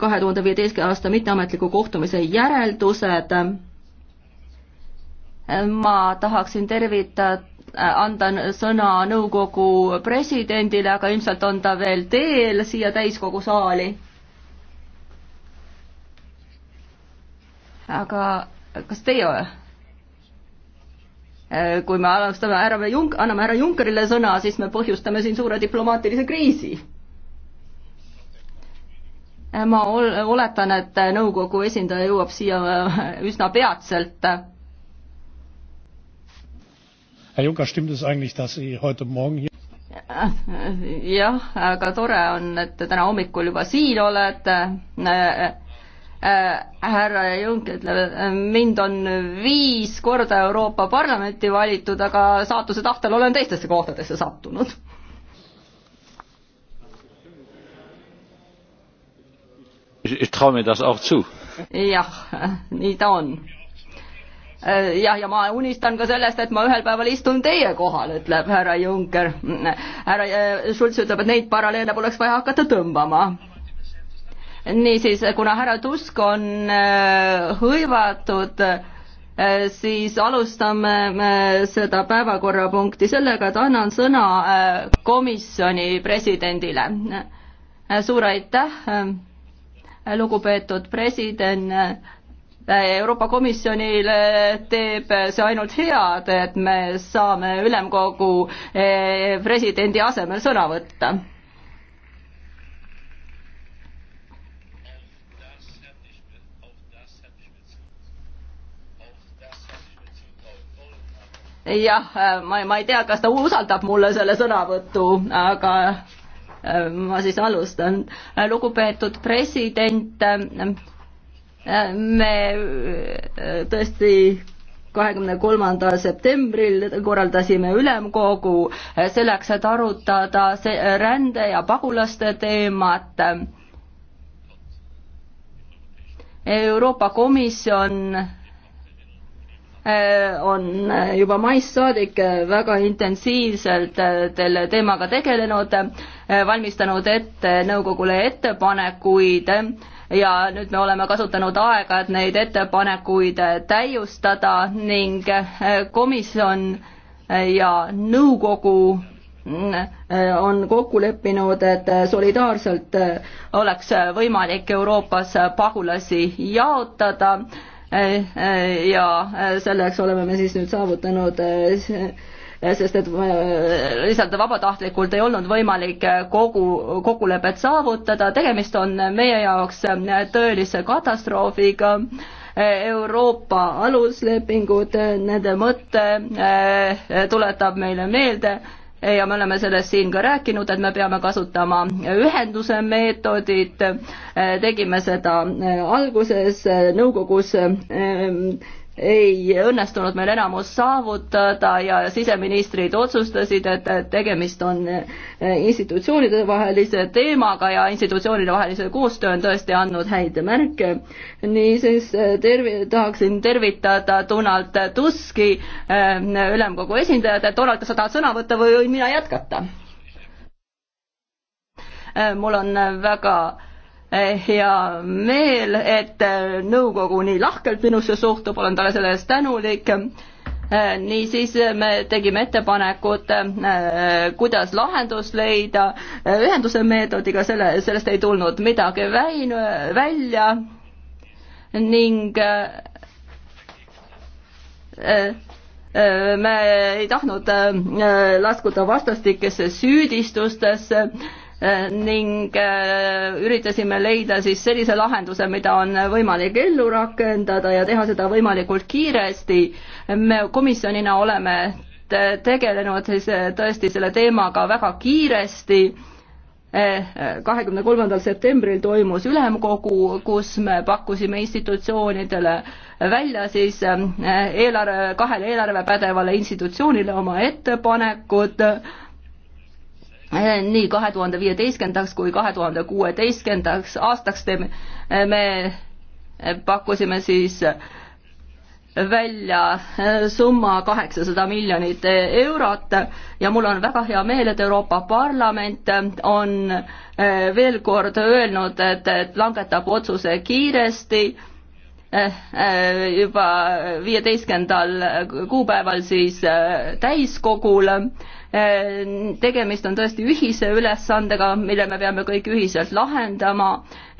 kahe tuhande viieteistkümne aasta mitteametliku kohtumise järeldused. ma tahaksin tervitada anda sõna nõukogu presidendile, aga ilmselt on ta veel teel siia täiskogu saali. aga kas teie, kui me alustame, anname härra Junkerile sõna, siis me põhjustame siin suure diplomaatilise kriisi ma ol-, oletan, et nõukogu esindaja jõuab siia äh, üsna peatselt. Herr Juncker, stimmt es eigentlich, dass Sie heute Morgen hier äh, jah, aga tore on, et te täna hommikul juba siin olete. Äh, härra Juncker ütleb, mind on viis korda Euroopa Parlamenti valitud, aga saatuse tahtel olen teistesse kohtadesse sattunud ich traue mir das auch zu. jah, nii ta on. Äh, jah, ja ma unistan ka sellest, et ma ühel päeval istun teie kohal, ütleb härra Juncker. härra äh, Schulz ütleb, et neid paralleele poleks vaja hakata tõmbama niisiis, kuna härra Tusk on äh, hõivatud, siis alustame seda päevakorrapunkti sellega, et annan sõna komisjoni presidendile. suur aitäh lugupeetud president, Euroopa Komisjonile teeb see ainult head, et me saame ülemkogu eh, presidendi asemel sõna võtta. jah, ma, ma ei tea, kas ta usaldab mulle selle sõnavõtu, aga ma siis alustan. lugupeetud president, me äh, tõesti kahekümne kolmandal septembril korraldasime ülemkogu äh, selleks, et arutada see äh, rände ja pagulaste teemat. Euroopa Komisjon Äh, on äh, juba maist saadik äh, väga intensiivselt selle teemaga tegelenud, valmistanud ette nõukogule ettepanekuid ja nüüd me oleme kasutanud aega, et neid ettepanekuid täiustada ning komisjon ja nõukogu mm, on kokku leppinud, et solidaarselt oleks võimalik Euroopas pagulasi jaotada ja äh, selleks oleme me siis nüüd saavutanud äh, sest et äh, lihtsalt vabatahtlikult ei olnud võimalik kogu, kokkulepet saavutada, tegemist on meie jaoks tõelise katastroofiga. Euroopa aluslepingud, nende mõte tuletab meile meelde, ja me oleme sellest siin ka rääkinud, et me peame kasutama ühenduse meetodit, tegime seda alguses nõukogus ei õnnestunud meil enamus saavutada ja siseministrid otsustasid, et tegemist on eh, institutsioonide vahelise teemaga ja institutsioonide vahelise koostöö on tõesti andnud häid märke. niisiis eh, tervi-, tahaksin tervitada Donald Tuski, eh, ülemkogu esindajat, et Donald, kas sa tahad sõna võtta või võin mina jätkata? mul on väga Eh, hea meel, et eh, nõukogu nii lahkelt minusse suhtub, olen talle selle eest tänulik eh, niisiis me tegime ettepanekud, kuidas lahendus leida, ühenduse meetodiga selle, sellest ei tulnud midagi väin-, välja ning me ei tahtnud laskuda vastastikesse süüdistustesse Äh, ning äh, üritasime leida siis sellise lahenduse, mida on võimalik ellu rakendada ja teha seda võimalikult kiiresti. me komisjonina oleme tegelenud siis äh, tõesti selle teemaga väga kiiresti kahekümne kolmandal septembril toimus ülemkogu, kus me pakkusime institutsioonidele välja siis eelarve, kahele eelarvepädevale institutsioonile oma ettepanekud Äh, nii kahe tuhande viieteistkümnendaks kui kahe tuhande kuueteistkümnendaks aastaks teeme, äh, me äh, pakkusime siis välja summa kaheksasada miljonit eurot ja mul on väga hea meel, et Euroopa Parlament on veel kord öelnud, et, et langetab otsuse kiiresti juba viieteistkümnendal kuupäeval siis täiskogul Äh, tegemist on tõesti ühise ülesandega, mille me peame kõik ühiselt lahendama.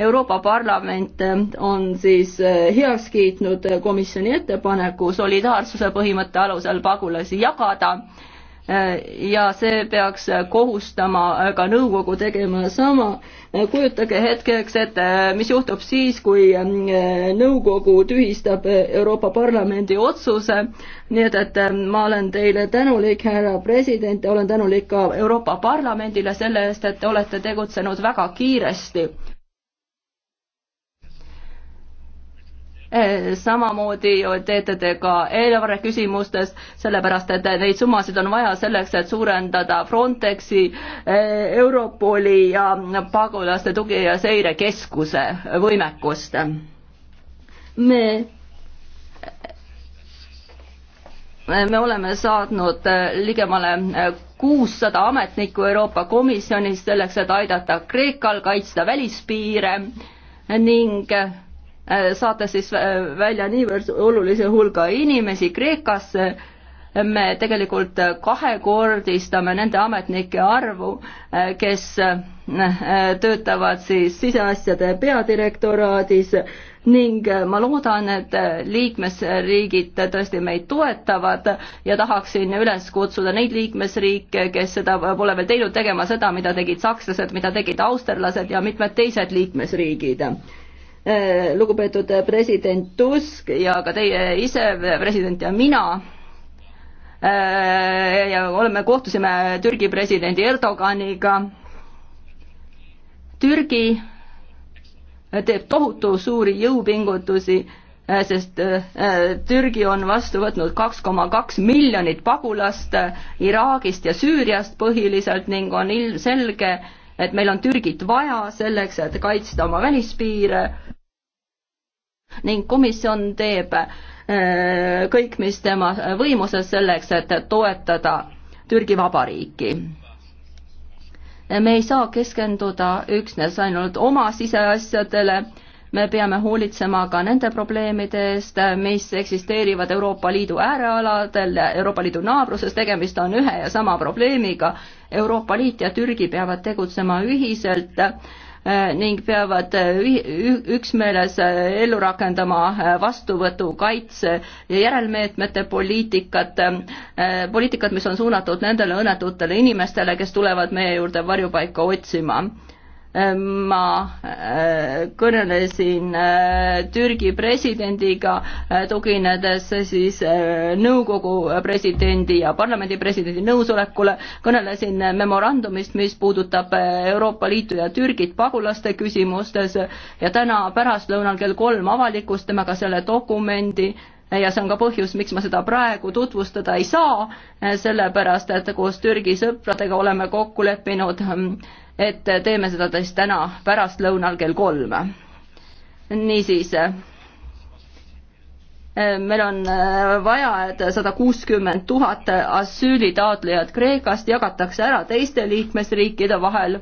Euroopa Parlament äh, on siis äh, heaks kiitnud komisjoni ettepaneku solidaarsuse põhimõtte alusel pagulasi jagada Äh, ja see peaks kohustama äh, ka nõukogu tegema sama. Äh, kujutage hetkeks ette, mis juhtub siis, kui nõukogu tühistab Euroopa Parlamendi otsuse. nii et, et ma olen teile tänulik, härra president, ja olen tänulik ka Euroopa Parlamendile selle eest, et te olete tegutsenud väga kiiresti Eh, samamoodi teete te ka eelarve küsimustes, sellepärast et neid summasid on vaja selleks, et suurendada Frontexi, eh, Europoli ja pagulaste tugi- ja seirekeskuse võimekust. me me oleme saatnud eh, ligemale kuussada ametnikku Euroopa Komisjonist selleks, et aidata Kreekal kaitsta välispiire ning saata siis välja niivõrd olulise hulga inimesi Kreekasse, me tegelikult kahekordistame nende ametnike arvu, kes eh, töötavad siis siseasjade peadirektoraadis ning ma loodan, et liikmesriigid tõesti meid toetavad ja tahaksin üles kutsuda neid liikmesriike, kes seda pole veel teinud, tegema seda, mida tegid sakslased, mida tegid austerlased ja mitmed teised liikmesriigid Eh, lugupeetud president Tusk ja ka teie ise, president ja mina, eh, ja oleme, kohtusime Türgi presidendi Erdoganiga. Türgi teeb tohutu suuri jõupingutusi, eh, sest Türgi on vastu võtnud kaks koma kaks miljonit pagulast Iraagist ja Süüriast põhiliselt ning on ilmselge, et meil on Türgit vaja selleks, et kaitsta oma välispiire ning komisjon teeb äh, kõik, mis tema võimuses selleks, et toetada Türgi Vabariiki. me ei saa keskenduda üksnes ainult oma siseasjadele me peame hoolitsema ka nende probleemide eest, mis eksisteerivad Euroopa Liidu äärealadel, Euroopa Liidu naabruses, tegemist on ühe ja sama probleemiga. Euroopa Liit ja Türgi peavad tegutsema ühiselt eh, ning peavad üksmeeles eh, ellu rakendama eh, vastuvõtu, kaitse ja järelmeetmete poliitikat, poliitikat, mis on suunatud nendele õnnetutele inimestele, kes tulevad meie juurde varjupaika otsima ma äh, kõnelesin äh, Türgi presidendiga, äh, tuginedes siis nõukogu presidendi ja parlamendi presidendi nõusolekule, kõnelesin memorandumist, mis puudutab Euroopa Liitu ja Türgit pagulaste küsimustes ja täna pärastlõunal kell kolm avalikustame ka selle dokumendi ja see on ka põhjus, miks ma seda praegu tutvustada ei saa, sellepärast et koos Türgi sõpradega oleme kokku leppinud, et teeme seda siis täna pärastlõunal kell kolm. niisiis, meil on vaja, et sada kuuskümmend tuhat asüülitaotlejat Kreekast jagatakse ära teiste liikmesriikide vahel.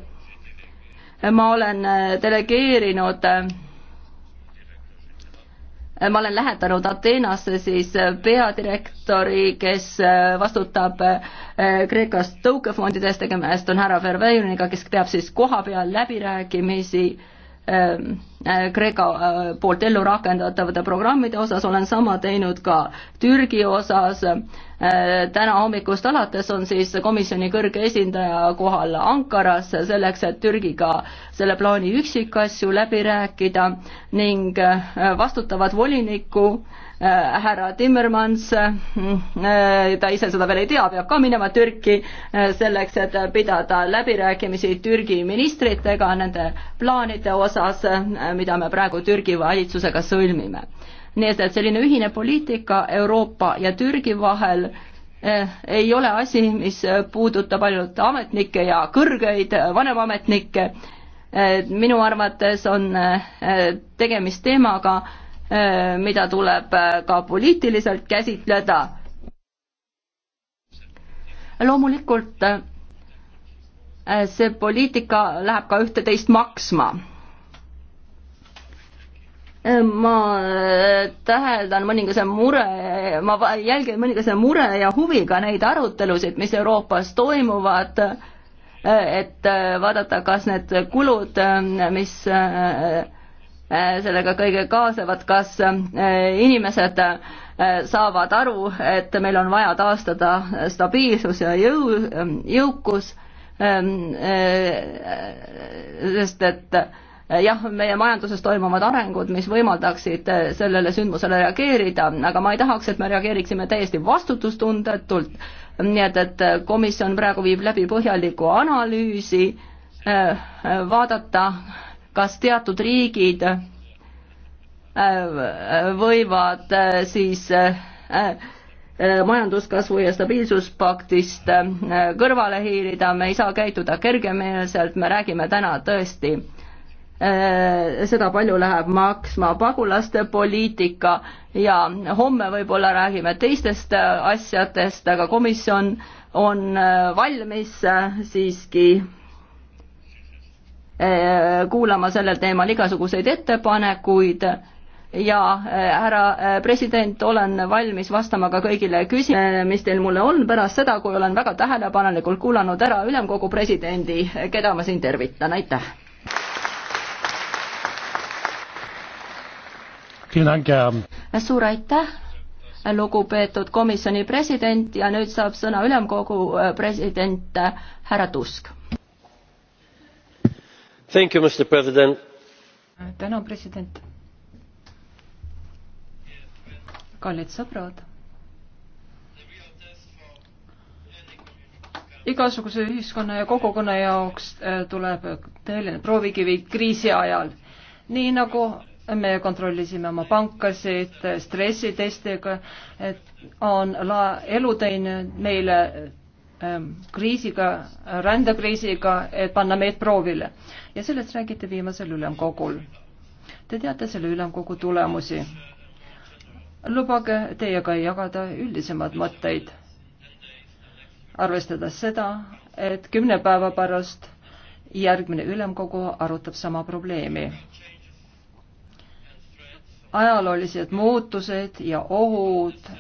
ma olen delegeerinud Äh, ma olen lähetanud Ateenasse siis äh, peadirektori, kes äh, vastutab Kreekast tõukefondidest, tegemist on härra Verveiniga, kes peab siis kohapeal läbirääkimisi Ähm, äh, Kreeka äh, poolt ellu rakendatavate programmide osas, olen sama teinud ka Türgi osas. Äh, täna hommikust alates on siis komisjoni kõrge esindaja kohal Ankaras selleks, et Türgiga selle plaani üksikasju läbi rääkida ning vastutavat volinikku äh, Äh, härra Timmermans, äh, ta ise seda veel ei tea, peab ka minema Türki äh, selleks, et pidada läbirääkimisi Türgi ministritega nende plaanide osas, mida me praegu Türgi valitsusega sõlmime. nii et, et selline ühine poliitika Euroopa ja Türgi vahel ei ole asi, mis puudutab ainult ametnikke ja kõrgeid vanemametnikke, minu arvates on tegemist teemaga, Äh, mida tuleb äh, ka poliitiliselt käsitleda. loomulikult äh, see poliitika läheb ka üht-teist maksma ma täheldan mõningase mure, ma jälgin mõningase mure ja huviga neid arutelusid, mis Euroopas toimuvad, et vaadata, kas need kulud, mis Äh, sellega kõige kaasnevad, kas äh, inimesed äh, saavad aru, et meil on vaja taastada stabiilsus ja jõu, ähm, jõukus, ähm, sest et jah, meie majanduses toimuvad arengud, mis võimaldaksid sellele sündmusele reageerida, aga ma ei tahaks, et me reageeriksime täiesti vastutustundetult, nii et, et komisjon praegu viib läbi põhjaliku analüüsi, vaadata, kas teatud riigid äh, võivad äh, siis äh, majanduskasvu ja stabiilsuspaktist kõrvale hiilida, me ei saa käituda kergemeelselt, me räägime täna tõesti seda palju läheb maksma pagulaste poliitika ja homme võib-olla räägime teistest asjadest, aga komisjon on valmis siiski Eh, kuulama sellel teemal igasuguseid ettepanekuid ja eh, härra eh, president, olen valmis vastama ka kõigile küsimustele, mis teil mulle on pärast seda, kui olen väga tähelepanelikult kuulanud ära ülemkogu presidendi, keda ma siin tervitan, aitäh. suur aitäh, lugupeetud komisjoni president ja nüüd saab sõna ülemkogu president härra Tusk tänan president kallid sõbrad igasuguse ühiskonna ja kogukonna jaoks äh, tuleb tõeline proovikivi kriisi ajal nii nagu me kontrollisime oma pankasid stressitestiga et on la- elu teinud meile Ähm, kriisiga, rändekriisiga, et panna meid proovile. ja sellest räägiti viimasel ülemkogul. Te teate selle ülemkogu tulemusi. lubage teiega jagada üldisemad mõtteid, arvestades seda, et kümne päeva pärast järgmine ülemkogu arutab sama probleemi. ajaloolised muutused ja ohud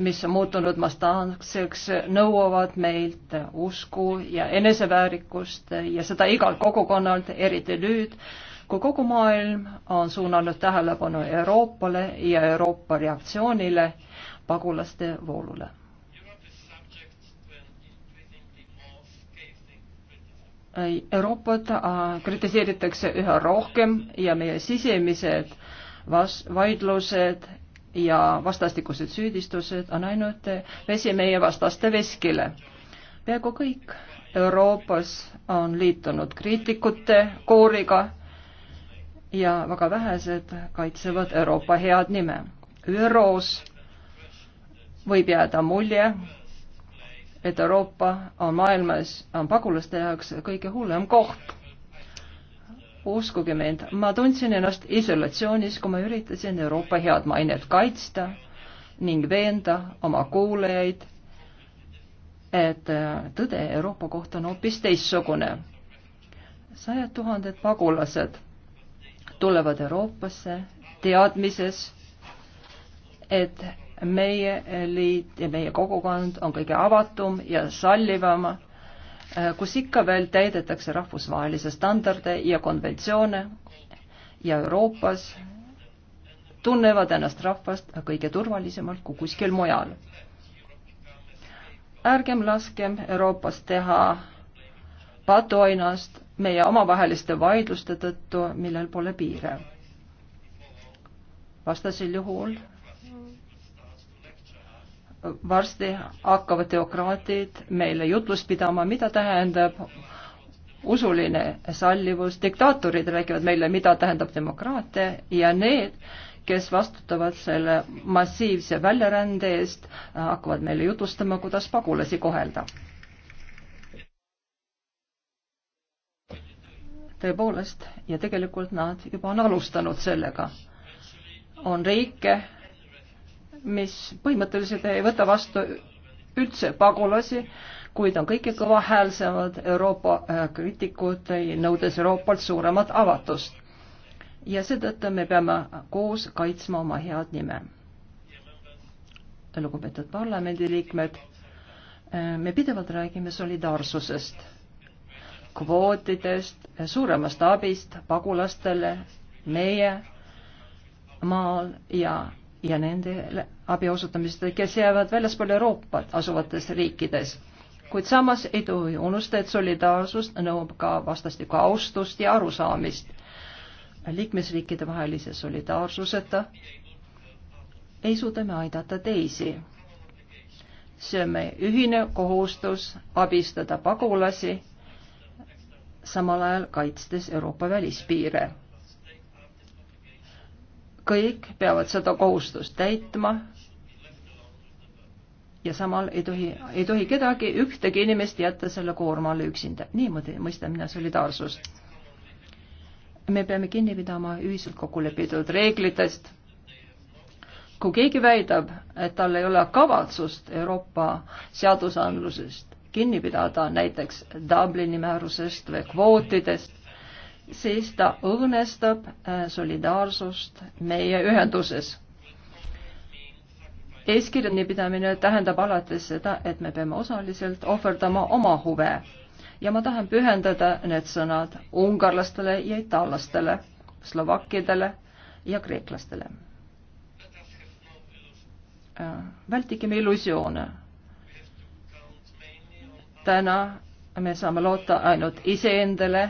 mis on muutunud mastaankseks, nõuavad meilt usku ja eneseväärikust ja seda igalt kogukonnalt, eriti nüüd, kui kogu maailm on suunanud tähelepanu Euroopale ja Euroopa reaktsioonile pagulaste voolule. Euroopat äh, kritiseeritakse üha rohkem ja meie sisemised vas-, vaidlused ja vastastikused süüdistused on ainult vesi meie vastaste veskile. peaaegu kõik Euroopas on liitunud kriitikute kooriga ja väga vähesed kaitsevad Euroopa head nime. ÜRO-s võib jääda mulje, et Euroopa on maailmas, on pagulaste jaoks kõige hullem koht uskuge mind, ma tundsin ennast isolatsioonis, kui ma üritasin Euroopa head mainet kaitsta ning veenda oma kuulajaid, et äh, tõde Euroopa kohta on hoopis teistsugune. sajad tuhanded pagulased tulevad Euroopasse teadmises, et meie liit ja meie kogukond on kõige avatum ja sallivam Äh, kus ikka veel täidetakse rahvusvahelisi standarde ja konventsioone ja Euroopas tunnevad ennast rahvast kõige turvalisemalt kui kuskil mujal. ärgem laskem Euroopas teha patuoinast meie omavaheliste vaidluste tõttu, millel pole piire. vastasel juhul varsti hakkavad teokraatid meile jutlust pidama, mida tähendab usuline sallivus, diktaatorid räägivad meile, mida tähendab demokraatia ja need, kes vastutavad selle massiivse väljarände eest, hakkavad meile jutustama, kuidas pagulasi kohelda. tõepoolest, ja tegelikult nad juba on alustanud sellega. on riike, mis põhimõtteliselt ei võta vastu üldse pagulasi, kuid on kõige kõvahäälsemad Euroopa äh, kriitikud, nõudes Euroopalt suuremat avatust. ja seetõttu me peame koos kaitsma oma head nime. lugupeetud parlamendiliikmed, äh, me pidevalt räägime solidaarsusest, kvootidest, suuremast abist pagulastele meie maal ja ja nende abi osutamist, kes jäävad väljaspool Euroopat asuvates riikides. kuid samas ei tohi unustada, et solidaarsus nõuab ka vastastikku austust ja arusaamist. liikmesriikide vahelise solidaarsuseta ei suuda me aidata teisi. see on meie ühine kohustus abistada pagulasi, samal ajal kaitstes Euroopa välispiire kõik peavad seda kohustust täitma. ja samal ei tohi, ei tohi kedagi, ühtegi inimest jätta selle koorma alla üksinda. niimoodi mõistan mina solidaarsust. me peame kinni pidama ühiselt kokku lepitud reeglitest. kui keegi väidab, et tal ei ole kavatsust Euroopa seadusandlusest kinni pidada, näiteks Dublini määrusest või kvootidest, siis ta õõnestab äh, solidaarsust meie ühenduses. eeskirjani pidamine tähendab alati seda, et me peame osaliselt ohverdama oma huve ja ma tahan pühendada need sõnad ungarlastele ja itaallastele, slovakkidele ja kreeklastele. Äh, vältigem illusioone. täna me saame loota ainult iseendale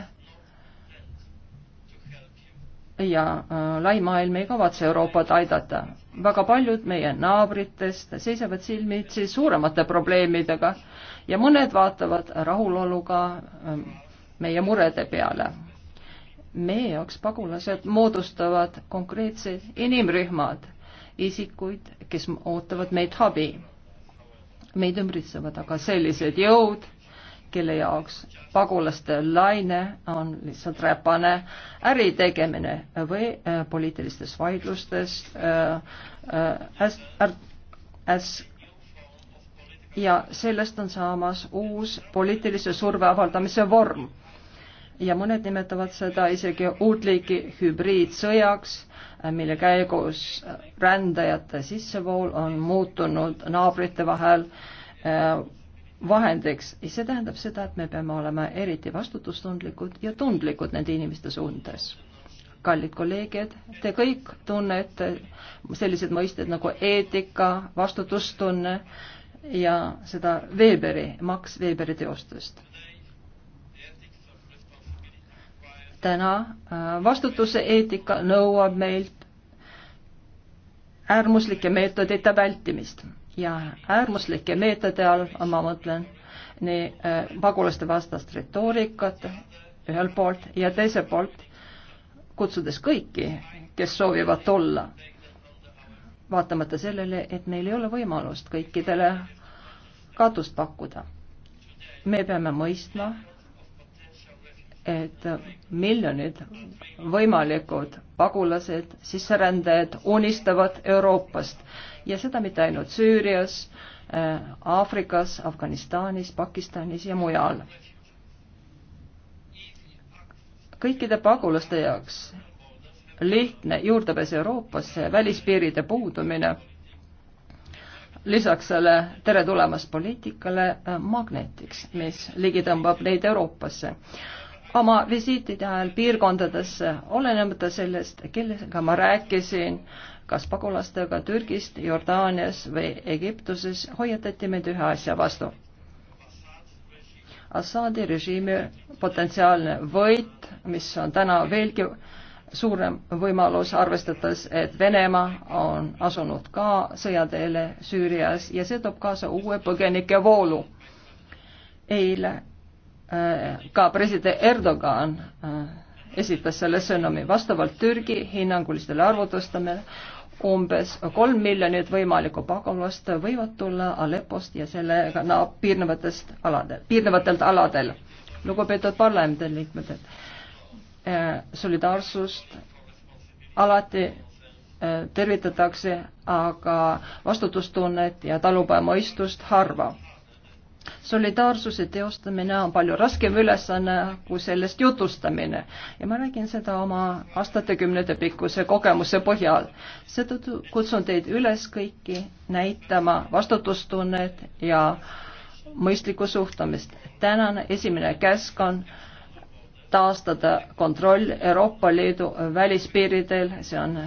ja äh, lai maailm ei kavatse Euroopat aidata. väga paljud meie naabritest seisavad silmitsi suuremate probleemidega ja mõned vaatavad rahuloluga ähm, meie murede peale. meie jaoks pagulased moodustavad konkreetsed inimrühmad, isikuid, kes ootavad meilt abi. meid ümbritsevad aga sellised jõud kelle jaoks pagulaste laine on lihtsalt räpane äritegemine või äh, poliitilistes vaidlustes äh, äh, äs-, äs- ja sellest on saamas uus poliitilise surve avaldamise vorm. ja mõned nimetavad seda isegi uut liiki hübriidsõjaks, mille käigus rändajate sissevool on muutunud naabrite vahel vahendiks ja see tähendab seda, et me peame olema eriti vastutustundlikud ja tundlikud nende inimeste suundes. kallid kolleegid, te kõik tunnete sellised mõisted nagu eetika, vastutustunne ja seda Weberi, Max Weberi teostest. täna äh, vastutuse eetika nõuab meilt äärmuslike meetodite vältimist ja äärmuslike meetode all ma mõtlen nii äh, pagulaste vastast retoorikat ühelt poolt ja teiselt poolt kutsudes kõiki, kes soovivad tulla, vaatamata sellele, et meil ei ole võimalust kõikidele katust pakkuda. me peame mõistma, et miljonid võimalikud pagulased, sisserändajad unistavad Euroopast ja seda mitte ainult Süürias, äh, Aafrikas, Afganistanis, Pakistanis ja mujal. kõikide pagulaste jaoks lihtne juurdepääs Euroopasse, välispiiride puudumine, lisaks selle tere tulemast poliitikale äh, magnetiks, mis ligi tõmbab neid Euroopasse oma visiitide ajal piirkondadesse, olenemata sellest, kellega ma rääkisin, kas pagulastega Türgist, Jordaanias või Egiptuses, hoiatati meid ühe asja vastu. Assaadi režiimi potentsiaalne võit, mis on täna veelgi suurem võimalus, arvestades, et Venemaa on asunud ka sõjateele Süürias ja see toob kaasa uue põgenike voolu. eile äh, ka president Erdogan äh, esitas selle sõnumi. vastavalt Türgi hinnangulistele arvutustele umbes kolm miljonit võimalikku pagulast võivad tulla Alepost ja sellega no, piirnevatest aladel, piirnevatelt aladel. lugupeetud parlamendi liikmed, et eh, solidaarsust alati eh, tervitatakse, aga vastutustunnet ja talupojamõistust harva solidaarsuse teostamine on palju raskem ülesanne kui sellest jutustamine ja ma räägin seda oma aastatekümnete pikkuse kogemuse põhjal. seetõttu kutsun teid üles kõiki näitama vastutustunnet ja mõistlikku suhtumist. tänane esimene käsk on taastada kontroll Euroopa Liidu välispiiridel, see on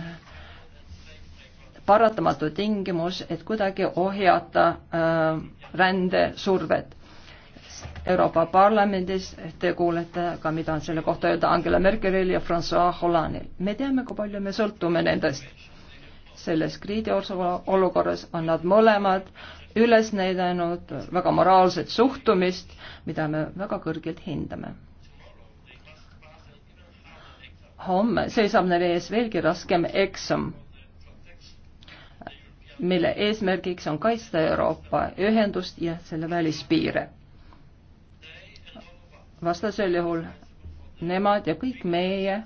paratamatu tingimus, et kuidagi ohjata äh, rändesurvet. Euroopa Parlamendis te kuulete ka, mida on selle kohta öelda Angela Merkelil ja Francois Hollandil. me teame, kui palju me sõltume nendest. selles kriidiolukorras on nad mõlemad üles näidanud väga moraalset suhtumist, mida me väga kõrgelt hindame. homme seisab neil ees veelgi raskem eksam mille eesmärgiks on kaitsta Euroopa ühendust ja selle välispiire. vastasel juhul nemad ja kõik meie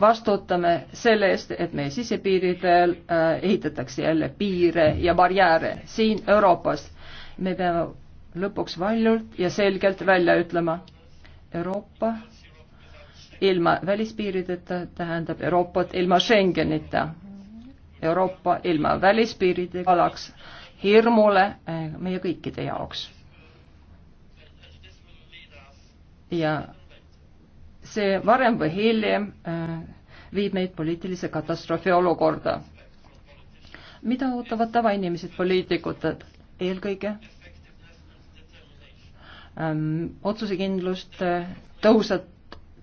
vastutame selle eest, et meie sisepiiridel äh, ehitatakse jälle piire ja barjääre siin Euroopas. me peame lõpuks valjult ja selgelt välja ütlema, Euroopa ilma välispiirideta tähendab Euroopat ilma Schengenita Euroopa ilma välispiiride alaks hirmule eh, meie kõikide jaoks. ja see varem või hiljem eh, viib meid poliitilise katastroofi olukorda. mida ootavad tavainimesed poliitikutelt? eelkõige ähm, otsusekindlust, eh, tõhusat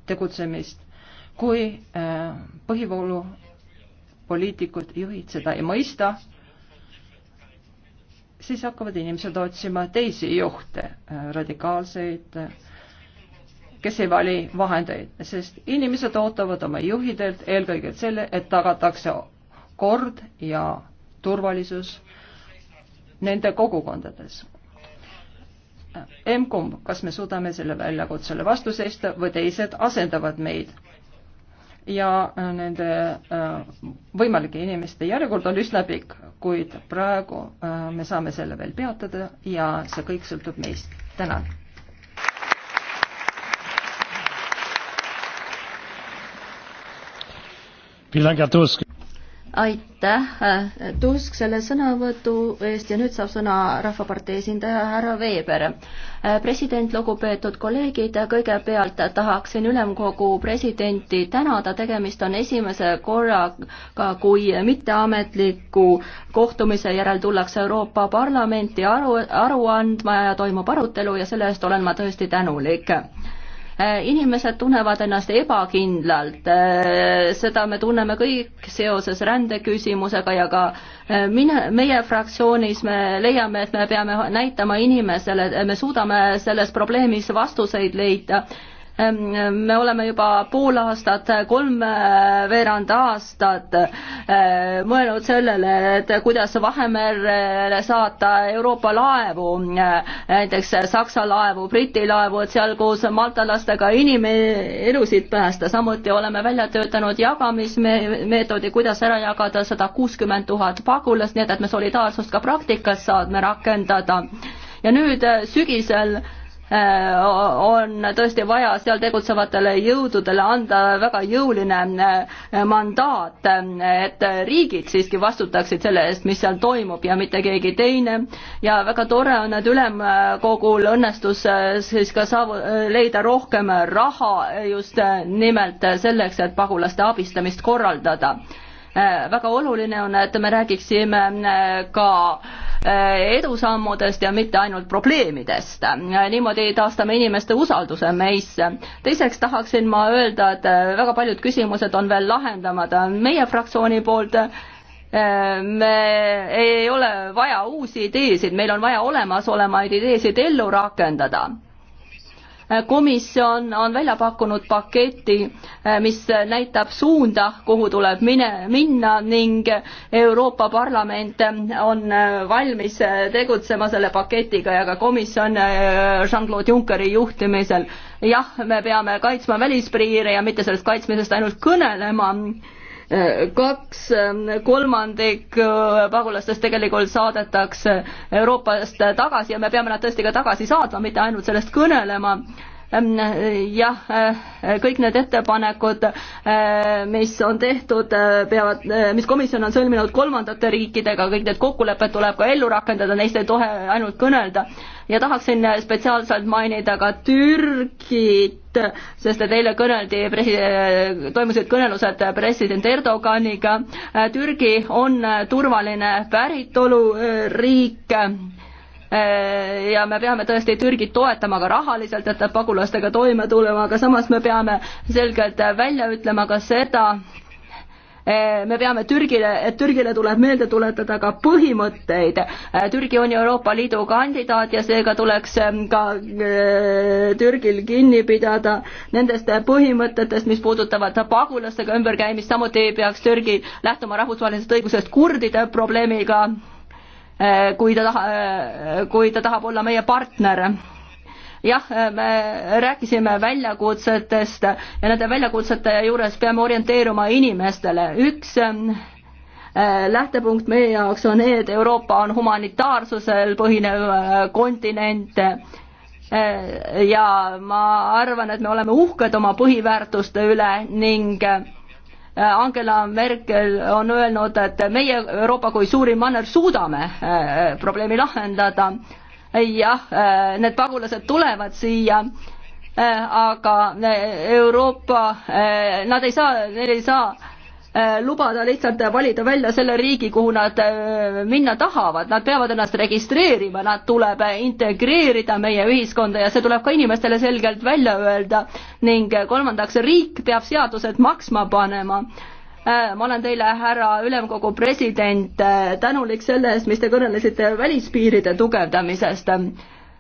tegutsemist. kui äh, põhivoolu poliitikud, juhid seda ei mõista, siis hakkavad inimesed otsima teisi juhte, radikaalseid, kes ei vali vahendeid, sest inimesed ootavad oma juhidelt eelkõige selle, et tagatakse kord ja turvalisus nende kogukondades. M-kumb, kas me suudame selle väljakutsele vastu seista või teised asendavad meid ja äh, nende äh, võimalike inimeste järjekord on üsna pikk, kuid praegu äh, me saame selle veel peatada ja see kõik sõltub meist. tänan. Vielen Dank, Herr Tusk aitäh, äh, Tusk, selle sõnavõtu eest ja nüüd saab sõna Rahvapartei esindaja härra Veeber. Äh, president, lugupeetud kolleegid, kõigepealt tahaksin ülemkogu presidenti tänada, tegemist on esimese korraga, kui mitteametliku kohtumise järel tullakse Euroopa Parlamenti aru, aru andma ja toimub arutelu ja selle eest olen ma tõesti tänulik Äh, inimesed tunnevad ennast ebakindlalt, äh, seda me tunneme kõik seoses rändeküsimusega ja ka äh, mine, meie fraktsioonis me leiame, et me peame näitama inimesele, me suudame selles probleemis vastuseid leida Ehm, me oleme juba pool aastat, kolmveerand äh, aastat äh, mõelnud sellele, et kuidas Vahemerele saata Euroopa laevu, äh, näiteks Saksa laevu, Briti laevu, et seal koos maltalastega inimelusid päästa, samuti oleme välja töötanud jagamismeetodi, kuidas ära jagada sada kuuskümmend tuhat pagulast, nii et, et me solidaarsust ka praktikas saame rakendada. ja nüüd sügisel Äh, on tõesti vaja seal tegutsevatele jõududele anda väga jõuline äh, mandaat, et riigid siiski vastutaksid selle eest, mis seal toimub ja mitte keegi teine. ja väga tore on, et ülemkogul õnnestus äh, siis ka saavu-, leida rohkem raha just nimelt selleks, et pagulaste abistamist korraldada Äh, väga oluline on, et me räägiksime äh, ka äh, edusammudest ja mitte ainult probleemidest. niimoodi taastame inimeste usalduse meisse. teiseks tahaksin ma öelda, et väga paljud küsimused on veel lahendamata. meie fraktsiooni poolt me ei ole vaja uusi ideesid, meil on vaja olemasolevaid ideesid ellu rakendada komisjon on välja pakkunud paketi, eh, mis näitab suunda, kuhu tuleb mine, minna ning Euroopa Parlament on eh, valmis eh, tegutsema selle paketiga ja ka komisjon Jean-Claude Junckeri juhtimisel. jah, me peame kaitsma välispiire ja mitte sellest kaitsmisest ainult kõnelema kaks eh, kolmandikku eh, pagulastest tegelikult saadetakse Euroopast tagasi ja me peame nad tõesti ka tagasi saatma, mitte ainult sellest kõnelema Ähm, jah, äh, kõik need ettepanekud, äh, mis on tehtud, äh, peavad, mis komisjon on sõlminud kolmandate riikidega, kõik need kokkulepped tuleb ka ellu rakendada, neist ei tohi ainult kõnelda. ja tahaksin spetsiaalselt mainida ka Türgit, sest et eile kõneldi presi-, toimusid kõnelused president Erdoganiga, Türgi on turvaline päritoluriik Äh, ja me peame tõesti Türgit toetama ka rahaliselt, et ta pagulastega toime tulema, aga samas me peame selgelt välja ütlema ka seda, äh, me peame Türgile, et Türgile tuleb meelde tuletada ka põhimõtteid. Äh, Türgi on Euroopa Liidu kandidaat ja seega tuleks ähm, ka Türgil kinni pidada nendest põhimõtetest, mis puudutavad pagulastega ümberkäimist, samuti peaks Türgi lähtuma rahvusvahelisest õigusest kurdide probleemiga Äh, kui ta taha, äh, kui ta tahab olla meie partner jah, äh, me rääkisime väljakutsetest ja nende väljakutsete juures peame orienteeruma inimestele. üks lähtepunkt meie jaoks on need, Euroopa on humanitaarsusel põhinev kontinent ja ma arvan, et me oleme uhked oma põhiväärtuste üle ning Äh, Angela Merkel on öelnud, et meie Euroopa kui suurim manner suudame äh, äh, probleemi lahendada. jah, need pagulased tulevad siia, aga Euroopa, nad ei saa, neil ei saa Äh, lubada lihtsalt valida välja selle riigi, kuhu nad äh, minna tahavad, nad peavad ennast registreerima, nad tuleb integreerida meie ühiskonda ja see tuleb ka inimestele selgelt välja öelda ning kolmandaks, riik peab seadused maksma panema äh, ma olen teile, härra ülemkogu president, tänulik selle eest, mis te kõnelesite välispiiride tugevdamisest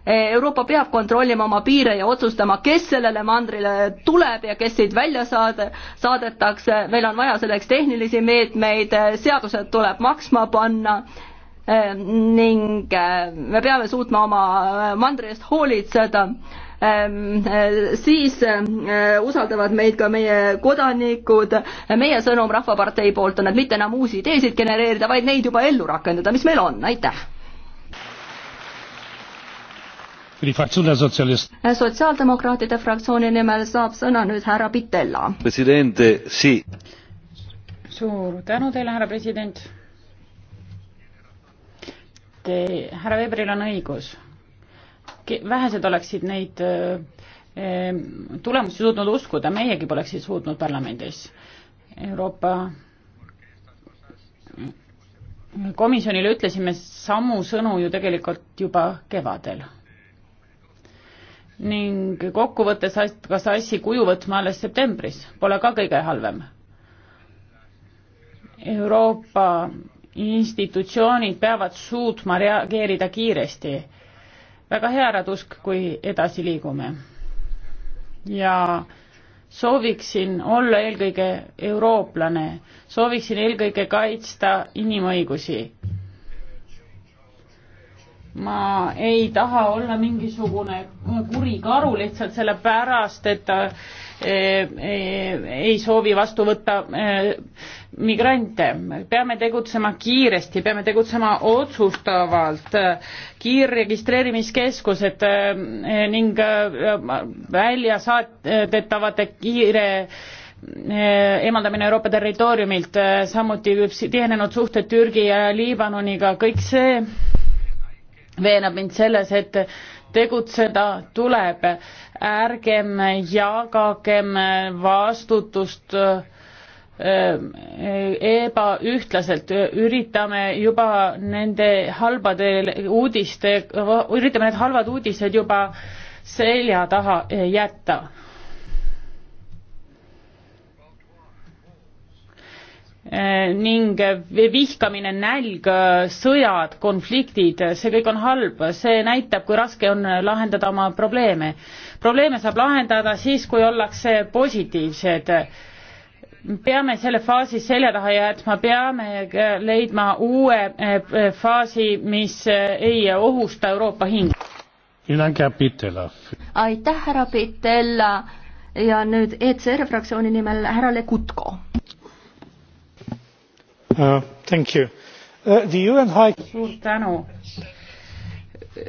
Eh, Euroopa peab kontrollima oma piire ja otsustama, kes sellele mandrile tuleb ja kes siit välja saade, saadetakse, meil on vaja selleks tehnilisi meetmeid, eh, seadused tuleb maksma panna eh, ning me peame suutma oma mandri eest hoolitseda, ehm, siis usaldavad meid ka meie kodanikud, meie sõnum Rahvapartei poolt on, et mitte enam uusi ideesid genereerida, vaid neid juba ellu rakendada, mis meil on, aitäh! sotsiaaldemokraatide fraktsiooni nimel saab sõna nüüd härra Pitella. president, si-. suur tänu teile, härra president. Te, härra Vebril on õigus. vähesed oleksid neid eh, tulemusi suutnud uskuda, meiegi poleks siis suutnud parlamendis. Euroopa komisjonile ütlesime samu sõnu ju tegelikult juba kevadel ning kokkuvõttes hakkas asi kuju võtma alles septembris, pole ka kõige halvem. Euroopa institutsioonid peavad suutma reageerida kiiresti. väga hea, härra Tusk, kui edasi liigume. ja sooviksin olla eelkõige eurooplane, sooviksin eelkõige kaitsta inimõigusi ma ei taha olla mingisugune kuri karu lihtsalt sellepärast, et eh, eh, ei soovi vastu võtta eh, migrante. peame tegutsema kiiresti, peame tegutsema otsustavalt, kiirregistreerimiskeskused ning välja saadetavate kiire eemaldamine Euroopa territooriumilt, samuti tihenenud suhted Türgi ja Liibanoniga, kõik see veenab mind selles, et tegutseda tuleb, ärgem jagagem vastutust äh, ebaühtlaselt, üritame juba nende halbade uudiste, üritame need halvad uudised juba selja taha jätta Eh, ning vihkamine, nälg, sõjad, konfliktid, see kõik on halb, see näitab, kui raske on lahendada oma probleeme. probleeme saab lahendada siis, kui ollakse positiivsed. peame selle faasi selja taha jätma, peame leidma uue eh, faasi, mis eh, ei ohusta Euroopa hinge. aitäh, härra Pitella ja nüüd ECR fraktsiooni nimel härra Legutko uh,. Uh, high... suur tänu.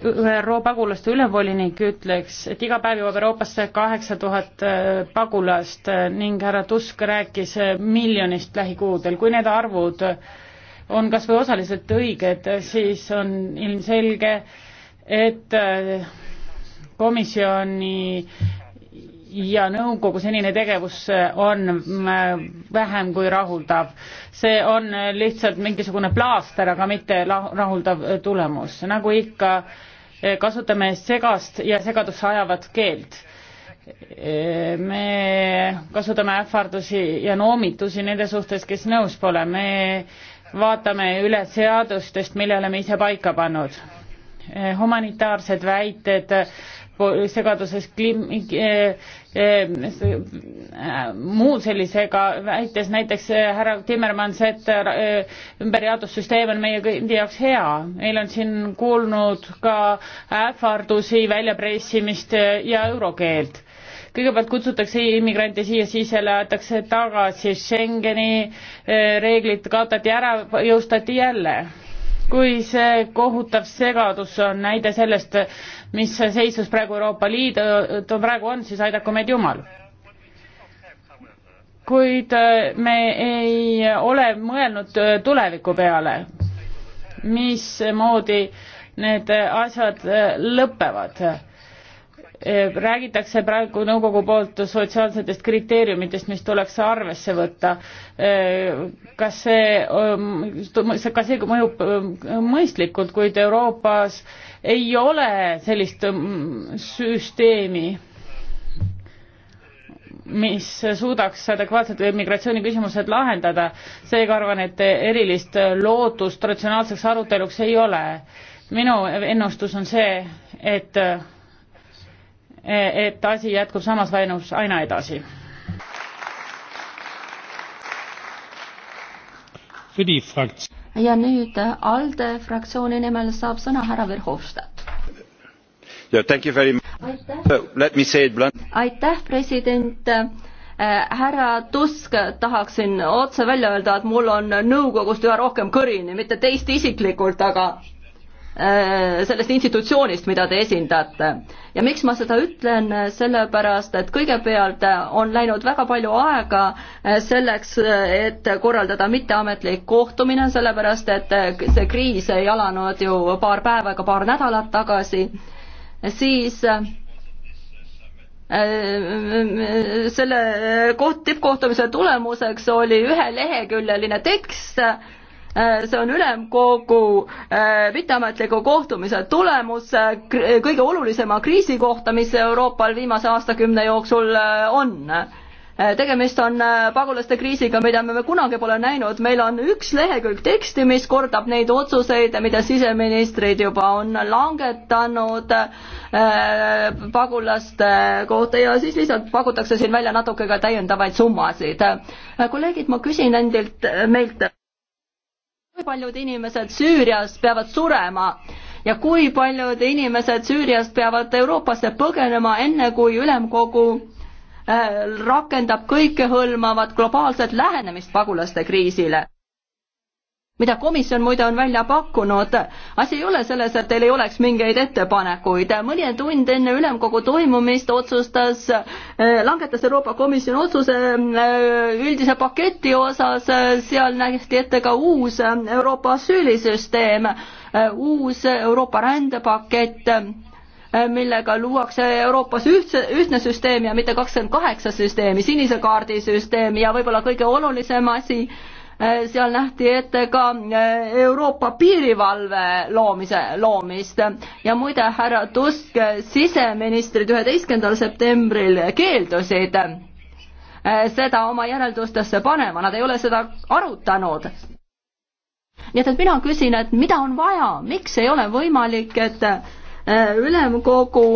ÜRO pagulaste ülemvolinik ütleks, et iga päev jõuab Euroopasse kaheksa tuhat äh, pagulast äh, ning härra Tusk rääkis äh, miljonist lähikuudel, kui need arvud on kas või osaliselt õiged, siis on ilmselge, et komisjoni ja nõukogu senine tegevus äh, on äh, vähem kui rahuldav. see on äh, lihtsalt mingisugune plaaster, aga mitte rahuldav tulemus, nagu ikka kasutame segast ja segadusse ajavat keelt. me kasutame ähvardusi ja noomitusi nende suhtes, kes nõus pole, me vaatame üle seadustest, mille oleme ise paika pannud humanitaarsed väited segaduses klim- eh,, eh, muu sellisega, väites näiteks eh, härra Timmermans, et eh, ümberjaotussüsteem on meie kõigi jaoks hea. meil on siin kuulnud ka ähvardusi, väljapressimist eh, ja eurokeelt kõigepealt kutsutakse immigrante siia, siis jälle aetakse tagasi, Schengeni eh, reeglid kaotati ära, jõustati jälle kui see kohutav segadus on näide sellest, mis seisus praegu Euroopa Liit praegu on, siis aidaku meid Jumal. kuid äh, me ei ole mõelnud äh, tuleviku peale, mismoodi need äh, asjad lõpevad Eh, räägitakse praegu nõukogu poolt sotsiaalsetest kriteeriumitest, mis tuleks arvesse võtta. Eh, kas see, eh, ka see mõjub mõistlikult, kuid Euroopas ei ole sellist mm, süsteemi, mis suudaks adekvaatselt migratsiooniküsimused lahendada. seega arvan, et erilist lootust ratsionaalseks aruteluks ei ole. minu ennustus on see, et et asi jätkub samas vaenus aina edasi. ja nüüd ALDE fraktsiooni nimel saab sõna härra Verhofstadt. aitäh, uh, aitäh, president uh, härra Tusk, tahaksin otse välja öelda, et mul on nõukogust üha rohkem kõrini, mitte teist isiklikult, aga Äh, sellest institutsioonist, mida te esindate. ja miks ma seda ütlen, sellepärast et kõigepealt on läinud väga palju aega äh, selleks, äh, et korraldada mitteametlik kohtumine, sellepärast et see kriis ei alanud ju paar päeva ega paar nädalat tagasi, siis selle koht, tippkohtumise tulemuseks oli üheleheküljeline tekst, Äh, see on ülemkogu äh, mitteametliku kohtumise tulemus äh, kõige olulisema kriisi kohta, mis Euroopal viimase aastakümne jooksul on tegemist on pagulaste kriisiga, mida me kunagi pole näinud, meil on üks lehekülg teksti, mis kordab neid otsuseid, mida siseministrid juba on langetanud pagulaste kohta ja siis lihtsalt pakutakse siin välja natuke ka täiendavaid summasid. kolleegid, ma küsin endilt, meilt kui paljud inimesed Süürias peavad surema ja kui paljud inimesed Süüriast peavad Euroopasse põgenema, enne kui ülemkogu äh, rakendab kõikehõlmavat globaalset lähenemist pagulaste kriisile mida komisjon muide on välja pakkunud. asi ei ole selles, et teil ei oleks mingeid ettepanekuid. mõni tund enne ülemkogu toimumist otsustas, eh, langetas Euroopa Komisjon otsuse eh, üldise paketi osas, seal nähti ette ka uus Euroopa asüülisüsteem, eh, uus Euroopa rändepakett, millega luuakse Euroopas ühtse, ühtne süsteem ja mitte kakskümmend kaheksa süsteemi, sinise kaardi süsteem ja võib-olla kõige olulisem asi, Äh, seal nähti ette ka äh, Euroopa piirivalve loomise, loomist ja muide, härra Tusk, äh, siseministrid üheteistkümnendal septembril keeldusid seda oma järeldustesse panema, nad ei ole seda arutanud nii et, et mina küsin, et mida on vaja, miks ei ole võimalik, et ülemkogu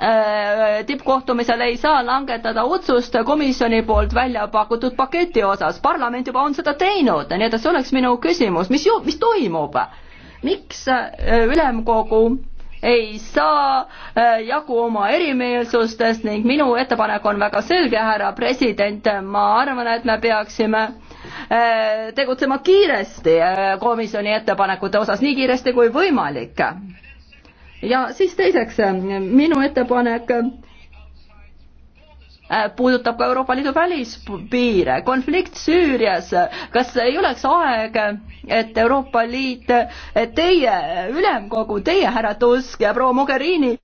Äh, tippkohtumisel ei saa langetada otsust komisjoni poolt välja pakutud paketi osas. parlament juba on seda teinud, nii et see oleks minu küsimus, mis ju-, mis toimub? miks äh, ülemkogu ei saa äh, jagu oma erimeelsustest ning minu ettepanek on väga selge, härra president, ma arvan, et me peaksime tegutsema kiiresti komisjoni ettepanekute osas, nii kiiresti kui võimalik ja siis teiseks, minu ettepanek äh, puudutab ka Euroopa Liidu välispiire, konflikt Süürias, kas ei oleks aeg, et Euroopa Liit, teie ülemkogu, teie härra Tusk ja proua Mogherini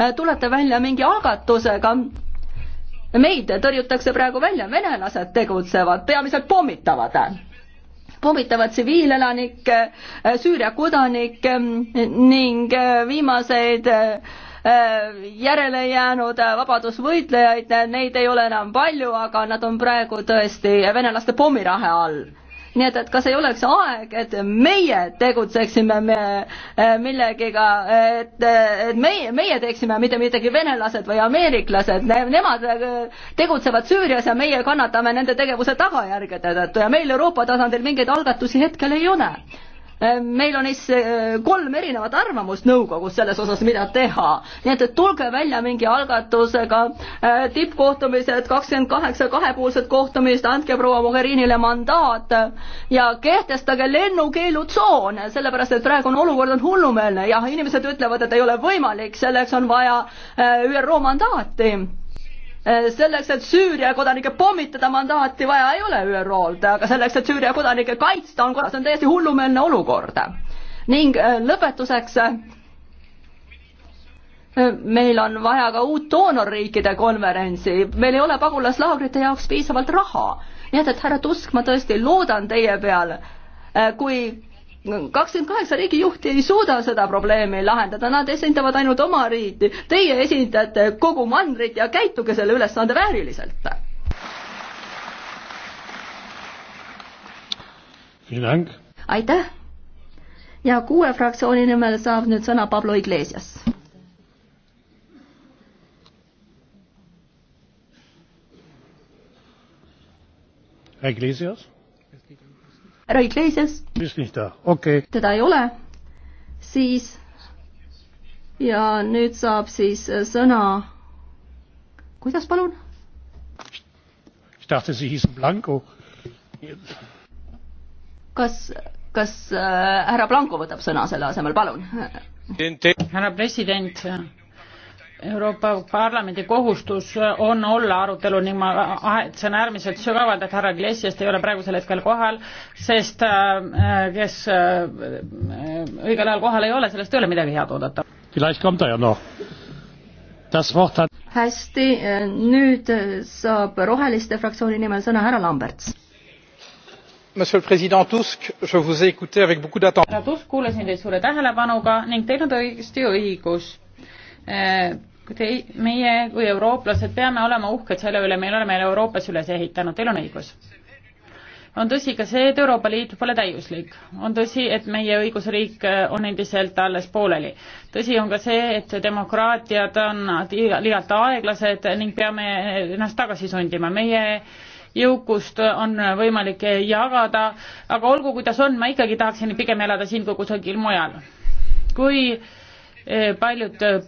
äh, tulete välja mingi algatusega, meid tõrjutakse praegu välja, venelased tegutsevad, peamiselt pommitavad pommitavad tsiviilelanikke, Süüria kodanikke ning äh, viimaseid äh, järele jäänud äh, vabadusvõitlejaid, neid ei ole enam palju, aga nad on praegu tõesti venelaste pommirahe all nii et, et kas ei oleks aeg, et meie tegutseksime me äh, millegiga, et, et meie, meie teeksime mitte midagi venelased või ameeriklased ne,, nemad äh, tegutsevad Süürias ja meie kannatame nende tegevuse tagajärgede tõttu ja meil Euroopa tasandil mingeid algatusi hetkel ei ole Äh, meil on neis äh, kolm erinevat arvamust nõukogus selles osas, mida teha. nii et, et tulge välja mingi algatusega, äh, tippkohtumised, kakskümmend kaheksa kahepoolset kohtumist, andke proua Mogherinile mandaat ja kehtestage lennukeelutsoon, sellepärast et praegune olukord on hullumeelne, jah, inimesed ütlevad, et ei ole võimalik, selleks on vaja ÜRO mandaati Eh, selleks, et Süüria kodanikke pommitada, mandaati vaja ei ole ÜRO-lt, aga selleks, et Süüria kodanikke kaitsta, on korras, see on täiesti hullumeelne olukord. ning eh, lõpetuseks eh, meil on vaja ka uut doonorriikide konverentsi, meil ei ole pagulaslaagrite jaoks piisavalt raha. nii et, et härra Tusk, ma tõesti loodan teie peale, kui kakskümmend kaheksa riigijuhti ei suuda seda probleemi lahendada, nad esindavad ainult oma riiki. Teie esindate kogu mandrit ja käituge selle ülesande vääriliselt. aitäh. ja kuue fraktsiooni nimel saab nüüd sõna Pablo Iglesias. Iglesias härra Iglesias? Okay. teda ei ole, siis ja nüüd saab siis äh, sõna, kuidas palun? kas, kas äh, härra Blanco võtab sõna selle asemel, palun? härra president Euroopa Parlamendi kohustus on olla arutelu ning ma ahetsen äärmiselt sügavalt, et härra Iglesiast ei ole praegusel hetkel kohal, sest äh, kes äh, õigel ajal kohal ei ole, sellest ei ole midagi head oodata. Er hästi, äh, nüüd saab Roheliste fraktsiooni nimel sõna härra Lamberts. Monsieur le Président Tusk, je vous ai écouté avec beaucoup d'attention. härra Tusk, kuulasin teid suure tähelepanuga ning teil on tõesti õigus Äh, te, meie kui eurooplased peame olema uhked selle üle, me oleme Euroopas üles ehitanud, teil on õigus. on tõsi ka see, et Euroopa Liit pole täiuslik. on tõsi, et meie õigusriik äh, on endiselt alles pooleli. tõsi on ka see, et demokraatiad on liialt aeglased ning peame ennast tagasi sundima. meie jõukust on võimalik jagada, aga olgu, kuidas on, ma ikkagi tahaksin pigem elada siin kui kusagil mujal. kui äh, Eh, paljud eh,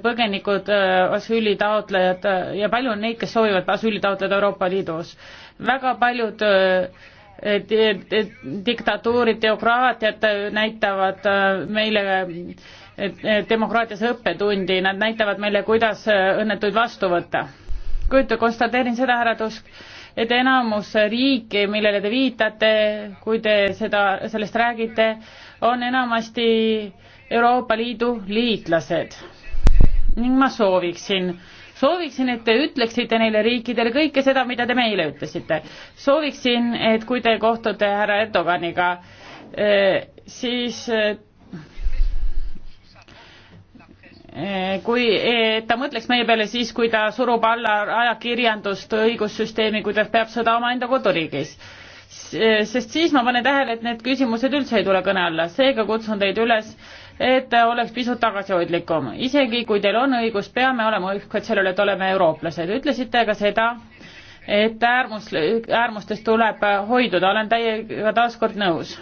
põgenikud, eh, asüülitaotlejad ja palju on neid, kes soovivad asüüli taotleda Euroopa Liidus. väga paljud diktatuurid, teokraatiad näitavad meile demokraatias õppetundi, nad näitavad meile, kuidas õnnetuid vastu võtta. kuid konstateerin seda, härra Tusk, et enamus riike, millele te viitate, kui te seda, sellest räägite, on enamasti äh, Euroopa Liidu liitlased. ning ma sooviksin, sooviksin, et te ütleksite neile riikidele kõike seda, mida te meile ütlesite. sooviksin, et kui te kohtute härra Erdoganiga, eh, siis eh, kui eh, ta mõtleks meie peale siis, kui ta surub alla ajakirjandust, õigussüsteemi, kui ta peab sõda omaenda koduriigis. sest siis ma panen tähele, et need küsimused üldse ei tule kõne alla, seega kutsun teid üles et oleks pisut tagasihoidlikum. isegi kui teil on õigus, peame olema uhked selle üle, et oleme eurooplased. ütlesite ka seda, et äärmus, äärmustest tuleb hoiduda, olen täiega taaskord nõus.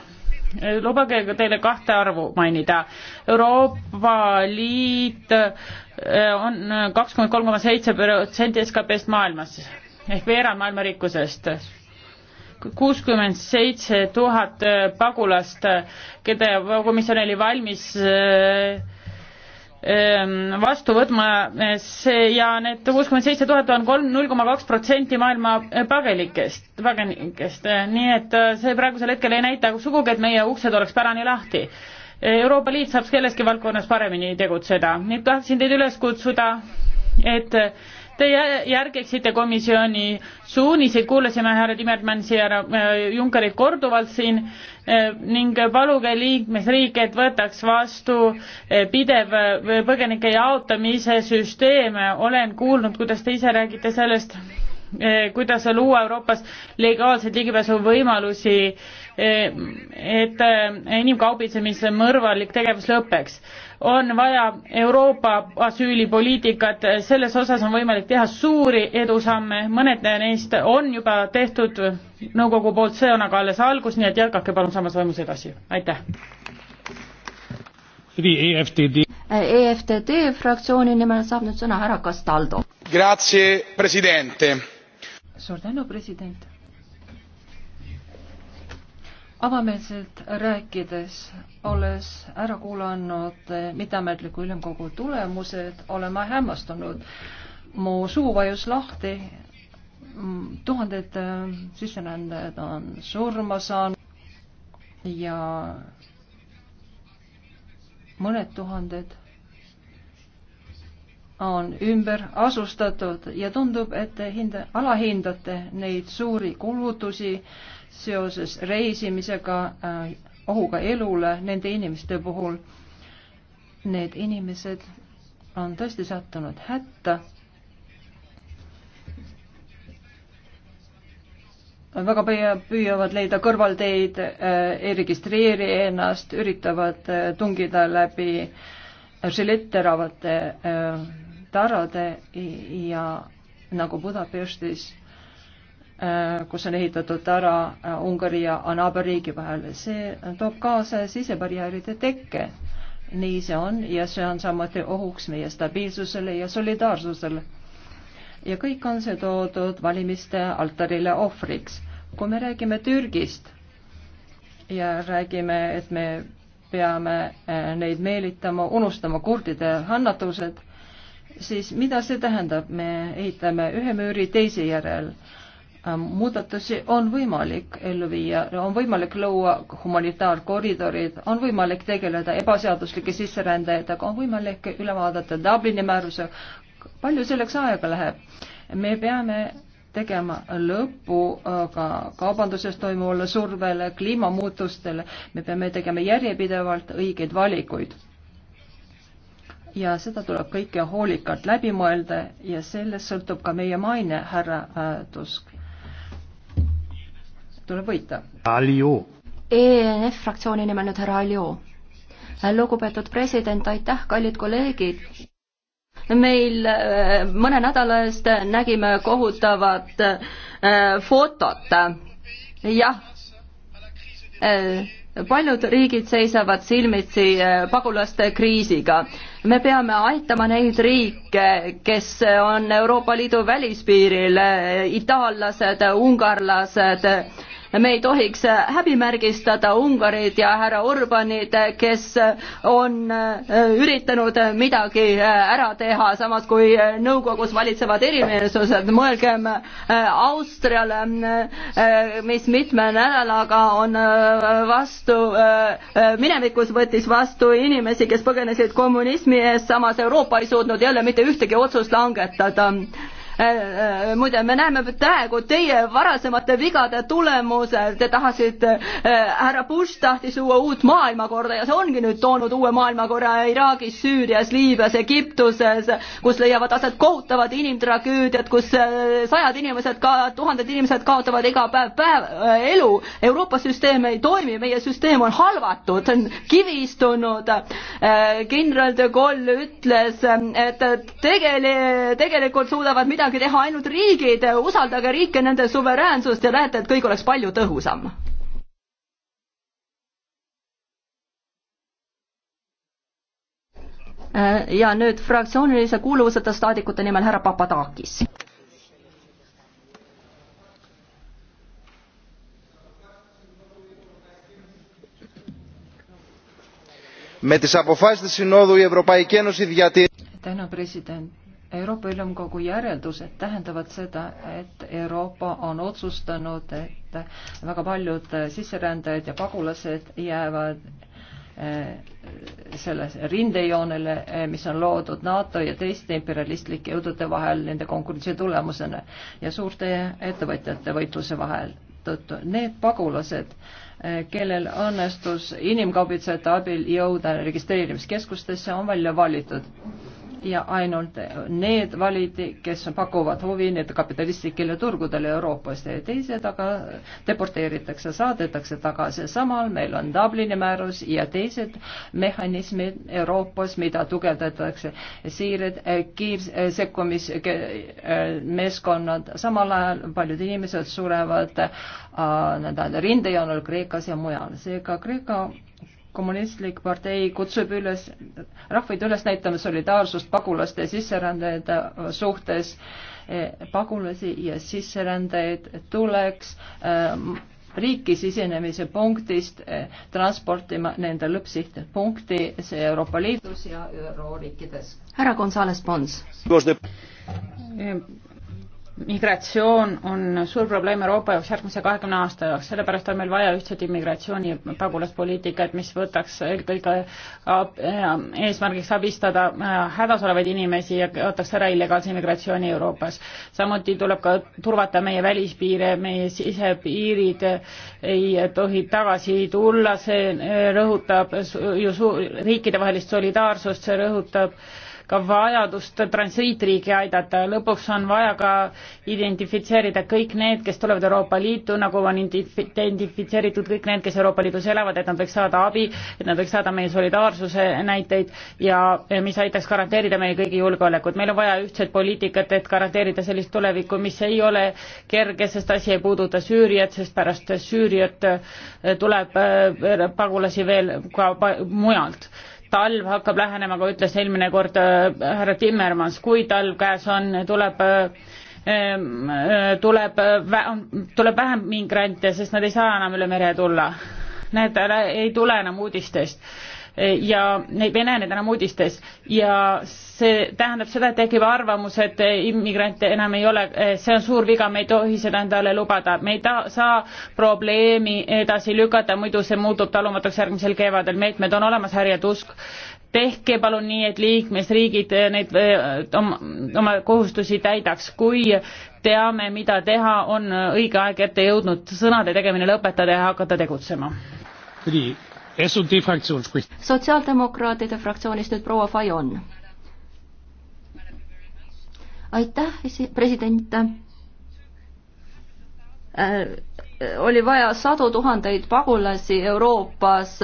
lubage teile kahte arvu mainida. Euroopa Liit äh, on kakskümmend kolm koma seitse protsenti SKP-st maailmas ehk veerand maailma rikkusest kuuskümmend seitse tuhat äh, pagulast, äh, keda komisjon oli valmis äh, ähm, vastu võtma see ja need kuuskümmend seitse tuhat on kolm, null koma kaks protsenti maailma pagelikest, pagenikest, nii et see praegusel hetkel ei näita sugugi, et meie uksed oleks pärani lahti. Euroopa Liit saab selleski valdkonnas paremini tegutseda, nüüd tahaksin teid üles kutsuda, et Te järgiksite komisjoni suuniseid, kuulasime härra Timmermansi ja härra äh, Junckerit korduvalt siin äh, ning paluge liikmesriike, et võtaks vastu äh, pidev põgenike jaotamise süsteem. olen kuulnud, kuidas te ise räägite sellest, kuidas luua Euroopas legaalseid ligipääsuvõimalusi et eh, inimkaubitsemise mõrvalik tegevus lõpeks. on vaja Euroopa asüülipoliitikat, selles osas on võimalik teha suuri edusamme, mõned neist on juba tehtud nõukogu poolt, see on aga alles algus, nii et jätkake palun samas vaimus edasi, aitäh. EFTD. EFTD fraktsiooni nimel saab nüüd sõna härra Castaldo. suur tänu, president avameelselt rääkides, olles ära kuulanud eh, mitteametliku ülemkogu tulemused, olen ma hämmastunud. mu suu vajus lahti, mm, tuhanded eh, sisserändajad on surma saanud ja mõned tuhanded on ümber asustatud ja tundub, et te hinda, alahindate neid suuri kulutusi äh,, seoses reisimisega, äh, ohuga elule nende inimeste puhul. Need inimesed on tõesti sattunud hätta. väga püüa, püüavad leida kõrvalteid, äh, ei registreeri ennast, üritavad äh, tungida läbi žiletteravate tarade ja nagu Budapestis Äh, kus on ehitatud ära äh, Ungari ja naaberriigi vahel. see toob kaasa sisebarjääride tekke. nii see on ja see on samuti ohuks meie stabiilsusele ja solidaarsusele. ja kõik on see toodud valimiste altarile ohvriks. kui me räägime Türgist ja räägime, et me peame äh, neid meelitama, unustama kurdide kannatused, siis mida see tähendab, me ehitame ühe müüri teise järel Äh, muudatusi on võimalik ellu viia, on võimalik luua humanitaarkoridorid, on võimalik tegeleda ebaseaduslike sisserändajatega, on võimalik üle vaadata Dublini määruse. palju selleks aega läheb? me peame tegema lõpu äh, ka kaubanduses toimuvale survele, kliimamuutustele, me peame tegema järjepidevalt õigeid valikuid ja seda tuleb kõike hoolikalt läbi mõelda ja sellest sõltub ka meie maine, härra äh, Tusk tuleb võita. ENF fraktsiooni nimel nüüd härra Aljo. lugupeetud president, aitäh, kallid kolleegid meil äh, mõne nädala eest nägime kohutavat äh, fotot. jah, äh, paljud riigid seisavad silmitsi pagulaste kriisiga. me peame aitama neid riike, kes on Euroopa Liidu välispiiril, itaallased, ungarlased me ei tohiks äh, häbimärgistada Ungarit ja härra Orbanit, äh, kes äh, on üritanud midagi ära teha, samas kui nõukogus valitsevad erimeelsused, mõelgem Austriale, mis mitme nädalaga on vastu, minevikus võttis vastu inimesi, kes põgenesid kommunismi eest, samas Euroopa ei suutnud jälle mitte ühtegi otsust langetada Äh, äh, muide, me näeme praegu teie varasemate vigade tulemusel, te tahasite, äh, härra Bush tahtis luua uut maailmakorda ja see ongi nüüd toonud uue maailmakorra Iraagis, Süürias, Liibüas, Egiptuses, kus leiavad aset kohutavad inimtragöödiad, kus sajad inimesed ka, tuhanded inimesed kaotavad iga päev, päev elu. Euroopa süsteem ei toimi, meie süsteem on halvatud, see on kivistunud. kindral de Gaulle ütles, et tegeli-, tegelikult suudavad midagi midagi teha ainult riigid, usaldage riike, nende suveräänsust ja näete, et kõik oleks palju tõhusam. Äh, ja nüüd fraktsioonilise kuuluvuseta saadikute nimel härra Papadakis. με τις αποφάσεις της Συνόδου η Ευρωπαϊκή Ένωση διατηρεί... Tänu president Euroopa Ülemkogu järeldused tähendavad seda, et Euroopa on otsustanud, et väga paljud sisserändajad ja pagulased jäävad eh, sellele rindejoonele, eh, mis on loodud NATO ja teiste imperialistlike jõudude vahel nende konkurentsi tulemusena ja suurte ettevõtjate võitluse vahel tõttu. Need pagulased, eh, kellel õnnestus inimkaubitsejate abil jõuda registreerimiskeskustesse, on välja valitud ja ainult need valiti, kes pakuvad huvi need kapitalistlikele turgudele Euroopas ja teised aga deporteeritakse, saadetakse tagasi. samal meil on Dublini määrus ja teised mehhanismid Euroopas, mida tugevdatakse, siired, eh, kiirsekkumismeeskonnad, eh, eh, samal ajal paljud inimesed surevad äh, ah, nii-öelda rindejoonel Kreekas ja mujal. seega Kreeka kommunistlik partei kutsub üles, rahvaid üles näitama solidaarsust pagulaste ja sisserändajate suhtes. pagulasi ja sisserändajaid tuleks äh, riiki sisenemise punktist äh, transportima nende lõppsihtpunkti Euroopa Liidus ja ÜRO riikides. härra Gonzales Pons migratsioon on suur probleem Euroopa jaoks järgmise kahekümne aasta jaoks, sellepärast on meil vaja ühtset immigratsiooni pagulaspoliitikat, mis võtaks eelkõige eh, eesmärgiks abistada eh, hädas olevaid inimesi ja kaotaks ära illegaalse immigratsiooni Euroopas. samuti tuleb ka turvata meie välispiire, meie sisepiirid ei tohi tagasi tulla, see eh, rõhutab ju riikidevahelist solidaarsust, see rõhutab äh, ka vajadust transiitriigi aidata ja lõpuks on vaja ka identifitseerida kõik need, kes tulevad Euroopa Liitu, nagu on identifitseeritud kõik need, kes Euroopa Liidus elavad, et nad võiks saada abi, et nad võiks saada meie solidaarsuse näiteid ja mis aitaks garanteerida meie kõigi julgeolekut. meil on vaja ühtset poliitikat, et garanteerida sellist tulevikku, mis ei ole kerge, sest asi ei puuduta Süüriat, sest pärast Süüriat äh, tuleb äh, pagulasi veel ka mujalt talv hakkab lähenema, nagu ütles eelmine kord äh, härra Timmermans, kui talv käes on, tuleb äh, ähm, äh, tuleb, tuleb vähem migrante, sest nad ei saa enam üle mere tulla. Need ei tule enam uudistest ja neid me ei näe neid enam uudistes ja see tähendab seda, et tekib arvamus, et immigrante enam ei ole, see on suur viga, me ei tohi seda endale lubada, me ei ta-, saa probleemi edasi lükata, muidu see muutub talumatuks järgmisel kevadel, meetmed on olemas, Härje Tusk, tehke palun nii, et liikmesriigid neid eh, oma, oma kohustusi täidaks, kui teame, mida teha, on õige aeg ette jõudnud sõnade tegemine lõpetada ja hakata tegutsema sotsiaaldemokraatide fraktsioonist nüüd proua Fajon. aitäh, president äh, oli vaja sadu tuhandeid pagulasi Euroopas,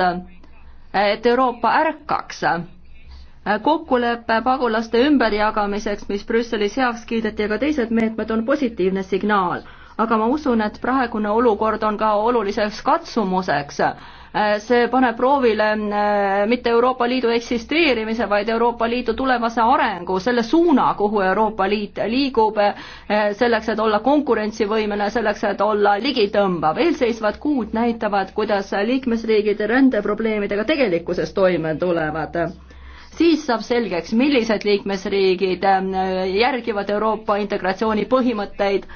et Euroopa ärkaks. Äh, kokkulepe pagulaste ümberjagamiseks, mis Brüsselis heaks kiideti, ja ka teised meetmed on positiivne signaal. aga ma usun, et praegune olukord on ka oluliseks katsumuseks Äh, see paneb proovile äh, mitte Euroopa Liidu eksisteerimise, vaid Euroopa Liidu tulevase arengu, selle suuna, kuhu Euroopa Liit liigub, äh, selleks, et olla konkurentsivõimeline, selleks, et olla ligitõmbav. eelseisvad kuud näitavad, kuidas liikmesriigid rändeprobleemidega tegelikkuses toime tulevad siis saab selgeks, millised liikmesriigid järgivad Euroopa integratsiooni põhimõtteid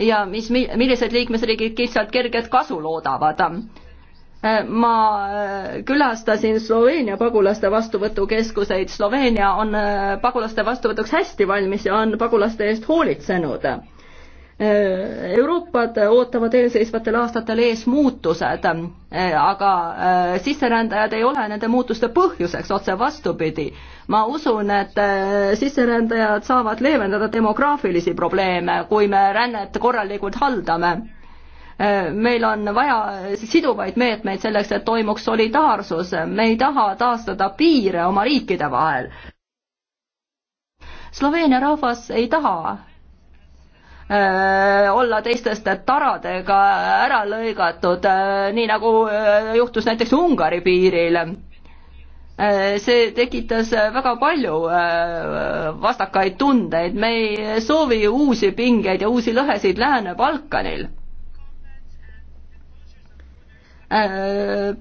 ja mis, millised liikmesriigid lihtsalt kerget kasu loodavad ma äh, külastasin Sloveenia pagulaste vastuvõtukeskuseid, Sloveenia on äh, pagulaste vastuvõtuks hästi valmis ja on pagulaste eest hoolitsenud Äh, Euroopad ootavad eelseisvatel aastatel ees muutused, äh, aga äh, sisserändajad ei ole nende muutuste põhjuseks, otse vastupidi. ma usun, et sisserändajad saavad leevendada demograafilisi probleeme, kui me rännet korralikult haldame. meil on vaja siduvaid meetmeid selleks, et toimuks solidaarsus, me ei taha taastada piire oma riikide vahel. Sloveenia rahvas ei taha Äh, olla teistest taradega ära lõigatud, äh, nii nagu äh, juhtus näiteks Ungari piiril. see tekitas väga palju vastakaid tundeid, me ei soovi uusi pingeid ja uusi lõhesid Lääne-Balkanil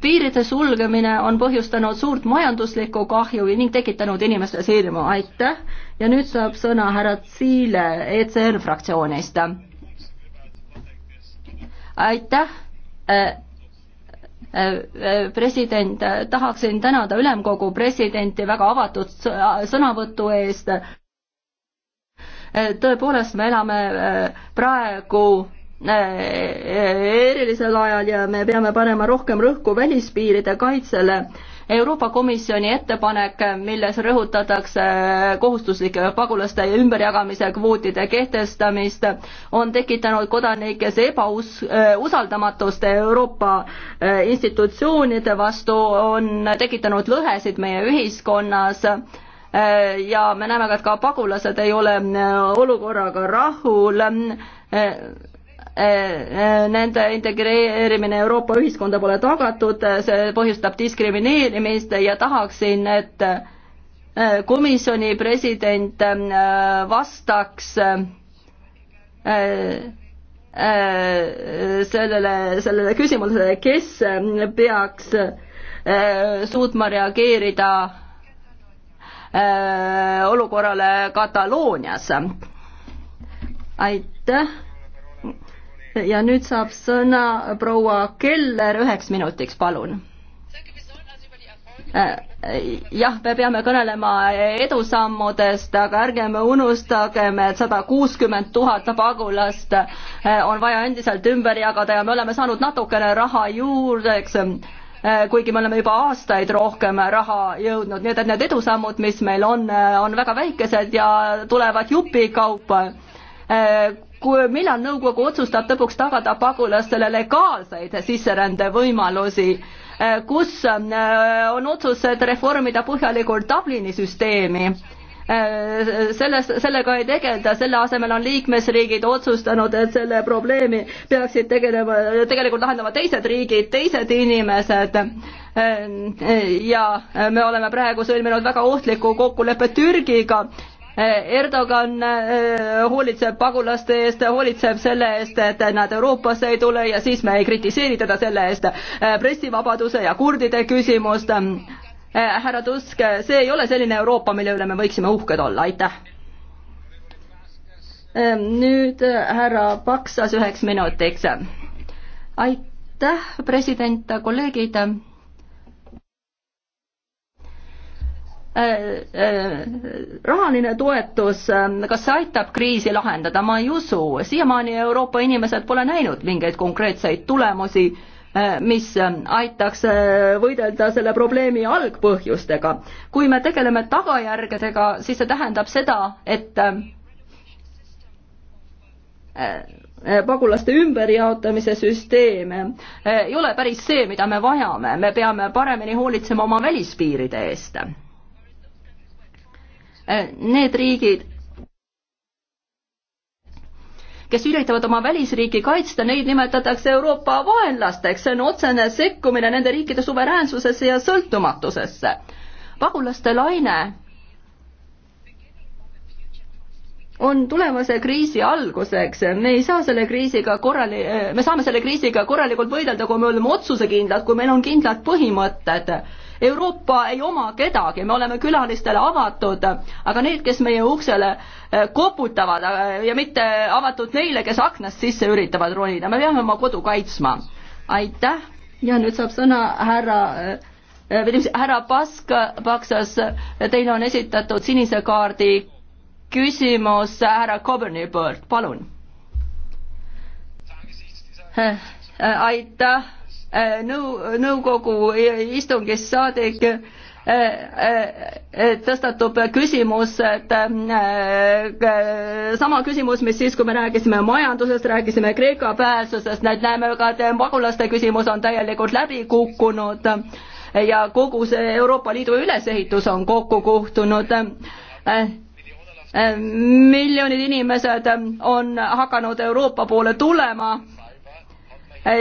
piiride sulgemine on põhjustanud suurt majanduslikku kahju ning tekitanud inimestes hirmu, aitäh. ja nüüd saab sõna härra Tsiile ECR fraktsioonist. aitäh. Äh, äh, äh, president, tahaksin tänada ülemkogu presidenti väga avatud sõnavõtu eest. tõepoolest, me elame praegu Äh, äh, erilisel ajal ja me peame panema rohkem rõhku välispiiride kaitsele. Euroopa Komisjoni ettepanek, milles rõhutatakse kohustuslike pagulaste ümberjagamise kvootide kehtestamist, on tekitanud kodanikes ebaus-, äh, usaldamatust Euroopa institutsioonide vastu, on tekitanud lõhesid meie ühiskonnas ja me näeme ka, et ka pagulased ei ole olukorraga rahul Eh, eh, nende integreerimine Euroopa ühiskonda pole tagatud, eh, see põhjustab diskrimineerimist ja tahaksin, et komisjoni president vastaks sellele, sellele küsimusele, kes peaks suutma reageerida olukorrale Kataloonias. aitäh ja nüüd saab sõna proua Keller üheks minutiks, palun äh, jah, me peame kõnelema edusammudest, aga ärgem unustagem, et sada kuuskümmend tuhat pagulast äh, on vaja endiselt ümber jagada ja me oleme saanud natukene raha juurde, eks, äh, kuigi me oleme juba aastaid rohkem raha jõudnud, nii et, et need edusammud, mis meil on, on väga väikesed ja tulevad jupikaupa kui, millal nõukogu otsustab lõpuks tagada pagulastele legaalseid sisserändevõimalusi, eh, kus eh, on otsused reformida põhjalikult Dublini süsteemi eh, selles, sellega ei tegelda, selle asemel on liikmesriigid otsustanud, et selle probleemi peaksid tegelema, tegelikult lahendama teised riigid, teised inimesed. ja me oleme praegu sõlminud väga ohtliku kokkuleppe Türgiga Erdogan eh, hoolitseb pagulaste eest, hoolitseb selle eest, et nad Euroopasse ei tule ja siis me ei kritiseeri teda selle eest eh, pressivabaduse ja kurdide küsimust. Eh, härra Tusk, see ei ole selline Euroopa, mille üle me võiksime uhked olla, aitäh. nüüd härra Paksas üheks minutiks. aitäh, president, kolleegid Äh, äh, rahaline toetus, äh, kas see aitab kriisi lahendada, ma ei usu, siiamaani Euroopa inimesed pole näinud mingeid konkreetseid tulemusi, mis aitaks võidelda selle probleemi algpõhjustega. kui me tegeleme tagajärgedega, siis see tähendab seda, et pagulaste ümberjaotamise süsteem ei ole päris see, mida me vajame, me peame paremini hoolitsema oma välispiiride eest Äh, need riigid, kes üritavad oma välisriiki kaitsta, neid nimetatakse Euroopa vaenlasteks, see on otsene sekkumine nende riikide suveräänsusesse ja sõltumatusesse. pagulaste laine on tulevase kriisi alguseks, me ei saa selle kriisiga korrali-, me saame selle kriisiga korralikult võidelda, kui me oleme otsusekindlad, kui meil on kindlad põhimõtted Euroopa ei oma kedagi, me oleme külalistele avatud, aga need, kes meie uksele eh, koputavad eh, ja mitte avatud neile, kes aknast sisse üritavad ronida, me peame oma kodu kaitsma. aitäh ja nüüd saab sõna härra eh, härra Pask, Paksas, teile on esitatud sinise kaardi küsimus härra Coburni poolt, palun. aitäh Äh, nõu-, nõukogu istungist saadik äh, äh, tõstatub küsimus, et sama küsimus, mis siis, kui me rääkisime majandusest, rääkisime Kreeka pääsusest, nüüd näeme ka, et pagulaste küsimus on täielikult läbi kukkunud ja kogu see Euroopa Liidu ülesehitus on kokku kuhtunud miljonid inimesed on hakanud Euroopa poole tulema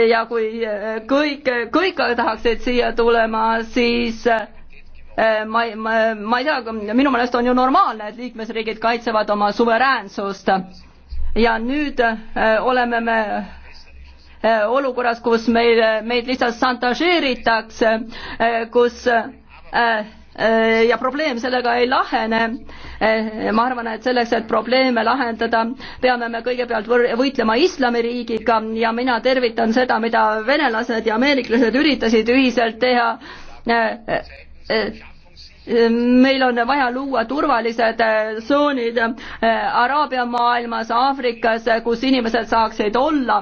ja kui äh, kõik, kõik tahaksid siia tulema, siis äh, ma ei, ma, ma ei tea, minu meelest on ju normaalne, et liikmesriigid kaitsevad oma suveräänsust. ja nüüd äh, oleme me olukorras, kus meil, meid lihtsalt šantažeeritakse, kus äh, Äh, ja probleem sellega ei lahene. Äh, ma arvan, et selleks, et probleeme lahendada, peame me kõigepealt võitlema islamiriigiga ja mina tervitan seda, mida venelased ja ameeriklased üritasid ühiselt teha. Äh, meil on vaja luua turvalised tsoonid Araabia maailmas, Aafrikas, kus inimesed saaksid olla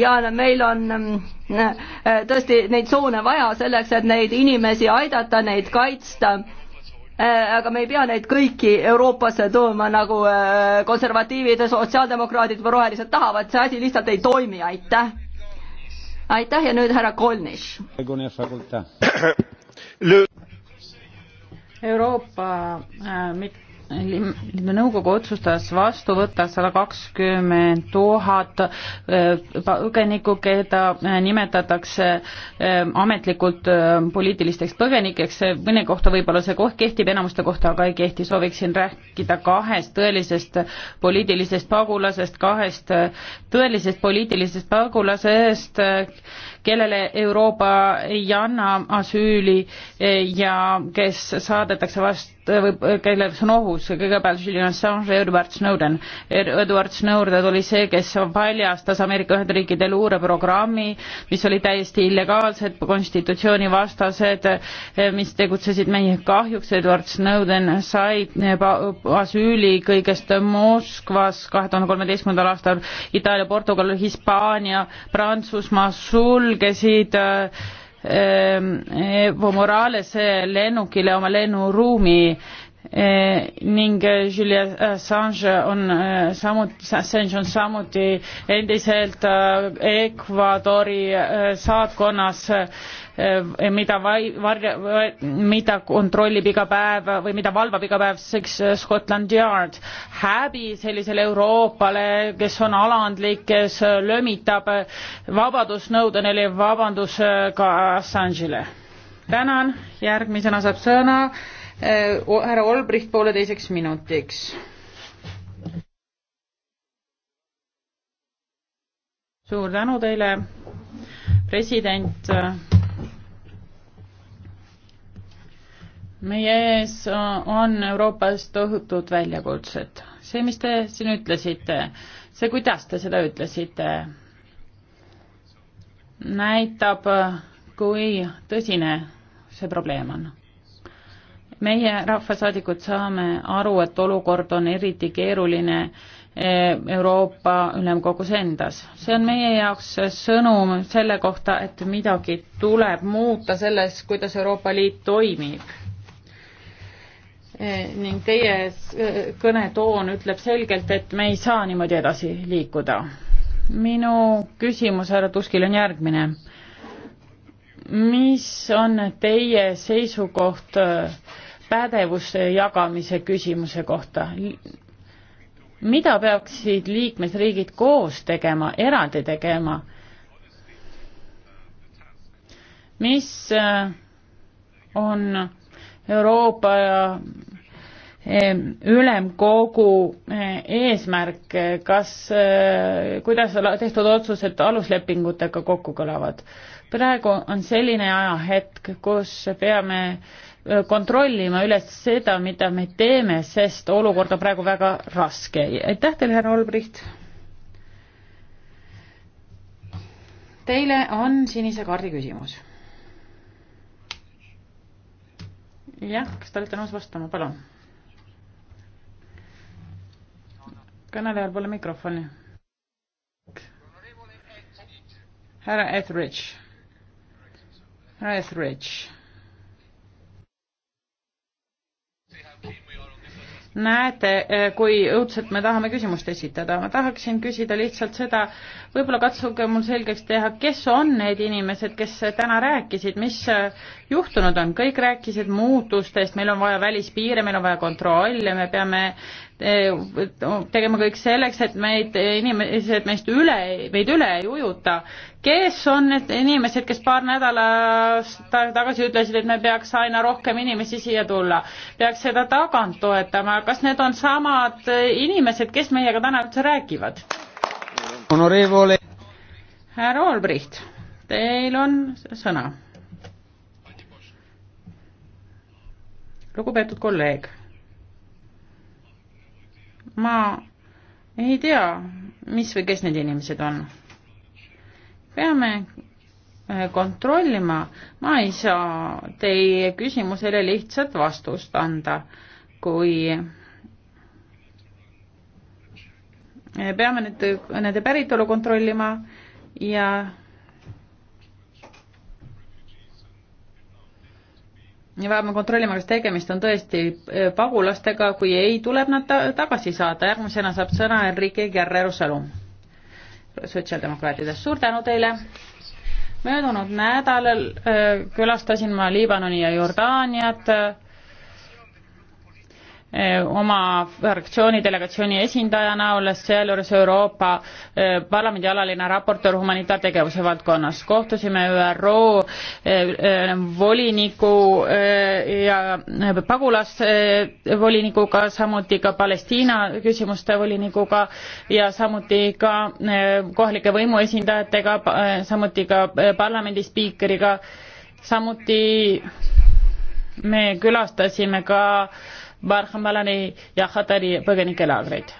ja meil on mm, Äh, tõesti neid tsoone vaja selleks, et neid inimesi aidata, neid kaitsta äh, aga me ei pea neid kõiki Euroopasse tooma, nagu äh, konservatiivid, sotsiaaldemokraadid või rohelised tahavad, see asi lihtsalt ei toimi, aitäh. aitäh ja nüüd härra Kolnis. Euroopa äh, mitte liidu nõukogu otsustas vastu võtta sada kakskümmend tuhat äh, põgenikku, keda äh, nimetatakse äh, ametlikult poliitilisteks põgenikeks, mõne kohta võib-olla see koht kehtib, enamuste kohta aga ei kehti, sooviksin rääkida kahest tõelisest poliitilisest pagulasest, kahest tõelisest poliitilisest pagulasest, kellele Euroopa ei anna asüüli eh, ja kes saadetakse vast- või kelleks on ohus, kõigepealt Julian Assange ja Edward Snowden. Edward Snowden oli see, kes paljastas Ameerika Ühendriikide luureprogrammi, mis oli täiesti illegaalsed, konstitutsioonivastased, eh, mis tegutsesid meie kahjuks. Edward Snowden sai eh, asüüli kõigest Moskvas kahe tuhande kolmeteistkümnendal aastal Itaalia, Portugal, Hispaania, Prantsusmaa, Sul-, sulgesid äh, äh, Evo Moralese äh, lennukile oma lennuruumi ning Julia Assange on samuti, Assange on samuti endiselt Ecuadori saatkonnas Eh, mida vai- varja- mida kontrollib iga päev või mida valvab iga päev siis eh, Scotland Yard häbi sellisele Euroopale kes on alandlik kes eh, lömitab vabadust Snowdenile vabandus ka Assange'ile tänan järgmisena saab sõna härra Olbricht pooleteiseks minutiks suur tänu teile president meie ees äh, on Euroopas tohutud väljakutsed. see, mis te siin ütlesite, see, kuidas te seda ütlesite, näitab, äh, kui tõsine see probleem on. meie, rahvasaadikud, saame aru, et olukord on eriti keeruline äh, Euroopa Ülemkogus endas. see on meie jaoks sõnum selle kohta, et midagi tuleb muuta selles, kuidas Euroopa Liit toimib Eh, ning teie eh, kõnetoon ütleb selgelt, et me ei saa niimoodi edasi liikuda. minu küsimus härra Tuskil on järgmine. mis on teie seisukoht eh, pädevuste jagamise küsimuse kohta? mida peaksid liikmesriigid koos tegema, eraldi tegema? mis on Euroopa ülemkogu eh, eesmärk, eh, kas, eh, kuidas tehtud otsused aluslepingutega kokku kõlavad. praegu on selline ajahetk, kus peame kontrollima üles seda, mida me teeme, sest olukord on praegu väga raske. aitäh teile, härra Olbricht! Teile on sinise kaardi küsimus. jah, kas te olete nõus vastama, palun? kõnelejal pole mikrofoni. härra Etheridge. härra Etheridge näete, eh, kui õudselt me tahame küsimust esitada. ma tahaksin küsida lihtsalt seda, võib-olla katsuge mul selgeks teha, kes on need inimesed, kes täna rääkisid, mis eh, juhtunud on, kõik rääkisid muutustest, meil on vaja välispiire, meil on vaja kontrolle, me peame eh, tegema kõik selleks, et meid, inimesed meist üle, meid üle ei ujuta kes on need inimesed, kes paar nädalat tagasi ütlesid, et me peaks aina rohkem inimesi siia tulla, peaks seda tagant toetama, kas need on samad äh, inimesed, kes meiega täna üldse räägivad? härra Olbricht, teil on sõna. lugupeetud kolleeg, ma ei tea, mis või kes need inimesed on peame äh, kontrollima, ma ei saa teie küsimusele lihtsat vastust anda, kui äh, peame nüüd äh, nende päritolu kontrollima ja ja peame kontrollima, kas tegemist on tõesti pagulastega, kui ei, tuleb nad ta tagasi saada, järgmisena saab sõna Enrique Guerrero Salum sotsiaaldemokraatidest. suur tänu teile! möödunud nädalal äh, külastasin ma Liibanoni ja Jordaaniat äh, Eh, oma fraktsiooni delegatsiooni esindajana, olles sealjuures Euroopa eh, Parlamendi alaline raportöör humanitaartegevuse valdkonnas. kohtusime ÜRO eh, voliniku ja pagulasvolinikuga, samuti ka Palestiina küsimuste volinikuga ja samuti ka kohalike võimu esindajatega, samuti ka parlamendi spiikriga, samuti me külastasime ka äh, Barhamalani ja Hatari põgenikelaagreid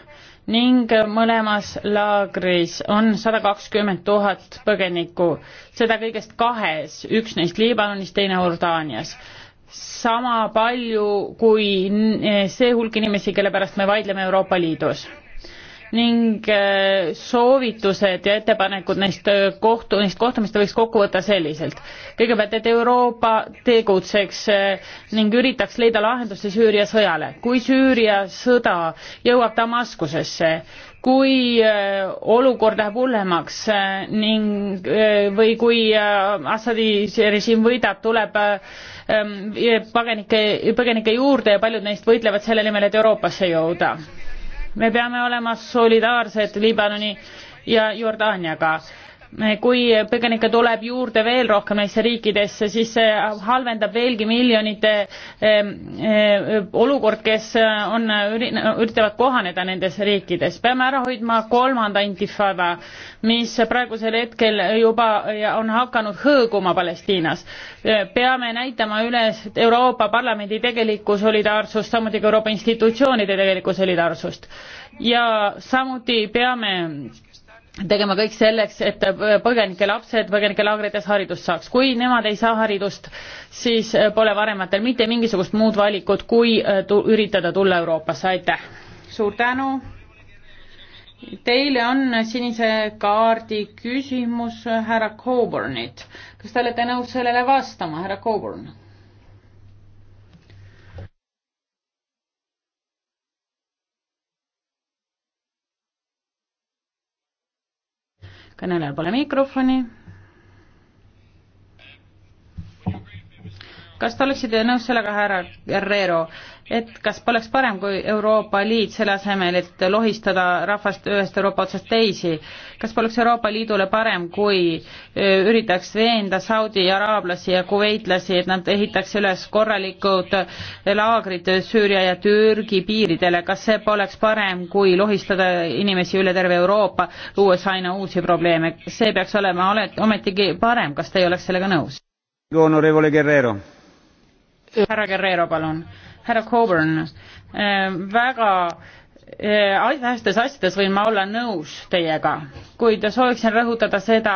ning äh, mõlemas laagris on sada kakskümmend tuhat põgenikku, seda kõigest kahes, üks neist Liibanonis, teine Jordaanias. sama palju kui see hulk inimesi, kelle pärast me vaidleme Euroopa Liidus ning äh, soovitused ja ettepanekud neist äh, kohtu, neist kohtumistest võiks kokku võtta selliselt. kõigepealt, et Euroopa tegutseks äh, ning üritaks leida lahendusi Süüria sõjale. kui Süüria sõda jõuab Damaskusesse, kui olukord läheb hullemaks ning või kui Assadi režiim võidab, tuleb ähm, pagenike, põgenike juurde ja paljud neist võitlevad selle nimel, et Euroopasse jõuda me peame olema solidaarsed Liibanoni ja Jordaaniaga kui põgenikke tuleb juurde veel rohkem neisse riikidesse, siis see halvendab veelgi miljonite eh, eh, olukord, kes on, üritavad kohaneda nendes riikides. peame ära hoidma kolmanda intifada, mis praegusel hetkel juba on hakanud hõõguma Palestiinas. peame näitama üles Euroopa Parlamendi tegelikku solidaarsust, samuti ka Euroopa institutsioonide tegelikku solidaarsust ja samuti peame tegema kõik selleks, et põgenike lapsed põgenikelaagrites haridust saaks. kui nemad ei saa haridust, siis pole vanematel mitte mingisugust muud valikut, kui äh, tu üritada tulla Euroopasse. aitäh! suur tänu! Teile on sinise kaardi küsimus härra Coburnit. kas te olete nõus sellele vastama, härra Coburn? kõnelejal pole mikrofoni. kas te oleksite nõus sellega, härra Guerrero, et kas poleks parem, kui Euroopa Liit selle asemel, et lohistada rahvast ühest Euroopa otsast teisi, kas poleks Euroopa Liidule parem, kui üritaks veenda Saudi araablasi ja kuveitlasi, et nad ehitaks üles korralikud laagrid Süüria ja Türgi piiridele, kas see poleks parem, kui lohistada inimesi üle terve Euroopa, luues aina uusi probleeme, see peaks olema ometigi parem, kas te ei oleks sellega nõus? härra Guerrero, palun härra Coburn, äh, väga tähtstes asjades võin ma olla nõus teiega, kuid sooviksin rõhutada seda,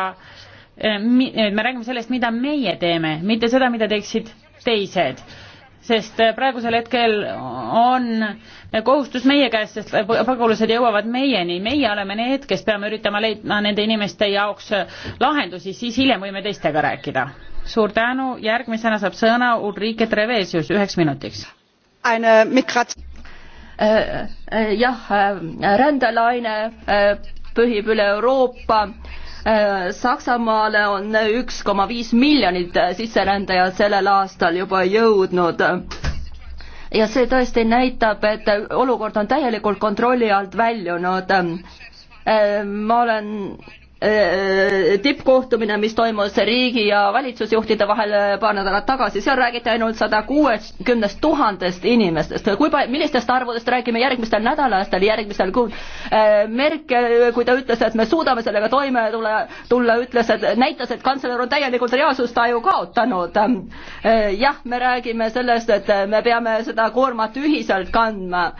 äh, me räägime sellest, mida meie teeme, mitte seda, mida teeksid teised. sest äh, praegusel hetkel on kohustus meie käes, sest pagulased jõuavad meieni, meie oleme need, kes peame üritama leidma nende inimeste jaoks lahendusi, siis hiljem võime teistega rääkida. suur tänu, järgmisena saab sõna Ulrike Trevesius üheks minutiks eine Migration äh, äh, jah, äh, rändelaine pühib üle Euroopa. Saksamaale on üks koma viis miljonit sisserändajat sellel aastal juba jõudnud. ja see tõesti näitab, et olukord on täielikult kontrolli alt väljunud. ma olen Äh, äh, tippkohtumine, mis toimus riigi ja valitsusjuhtide vahel äh, paar nädalat tagasi, seal räägiti ainult sada kuuekümnest tuhandest inimestest. kui palju, millistest arvudest räägime järgmistel nädalatel, järgmisel kuul? Merkel, kui ta ütles, et me suudame sellega toime tule, tulla, ütles, et näitas, et kantsler on täielikult reaalsustaju kaotanud. jah, me räägime sellest, et me peame seda koormat ühiselt kandma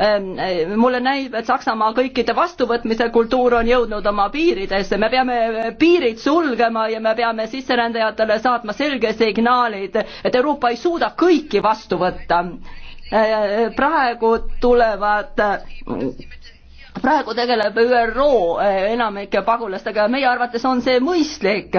Ähm, äh, mulle näib, et Saksamaa kõikide vastuvõtmise kultuur on jõudnud oma piiridesse, me peame äh, piirid sulgema ja me peame sisserändajatele saatma selge signaalid, et Euroopa ei suuda kõiki vastu võtta. Äh, praegu tulevad praegu tegeleb ÜRO enamike pagulastega ja meie arvates on see mõistlik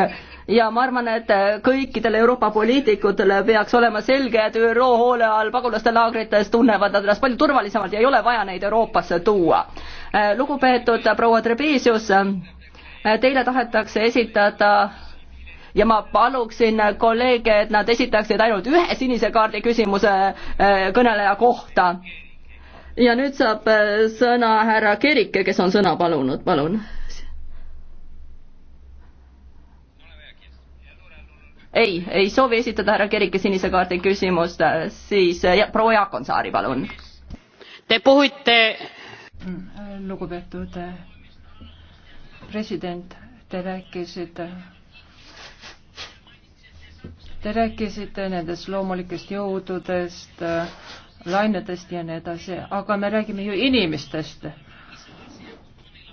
ja ma arvan, et äh, kõikidele Euroopa poliitikutele peaks olema selge, et ÜRO hoole all pagulaste laagrites tunnevad nad ennast palju turvalisemalt ja ei ole vaja neid Euroopasse tuua. Äh, lugupeetud proua Trebesius, äh, teile tahetakse esitada ja ma paluksin kolleege, et nad esitaksid ainult ühe sinise kaardi küsimuse kõneleja kohta. ja nüüd saab sõna härra Kerike, kes on sõna palunud, palun ei, ei soovi esitada härra Kerike sinise kaardi küsimust, siis proua Jaakonsaari, palun. Te puhute. lugupeetud eh, president, te rääkisite Te rääkisite nendest loomulikest jõududest, lainetest ja nii edasi, aga me räägime ju inimestest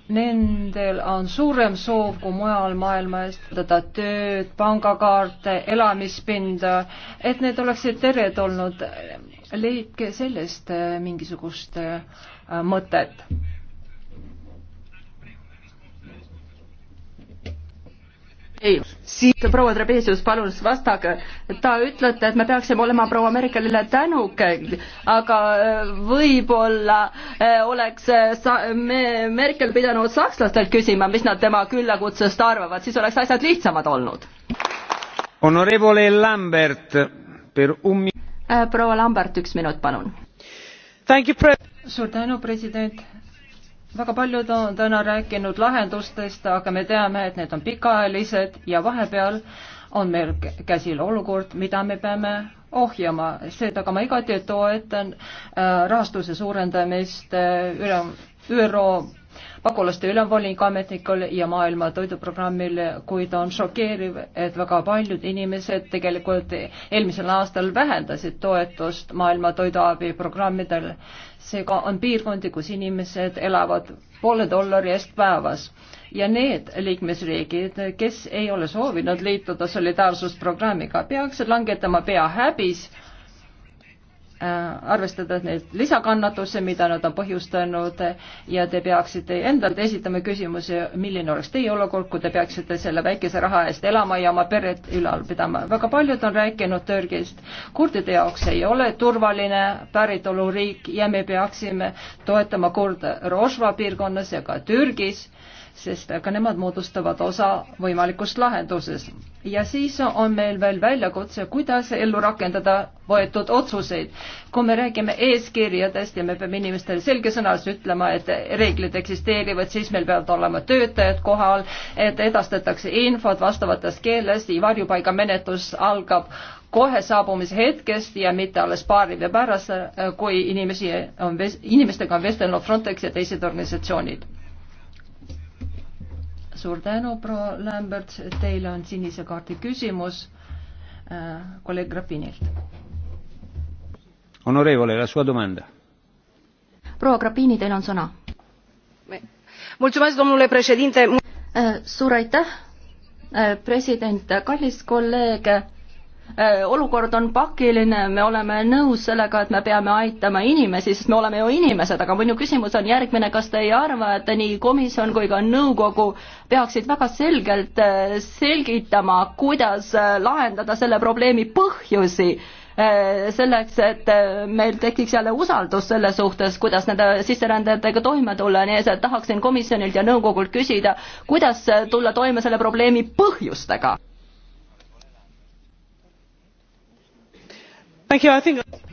Nendel on suurem soov kui mujal maailmas võtta tööd, pangakaarte, elamispinda, et need oleksid teretulnud. leidke sellest eh, mingisugust eh, mõtet siis proua Trebesius, palun vastage. ta ütlete, et me peaksime olema proua Merkelile tänukad, aga äh, võib-olla äh, oleks äh, sa-, me, Merkel pidanud sakslastelt küsima, mis nad tema küllakutsest arvavad, siis oleks asjad lihtsamad olnud. Honorevole Lambert, per un mi-. proua Lambert, üks minut, palun. suur tänu, president väga paljud on täna rääkinud lahendustest, aga me teame, et need on pikaajalised ja vahepeal on meil käsil olukord, mida me peame ohjama, seetõttu ma igati toetan äh, rahastuse suurendamist äh, üle ÜRO pagulaste ülemvoliniku ametnikul ja Maailma Toiduprogrammil, kuid on šokeeriv, et väga paljud inimesed tegelikult eelmisel aastal vähendasid toetust Maailma Toiduabi programmidel. seega on piirkondi, kus inimesed elavad poole dollari eest päevas ja need liikmesriigid, kes ei ole soovinud liituda solidaarsusprogrammiga, peaksid langetama pea häbis Äh, arvestada neid lisakannatusse, mida nad on põhjustanud ja te peaksite endalt esitama küsimuse, milline oleks teie olukord, kui te peaksite selle väikese raha eest elama ja oma peret ülal pidama. väga paljud on rääkinud Türgist. kurdide jaoks ei ole turvaline päritoluriik ja me peaksime toetama kurde Rošva piirkonnas ja ka Türgis, sest ka nemad moodustavad osa võimalikust lahendusest ja siis on meil veel väljakutse, kuidas ellu rakendada võetud otsuseid. kui me räägime eeskirjadest ja me peame inimestele selgesõnas ütlema, et reeglid eksisteerivad, siis meil peavad olema töötajad kohal, et edastatakse infot vastavates keeles, varjupaigamenetlus algab kohe saabumise hetkest ja mitte alles paari päeva pärast, kui inimesi on, inimestega on vestelnud Frontex ja teised organisatsioonid suur tänu, proua Lambert, teile on sinise kaardi küsimus äh, kolleeg Grappinilt. Onorevole, la sua domanda. proua Grappini, teil on sõna. Äh, suur aitäh, äh, president, kallis kolleeg Äh, olukord on pakiline, me oleme nõus sellega, et me peame aitama inimesi, sest me oleme ju inimesed, aga minu küsimus on järgmine, kas te ei arva, et nii komisjon kui ka nõukogu peaksid väga selgelt äh, selgitama, kuidas äh, lahendada selle probleemi põhjusi, selleks, et meil tekiks jälle usaldus selle suhtes, kuidas nende sisserändajatega toime tulla, nii et tahaksin komisjonilt ja nõukogult küsida, kuidas tulla toime selle probleemi põhjustega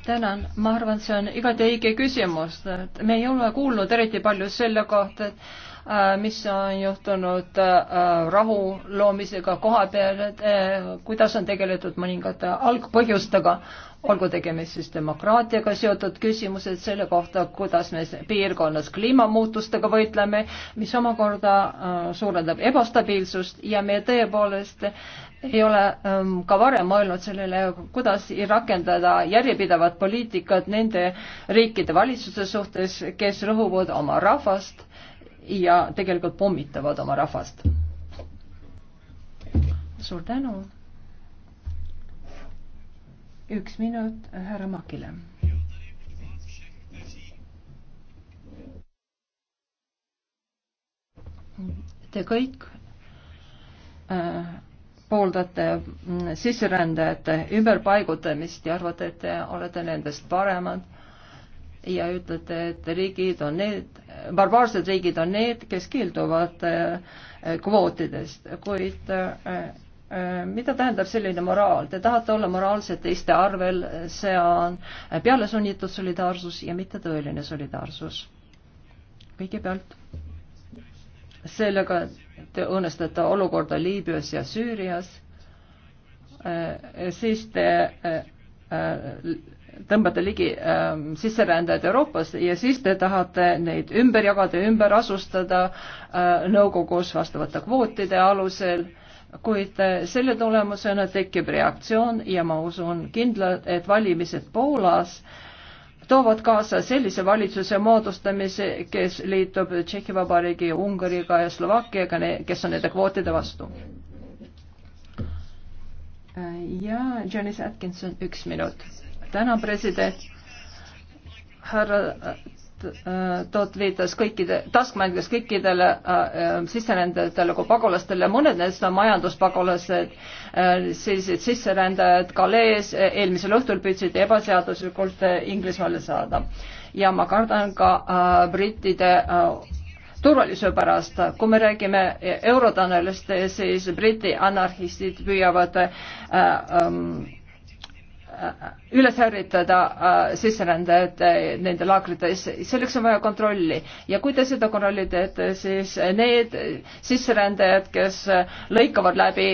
tänan, ma arvan, see on igati õige küsimus, et me ei ole kuulnud eriti palju selle kohta, et äh, mis on juhtunud äh, rahu loomisega koha peal, et äh, kuidas on tegeletud mõningate algpõhjustega, olgu tegemist siis demokraatiaga seotud küsimused selle kohta, kuidas me piirkonnas kliimamuutustega võitleme, mis omakorda suurendab ebastabiilsust ja me tõepoolest ei ole ähm, ka varem mõelnud sellele, kuidas rakendada järjepidevat poliitikat nende riikide valitsuse suhtes, kes rõhuvad oma rahvast ja tegelikult pommitavad oma rahvast. suur tänu. üks minut äh, härra Makile te kõik äh, pooldate mm, sisserändajate ümberpaigutamist ja arvate, et te olete nendest paremad ja ütlete, et riigid on need, barbaarsed riigid on need, kes keelduvad eh, kvootidest, kuid eh, eh, mida tähendab selline moraal? Te tahate olla moraalsed teiste arvel, see on pealesunnitud solidaarsus ja mitte tõeline solidaarsus. kõigepealt sellega et õõnestada olukorda Liibüas ja Süürias, eh, siis te eh, eh, tõmbate ligi sisserändajad Euroopasse ja siis te tahate neid ümber jagada, ümber asustada nõukogus vastavate kvootide alusel kuid selle tulemusena tekib reaktsioon ja ma usun kindlalt, et valimised Poolas äh, toovad kaasa sellise valitsuse moodustamise, kes liitub Tšehhi Vabariigi, Ungariga ja Slovakkiaga, kes on nende kvootide vastu. ja Janice Atkinson, üks minut. tänan, president. härra Äh, toot viitas kõikide, taskmängides kõikidele äh, äh, sisserändajatele kui pagulastele, mõned neist on majanduspagulased äh,, sellised sisserändajad Galees äh, eelmisel õhtul püüdsid ebaseaduslikult Inglismaale saada. ja ma kardan ka äh, brittide äh, turvalisuse pärast, kui me räägime eurotanelist, siis briti anarhistid püüavad äh, äh, Äh, üles ärritada äh, sisserändajad äh, nende laagrites, selleks on vaja kontrolli ja kui te seda kontrolli teete, siis need sisserändajad, kes lõikavad läbi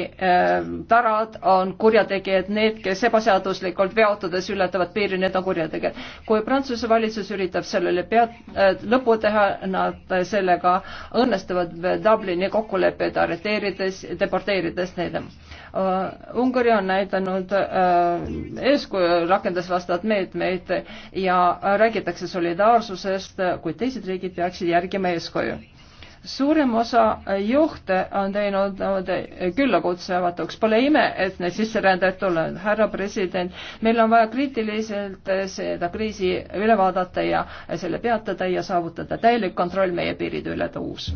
tarad, on kurjategijad, need, kes ebaseaduslikult veotades ületavad piiri, need on kurjategijad. kui Prantsuse valitsus üritab sellele pead, lõpu teha, nad sellega õnnestuvad Dublini kokkuleppeid arreteerides, deporteerides neid Äh, Ungari on näidanud äh, eeskuju, rakendas vastavad meetmeid ja äh, räägitakse solidaarsusest, kuid teised riigid peaksid järgima eeskuju suurem osa juhte on teinud külla kutsuvatuks. Pole ime, et need sisserändajad tulevad. härra president, meil on vaja kriitiliselt seda kriisi üle vaadata ja selle peatada ja saavutada täielik kontroll meie piiride üle, uus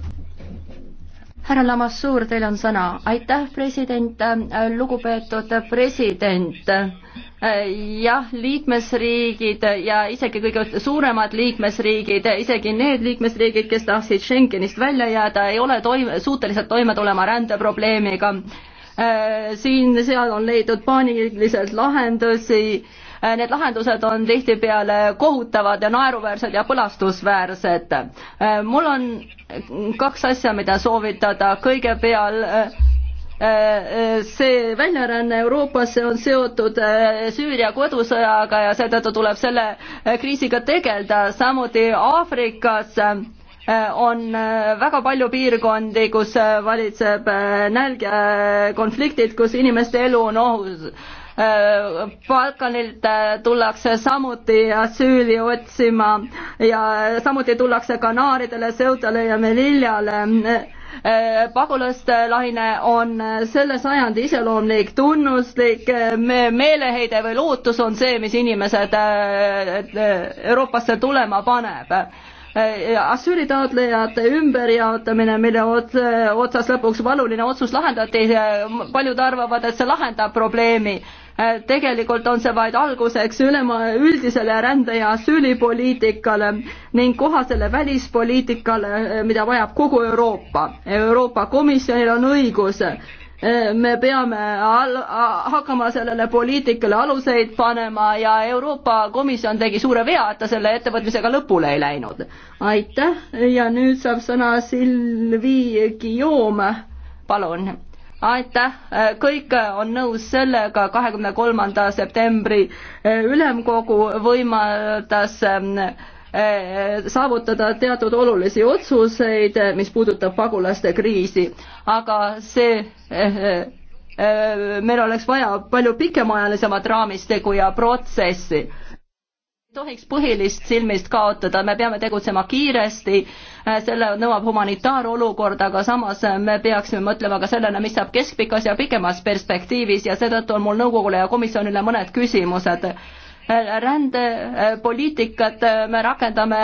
härra Lamassuur, teil on sõna. aitäh, president, äh, lugupeetud president. Äh, jah, liikmesriigid ja isegi kõige suuremad liikmesriigid, isegi need liikmesriigid, kes tahtsid Schengenist välja jääda, ei ole toime, suutelised toime tulema rändeprobleemiga äh, siin-seal on leidnud paaniliselt lahendusi Need lahendused on tihtipeale kohutavad ja naeruväärsed ja põlastusväärsed. mul on kaks asja, mida soovitada, kõigepealt see väljaränne Euroopasse on seotud eh, Süüria kodusõjaga ja seetõttu tuleb selle eh, kriisiga tegeleda, samuti Aafrikas eh, on väga palju piirkondi, kus valitseb nälg ja konfliktid, kus inimeste elu on ohus Balkanilt äh, tullakse samuti asüüli otsima ja samuti tullakse Kanaaridele, Seudale ja Meliljale äh, pagulaste laine on selle sajandi iseloomlik tunnuslik meeleheide või lootus on see, mis inimesed äh, Euroopasse tulema paneb. Assüüri taotlejate ümberjaotamine, mille otsas lõpuks valuline otsus lahendati, paljud arvavad, et see lahendab probleemi Äh, tegelikult on see vaid alguseks ülema, üldisele rände- ja asüülipoliitikale ning kohasele välispoliitikale, äh, mida vajab kogu Euroopa. Euroopa Komisjonil on õigus äh, me peame al-, hakkama sellele poliitikale aluseid panema ja Euroopa Komisjon tegi suure vea, et ta selle ettevõtmisega lõpule ei läinud. aitäh ja nüüd saab sõna Silvi Guillaume, palun aitäh, äh, kõik äh, on nõus sellega, kahekümne kolmanda septembri äh, ülemkogu võimaldas ähm, saavutada teatud olulisi otsuseid, mis puudutab pagulaste kriisi, aga see meil oleks vaja palju pikemaajalisemat raamistikku ja protsessi tohiks põhilist silmist kaotada, me peame tegutsema kiiresti, äh, selle nõuab humanitaarolukord, aga samas äh, me peaksime mõtlema ka sellele, mis saab keskpikas ja pikemas perspektiivis ja seetõttu on mul nõukogule ja komisjonile mõned küsimused äh, rändepoliitikat me rakendame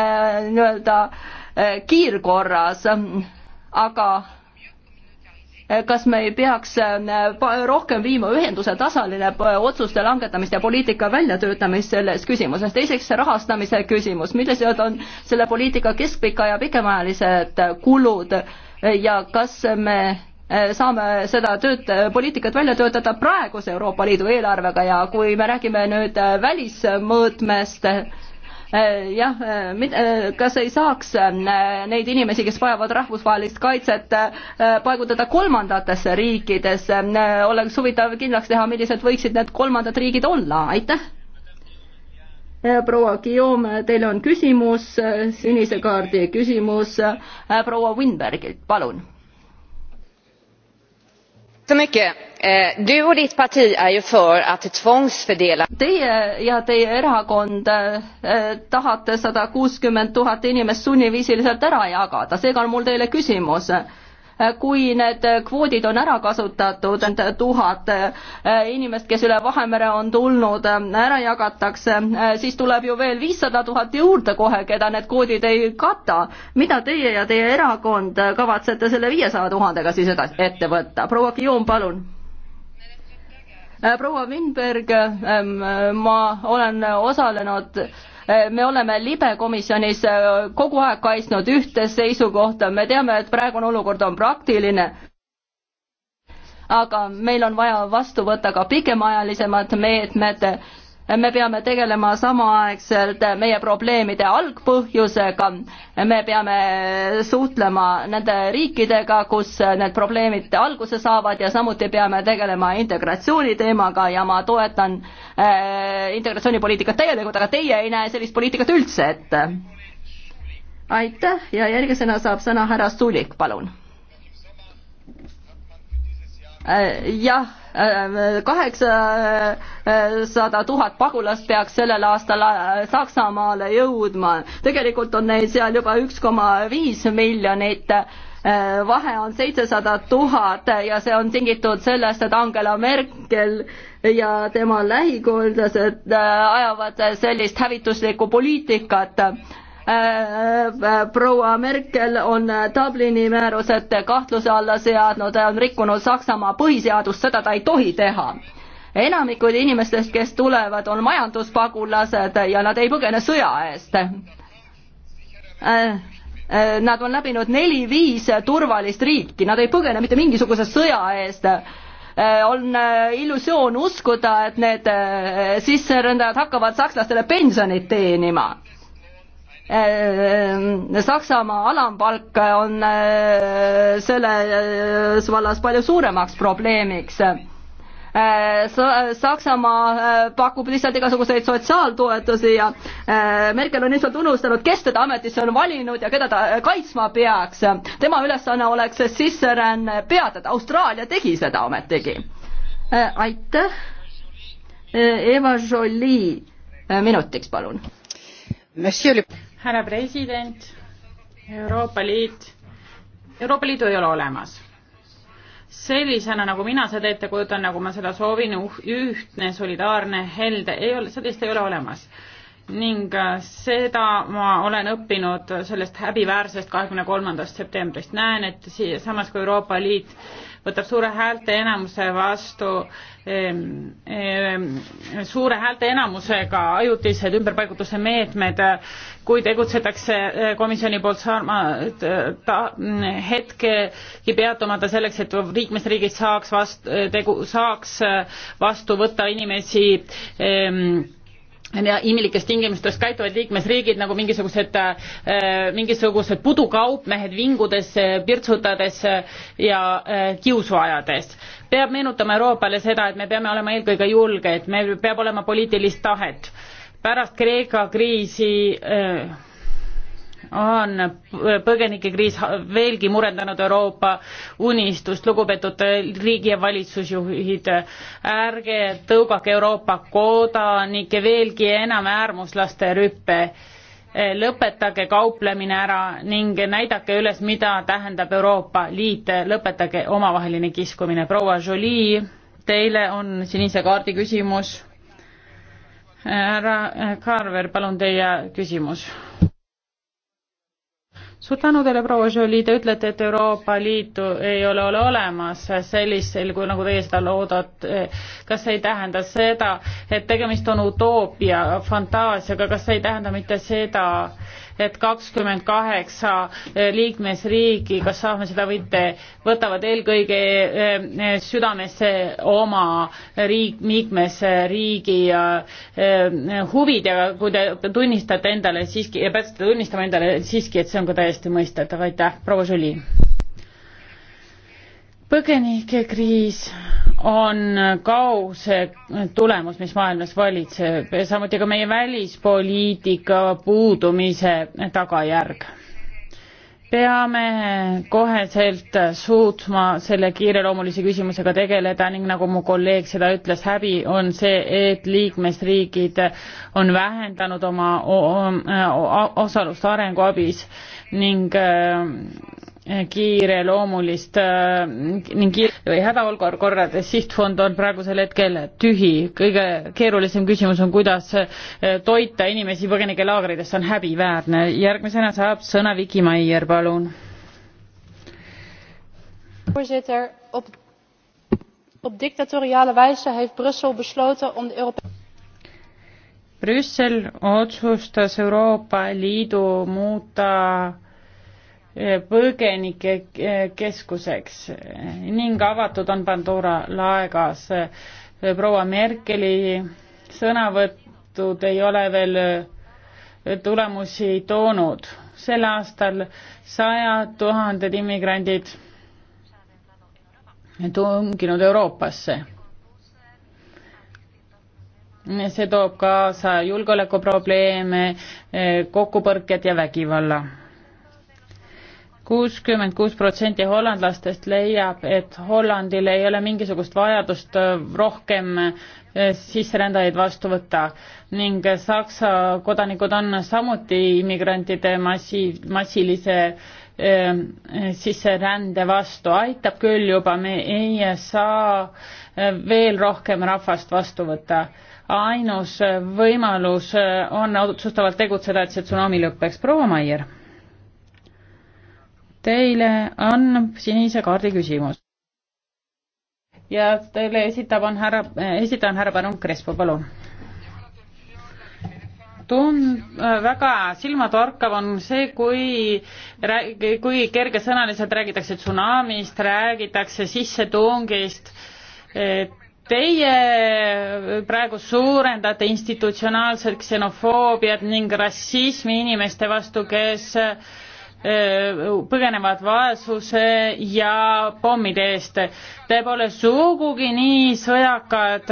nii-öelda kiirkorras, aga kas me ei peaks äh, rohkem viima ühenduse tasandile äh, otsuste langetamist ja poliitika väljatöötamist selles küsimuses. teiseks rahastamise küsimus, millised on selle poliitika keskpika ja pikemaajalised äh, kulud ja kas me saame seda tööd, poliitikat välja töötada praeguse Euroopa Liidu eelarvega ja kui me räägime nüüd välismõõtmest, Äh, jah, äh, äh, kas ei saaks neid inimesi, kes vajavad rahvusvahelist kaitset, paigutada kolmandatesse riikidesse, oleks huvitav kindlaks teha, millised võiksid need kolmandad riigid olla, aitäh! proua Guillaume, teil on küsimus, sinise kaardi küsimus proua Winbergilt, palun Eh, teie ja teie erakond eh, tahate sada kuuskümmend tuhat inimest sunniviisiliselt ära jagada seega on mul teile küsimus kui need kvoodid on ära kasutatud, tuhat eh, inimest, kes üle Vahemere on tulnud, eh, ära jagatakse, eh, siis tuleb ju veel viissada tuhat juurde kohe, keda need kvoodid ei kata. mida teie ja teie erakond kavatsete selle viiesaja tuhandega siis edasi, ette võtta? proua Guillaume, palun proua Winberg, ma olen osalenud Äh, me oleme libekomisjonis äh, kogu aeg kaitsnud ühte seisukohta, me teame, et praegune olukord on praktiline, aga meil on vaja vastu võtta ka pikemaajalisemad meetmed me peame tegelema samaaegselt meie probleemide algpõhjusega, me peame suhtlema nende riikidega, kus need probleemid alguse saavad ja samuti peame tegelema integratsiooni teemaga ja ma toetan äh, integratsioonipoliitikat täielikult, aga teie ei näe sellist poliitikat üldse ette. aitäh ja järgmisena saab sõna härra Sulik, palun Äh, jah, äh, kaheksasada tuhat pagulast peaks sellel aastal äh, Saksamaale jõudma. tegelikult on neid seal juba üks koma viis miljonit vahe on seitsesada tuhat ja see on tingitud sellest, et Angela Merkel ja tema lähikondlased ajavad sellist hävituslikku poliitikat Äh, äh, proua Merkel on äh, Dublini määrused kahtluse alla seadnud, on rikkunud Saksamaa põhiseadust, seda ta ei tohi teha. enamikud inimestest, kes tulevad, on majanduspagulased ja nad ei põgene sõja eest. Nad on läbinud neli-viis turvalist riiki, nad ei põgene mitte mingisuguse sõja eest on illusioon uskuda, et need sisserändajad hakkavad sakslastele pensionit teenima Äh, äh, Saksamaa alampalk on äh, selles vallas palju suuremaks probleemiks. Saksamaa pakub lihtsalt igasuguseid sotsiaaltoetusi ja Merkel on lihtsalt unustanud, kes teda ametisse on valinud ja keda ta kaitsma peaks. tema ülesanne oleks see sisseränne peatada, Austraalia tegi seda ometigi. aitäh. Eva Jolie minutiks, palun. Monsieur le härra president, Euroopa Liit, Euroopa Liidu ei ole olemas. sellisena, nagu mina seda ette kujutan, nagu ma seda soovin, uh, ühtne, solidaarne, helde, ei ole, sellist ei ole olemas ning äh, seda ma olen õppinud sellest häbiväärsest kahekümne kolmandast septembrist. näen, et siia, samas kui Euroopa Liit võtab suure häälteenamuse vastu ehm, ehm, suure häälteenamusega ajutised ümberpaigutuse meetmed, kui tegutsetakse eh, komisjoni poolt saama eh, ta, mm, hetkegi peatumata selleks, et liikmesriigid saaks vastu, tegu, saaks eh, vastu võtta inimesi ehm, inimlikes tingimustes käituvad liikmesriigid nagu mingisugused äh, mingisugused pudukaupmehed vingudes äh, pirtsutades äh, ja kiusu ajades peab meenutama euroopale seda et me peame olema eelkõige julged meil peab olema poliitilist tahet pärast kreeka kriisi on põgenikekriis veelgi murendanud Euroopa unistust. lugupeetud riigi ja valitsusjuhid, ärge tõugake Euroopa kodanikke veelgi enam äärmuslaste rüppe. lõpetage kauplemine ära ning näidake üles, mida tähendab Euroopa Liit, lõpetage omavaheline kiskumine. proua Jolie, teile on sinise kaardi küsimus härra Carver, palun teie küsimus suur tänu teile, proua Jolie, te ütlete, et Euroopa Liitu ei ole, ole olemas sellisel, kui nagu teie seda loodate. kas see ei tähenda seda, et tegemist on utoopia, fantaasiaga, kas see ei tähenda mitte seda, et kakskümmend kaheksa eh, liikmesriigi, kas saame seda võite, võtavad eelkõige eh, südamesse oma riik, liikmesriigi eh, huvid ja kui te tunnistate endale siiski ja peate tunnistama endale siiski, et see on ka täiesti mõistetav, aitäh, proua Žuli põgenikekriis on kaose tulemus, mis maailmas valitseb, samuti ka meie välispoliitika puudumise tagajärg. peame koheselt suutma selle kiireloomulise küsimusega tegeleda ning nagu mu kolleeg seda ütles, häbi on see, et liikmesriigid on vähendanud oma osalust arenguabis ning kiireloomulist äh, ning kiir- või hädaolukorrade sihtfond on praegusel hetkel tühi. kõige keerulisem küsimus on, kuidas äh, toita inimesi põgenikelaagrides, see on häbiväärne. järgmisena saab sõna Viki Maier, palun. voorzitter, op, op dictatoriale wijze heeft Brussel besloten om de Euroopa Brüssel otsustas Euroopa Liidu muuta põgenike keskuseks ning avatud on Pandora laegas. proua Merkeli sõnavõtud ei ole veel tulemusi toonud. sel aastal sajad tuhanded immigrandid tunginud Euroopasse. see toob kaasa julgeolekuprobleeme, kokkupõrked ja vägivalla kuuskümmend kuus protsenti hollandlastest leiab, et Hollandil ei ole mingisugust vajadust äh, rohkem äh, sisserändajaid vastu võtta ning Saksa kodanikud on samuti immigrantide massi, massilise äh, sisserände vastu, aitab küll juba, me ei saa äh, veel rohkem rahvast vastu võtta. ainus võimalus on otsustavalt tegutseda, et see tsunami lõpeks. proua Maier Teile on sinise kaardi küsimus. ja teile esitab, on härra, eh, esitaja on härra Pärnu Crespo, palun. tund-, eh, väga silmatorkav on see, kui, kui kergesõnaliselt räägitakse tsunamist, räägitakse sissetungist, et teie praegu suurendate institutsionaalset ksenofoobiat ning rassismi inimeste vastu, kes Äh, põgenevad vaesuse ja pommide eest. Te pole sugugi nii sõjakad,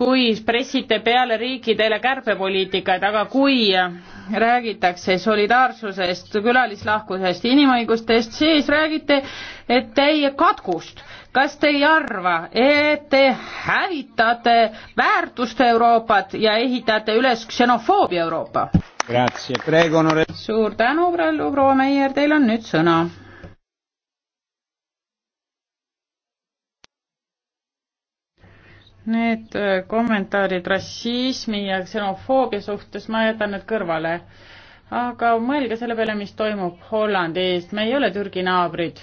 kui pressite peale riikidele kärpepoliitikaid, aga kui räägitakse solidaarsusest, külalislahkusest, inimõigustest, siis räägite teie katkust. kas te ei arva, et te hävitate väärtuste Euroopat ja ehitate üles ksenofoobia Euroopa? suur tänu, proua Meier, teil on nüüd sõna. Need äh, kommentaarid rassismi ja ksenofoobia suhtes ma jätan need kõrvale. aga mõelge selle peale, mis toimub Hollandis, me ei ole Türgi naabrid.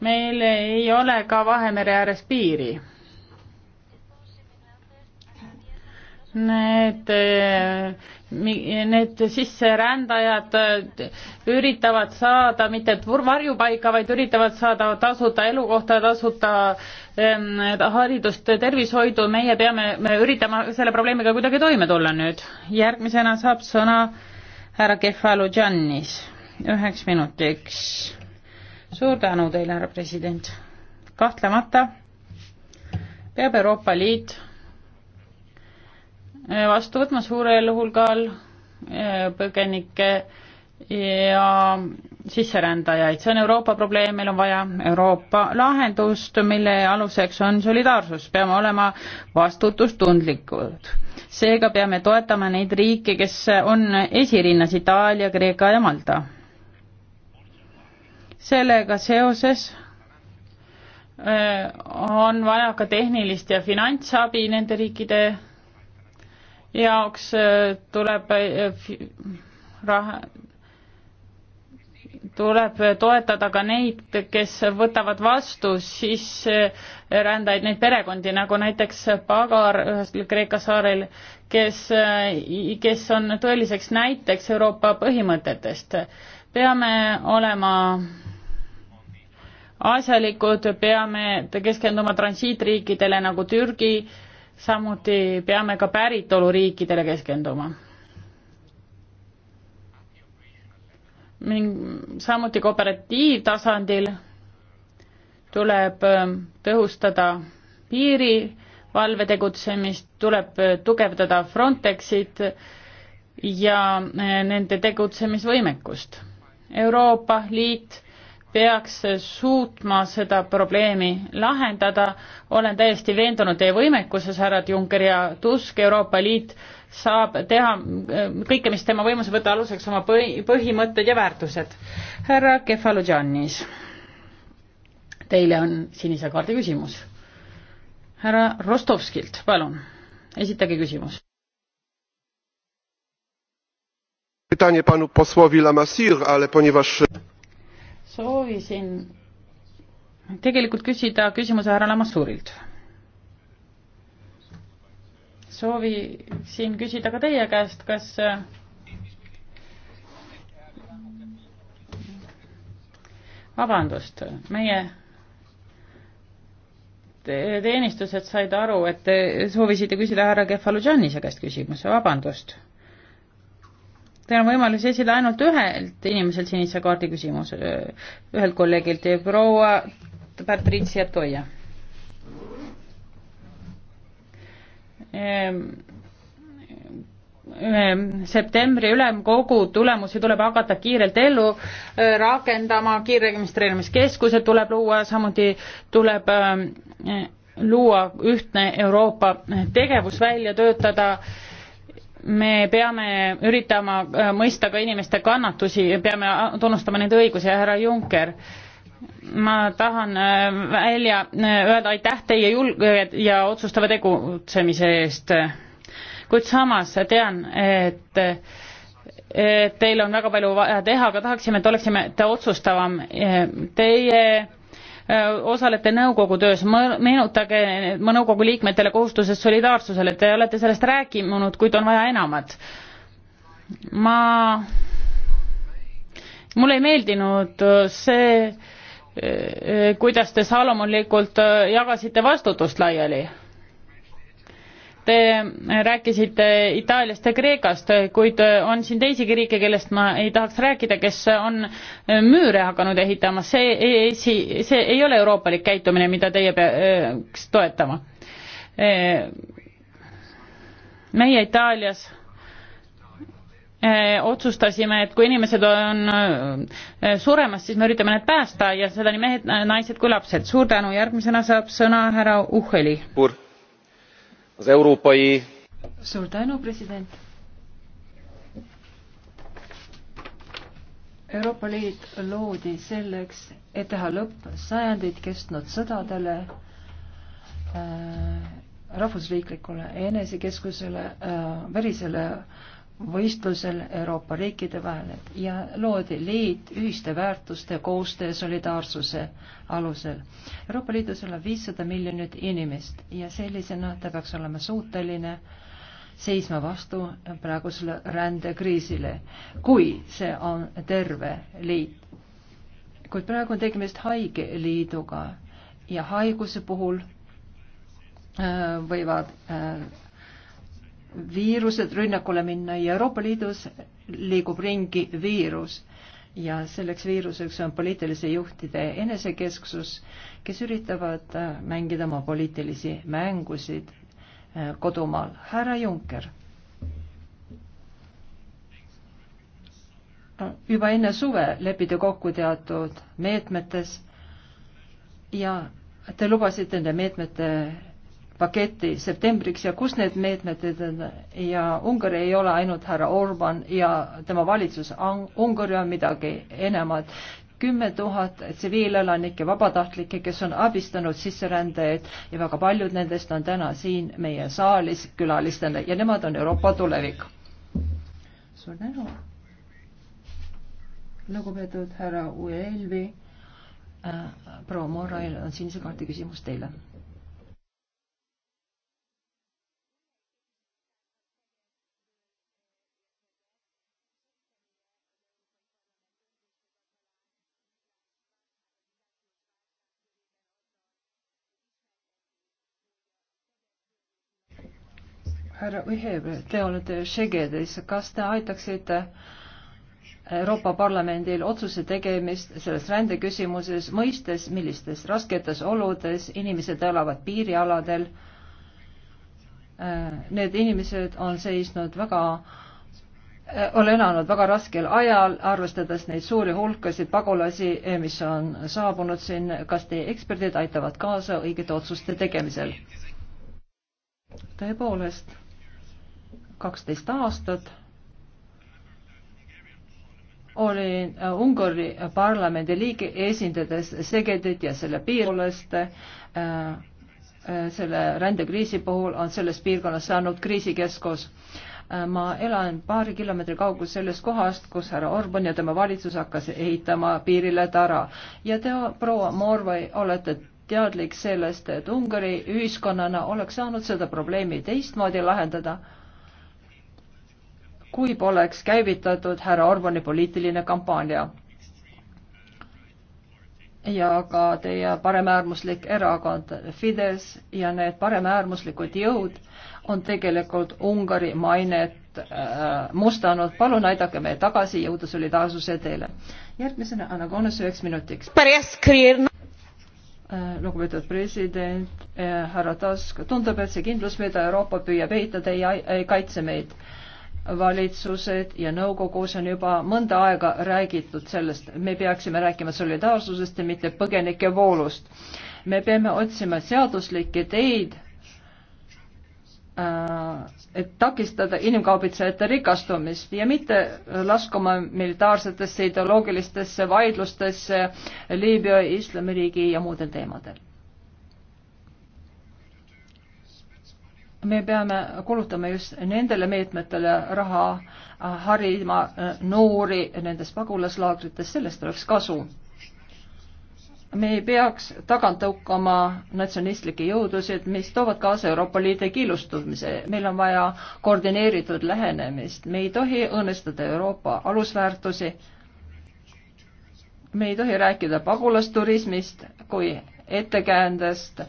meil ei ole ka Vahemere ääres piiri. Need äh, need sisserändajad äh, üritavad saada mitte varjupaika, vaid üritavad saada tasuta elukohta, tasuta ähm, haridust, tervishoidu, meie peame me üritama selle probleemiga kuidagi toime tulla nüüd. järgmisena saab sõna härra Kefaludžannis üheks minutiks. suur tänu teile, härra president. kahtlemata peab Euroopa Liit vastu võtma suurel hulgal eh, põgenikke ja sisserändajaid. see on Euroopa probleem, meil on vaja Euroopa lahendust, mille aluseks on solidaarsus, peame olema vastutustundlikud. seega peame toetama neid riike, kes on esirinnas Itaalia, Kreeka ja Malta. sellega seoses eh, on vaja ka tehnilist ja finantsabi nende riikide jaoks äh, tuleb äh, raha, tuleb toetada ka neid, kes võtavad vastu sisserändajaid, neid perekondi, nagu näiteks Pagar ühel Kreeka saarel, kes, äh, kes on tõeliseks näiteks Euroopa põhimõtetest. peame olema asjalikud, peame keskenduma transiitriikidele nagu Türgi, samuti peame ka päritoluriikidele keskenduma. ning samuti kooperatiivtasandil tuleb ähm, tõhustada piirivalve tegutsemist, tuleb äh, tugevdada Frontexit ja äh, nende tegutsemisvõimekust. Euroopa Liit peaks suutma seda probleemi lahendada. olen täiesti veendunud teie võimekuses, härrad Juncker ja Tusk, Euroopa Liit saab teha eh, kõike, mis tema võimus, võtta aluseks oma põhi, põhimõtted ja väärtused. härra Kefaludžannis, teile on sinise kaardi küsimus. härra Rostovskilt, palun, esitage küsimus. pytanie panu posłowi Lamassir, ale ponieważ soovisin tegelikult küsida küsimuse härra Lamassuurilt. soovisin küsida ka teie käest, kas vabandust, meie teenistused said aru, et te soovisite küsida härra Kefaludžanise käest küsimuse, vabandust Teil on võimalus esile ainult ühelt inimeselt sinise kaardi küsimus, ühelt kolleegilt, proua Patricia Toia. Ehm, ehm, septembri ülemkogu tulemusi tuleb hakata kiirelt ellu rakendama, kiirregistreerimiskeskused tuleb luua, samuti tuleb luua ühtne Euroopa tegevus välja töötada äh, me peame üritama äh, mõista ka inimeste kannatusi ja peame äh, tunnustama nende õigusi ja härra Juncker, ma tahan äh, välja öelda aitäh teie julge ja otsustava tegutsemise eest. kuid samas tean, et et teil on väga palju vaja teha, aga tahaksime, et oleksime te otsustavam. Teie Äh, osalete nõukogu töös, meenutage nõukogu liikmetele kohustusest solidaarsusele, te olete sellest rääkinud, kuid on vaja enamat. ma, mulle ei meeldinud see, äh, kuidas te salomonlikult äh, jagasite vastutust laiali Te rääkisite Itaaliast ja Kreekast, kuid on siin teisigi riike, kellest ma ei tahaks rääkida, kes on müüre hakanud ehitama. see ei, see ei ole euroopalik käitumine, mida teie peaks toetama. meie Itaalias e, otsustasime, et kui inimesed on e, suremas, siis me üritame need päästa ja seda nii mehed, naised kui lapsed. suur tänu, järgmisena saab sõna härra Uhheli. suur az európai suur tänu, president. Euroopa Liit loodi selleks, et teha lõpp sajandeid kestnud sõdadele äh,, rahvusriiklikule enesekeskusele äh,, verisele äh, võistlusel Euroopa riikide vahel ja loodi liit ühiste väärtuste, koostöö ja solidaarsuse alusel. Euroopa Liidus on 500 miljonit inimest ja sellisena ta peaks olema suuteline seisma vastu praegusele rändekriisile, kui see on terve liit. Kuid praegu on tegemist haige liiduga ja haiguse puhul äh, võivad äh, viirused rünnakule minna ja Euroopa Liidus liigub ringi viirus ja selleks viiruseks on poliitilise juhtide enesekesksus, kes üritavad äh, mängida oma poliitilisi mängusid äh, kodumaal. härra Juncker juba enne suve leppida kokku teatud meetmetes ja te lubasite nende meetmete paketi septembriks ja kus need meetmed ja Ungari ei ole ainult härra Orban ja tema valitsus, Ungari on midagi enamat. kümme tuhat tsiviilelanikke, vabatahtlikke, kes on abistanud sisserändajaid ja väga paljud nendest on täna siin meie saalis külalistena ja nemad on Euroopa tulevik. suur tänu, lugupeetud härra Uelvi äh,. proua Morail on sinise kaardi küsimus teile härra Ujev, te olete Šegedis, kas te aitaksite Euroopa Parlamendil otsuse tegemist selles rändeküsimuses, mõistes, millistes rasketes oludes inimesed elavad piirialadel. Need inimesed on seisnud väga, on elanud väga raskel ajal, arvestades neid suuri hulkasid pagulasi, mis on saabunud siin. kas teie eksperdid aitavad kaasa õigete otsuste tegemisel? tõepoolest kaksteist aastat olin äh, Ungari parlamendi liige, esindades Segedit ja selle piirkonnast äh, äh, selle rändekriisi puhul on sellest piirkonnast saanud kriisikeskus. Äh, ma elan paari kilomeetri kaugusel sellest kohast, kus härra Orban ja tema valitsus hakkas ehitama piirile tara ja te, proua Morvai, olete teadlik sellest, et Ungari ühiskonnana oleks saanud seda probleemi teistmoodi lahendada kui poleks käivitatud härra Orbani poliitiline kampaania. ja ka teie paremäärmuslik erakond Fides ja need paremäärmuslikud jõud on tegelikult Ungari mainet äh, mustanud. palun aidake meie tagasi jõuda solidaarsuse teele. järgmisena Anagonas üheks minutiks äh, lugupeetud president äh,, härra Tusk, tundub, et see kindlus, mida Euroopa püüab ehitada, ei, ei kaitse meid valitsused ja nõukogus on juba mõnda aega räägitud sellest, me peaksime rääkima solidaarsusest ja mitte põgenike voolust. me peame otsima seaduslikke teid, äh, et takistada inimkaubitsejate rikastumist ja mitte laskuma militaarsetesse ideoloogilistesse vaidlustesse Liibüa, Islamiriigi ja muudel teemadel me peame kulutama just nendele meetmetele raha, äh, harima äh, noori nendes pagulaslaagrites, sellest oleks kasu. me ei peaks tagant tõukama natsionalistlikke jõudusid, mis toovad kaasa Euroopa Liidu killustumise. meil on vaja koordineeritud lähenemist, me ei tohi õõnestada Euroopa alusväärtusi me ei tohi rääkida pagulasturismist kui ettekäändest äh,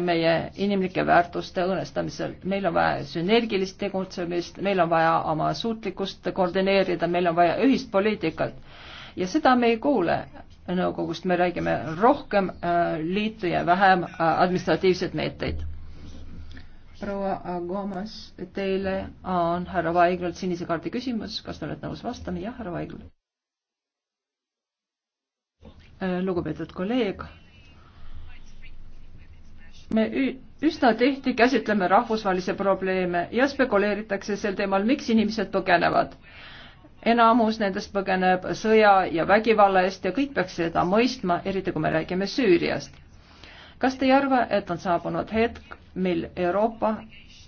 meie inimlike väärtuste õõnestamisel. meil on vaja sünergilist tegutsemist, meil on vaja oma suutlikkust koordineerida, meil on vaja ühist poliitikat ja seda me ei kuule nõukogust, me räägime rohkem äh, liitu ja vähem äh, administratiivseid meetmeid. proua Gomas, teile on härra Vaiglalt sinise kaardi küsimus, kas te olete nõus vastama? jah, härra Vaigl. lugupeetud kolleeg me üsna tihti käsitleme rahvusvahelisi probleeme ja spekuleeritakse sel teemal, miks inimesed põgenevad. enamus nendest põgeneb sõja ja vägivalla eest ja kõik peaks seda mõistma, eriti kui me räägime Süüriast. kas te ei arva, et on saabunud hetk, mil Euroopa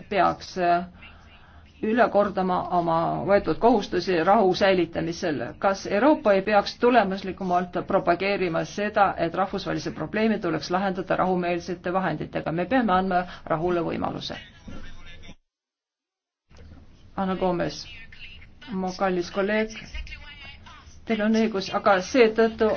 peaks äh, üle kordama oma võetud kohustusi rahu säilitamisel. kas Euroopa ei peaks tulemuslikumalt propageerima seda, et rahvusvahelisi probleeme tuleks lahendada rahumeelsete vahenditega? me peame andma rahule võimaluse. Anna Gomes, mu kallis kolleeg, teil on õigus, aga seetõttu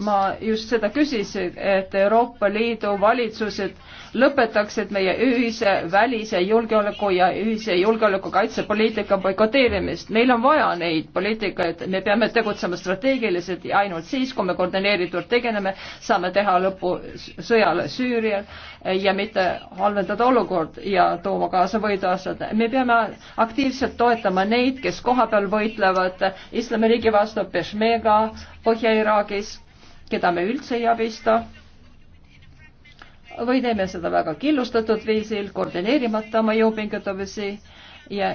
ma just seda küsisin, et Euroopa Liidu valitsused lõpetaksid meie ühise välise julgeoleku ja ühise julgeoleku kaitsepoliitika boikoteerimist. meil on vaja neid poliitikaid, me peame tegutsema strateegiliselt ja ainult siis, kui me koordineeritult tegeleme, saame teha lõpu sõjale Süürial ja mitte halvendada olukorda ja tooma kaasa võiduasjad. me peame aktiivselt toetama neid, kes kohapeal võitlevad islamiriigi vastu Peshmerga Põhja-Iraagis, keda me üldse ei abista või teeme seda väga killustatud viisil, koordineerimata oma jõupingutusi ja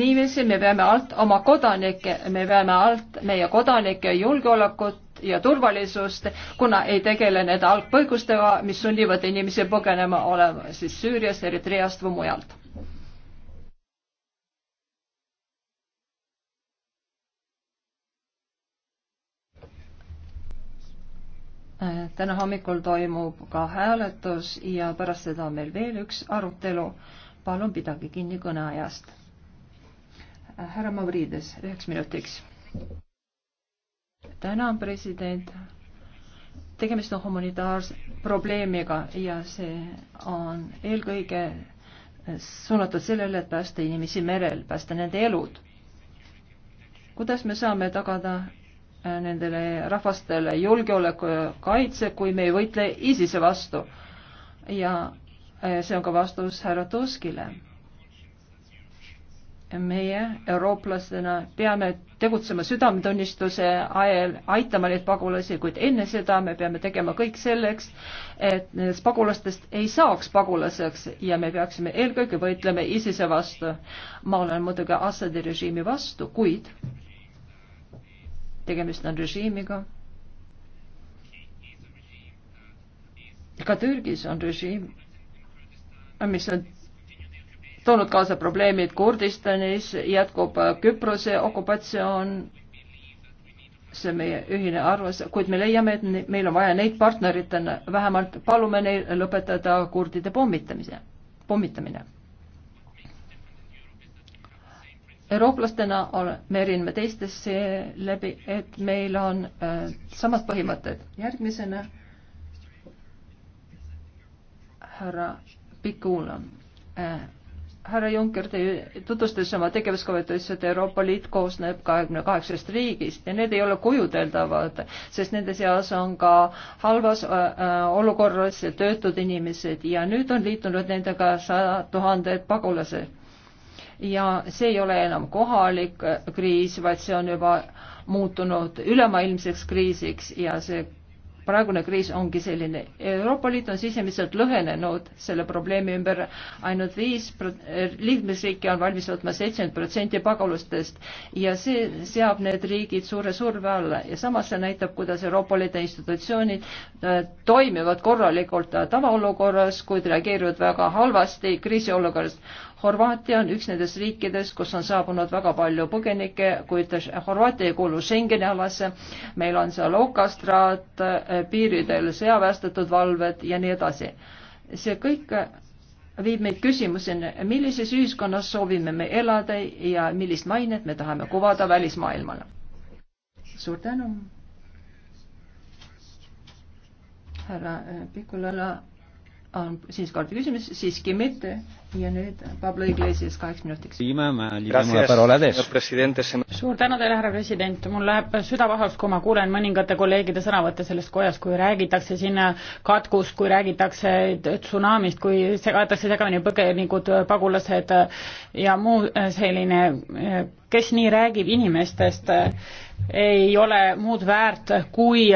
niiviisi me peame alt oma kodanikke, me peame alt meie kodanike julgeolekut ja turvalisust, kuna ei tegele nende algpõõgustega, mis sunnivad inimesi põgenema olema siis Süüriast, Eritreast või mujalt Äh, täna hommikul toimub ka hääletus ja pärast seda on meil veel üks arutelu. palun pidage kinni kõneajast. Äh, härra Mavrides, üheks minutiks. tänan, president. tegemist on humanitaarse probleemiga ja see on eelkõige äh, suunatud sellele, et päästa inimesi merel, päästa nende elud. kuidas me saame tagada nendele rahvastele julgeoleku ja kaitse, kui me ei võitle ISISe vastu. ja eh, see on ka vastus härra Tuskile. meie eurooplastena peame tegutsema südametunnistuse ajel, aitama neid pagulasi, kuid enne seda me peame tegema kõik selleks, et nendest pagulastest ei saaks pagulaseks ja me peaksime eelkõige võitlema ISISe vastu. ma olen muidugi Assadi režiimi vastu, kuid tegemist on režiimiga. ka Türgis on režiim, mis on toonud kaasa probleemid Kurdistanis, jätkub Küprose okupatsioon, see on meie ühine arvamus, kuid me leiame, et meil on vaja neid partneritena, vähemalt palume neil lõpetada kurdide pommitamise, pommitamine eurooplastena ole, me erineme teistest seeläbi, et meil on äh, samad põhimõtted. järgmisena härra Pikula äh,. härra Juncker, te tutvustasite oma tegevuskava, ütles, et Euroopa Liit koosneb kahekümne kaheksast riigist ja need ei ole kujuteldavad, sest nende seas on ka halvas äh, äh olukorras töötud inimesed ja nüüd on liitunud nendega sada tuhanded pagulased ja see ei ole enam kohalik äh, kriis, vaid see on juba muutunud ülemaailmseks kriisiks ja see praegune kriis ongi selline. Euroopa Liit on sisemiselt lõhenenud selle probleemi ümber ainult, ainult viis äh, liikmesriiki on valmis võtma seitsekümmend protsenti pagulastest ja see seab need riigid suure surve alla ja samas see näitab, kuidas Euroopa Liidu institutsioonid äh, toimivad korralikult tavaolukorras, kuid reageerivad väga halvasti kriisiolukorras. Horvaatia on üks nendest riikidest, kus on saabunud väga palju põgenikke, kuid Horvaatia ei kuulu Schengeni alasse. meil on seal okastraat, piiridel sõjaväestatud valved ja nii edasi. see kõik viib meid küsimuseni, millises ühiskonnas soovime me elada ja millist mainet me tahame kuvada välismaailmale. suur tänu. härra Pikulala on siis kord küsimus, siiski mitte ja nüüd Pablo Iglesias kaheks minutiks. suur tänu teile, härra president, mul läheb süda pahaks, kui ma kuulen mõningate kolleegide sõnavõtte selles kojas, kui räägitakse siin katkust, kui räägitakse tsunamist, kui segatakse segamini põgenikud, pagulased ja muu selline, kes nii räägib inimestest, ei ole muud väärt, kui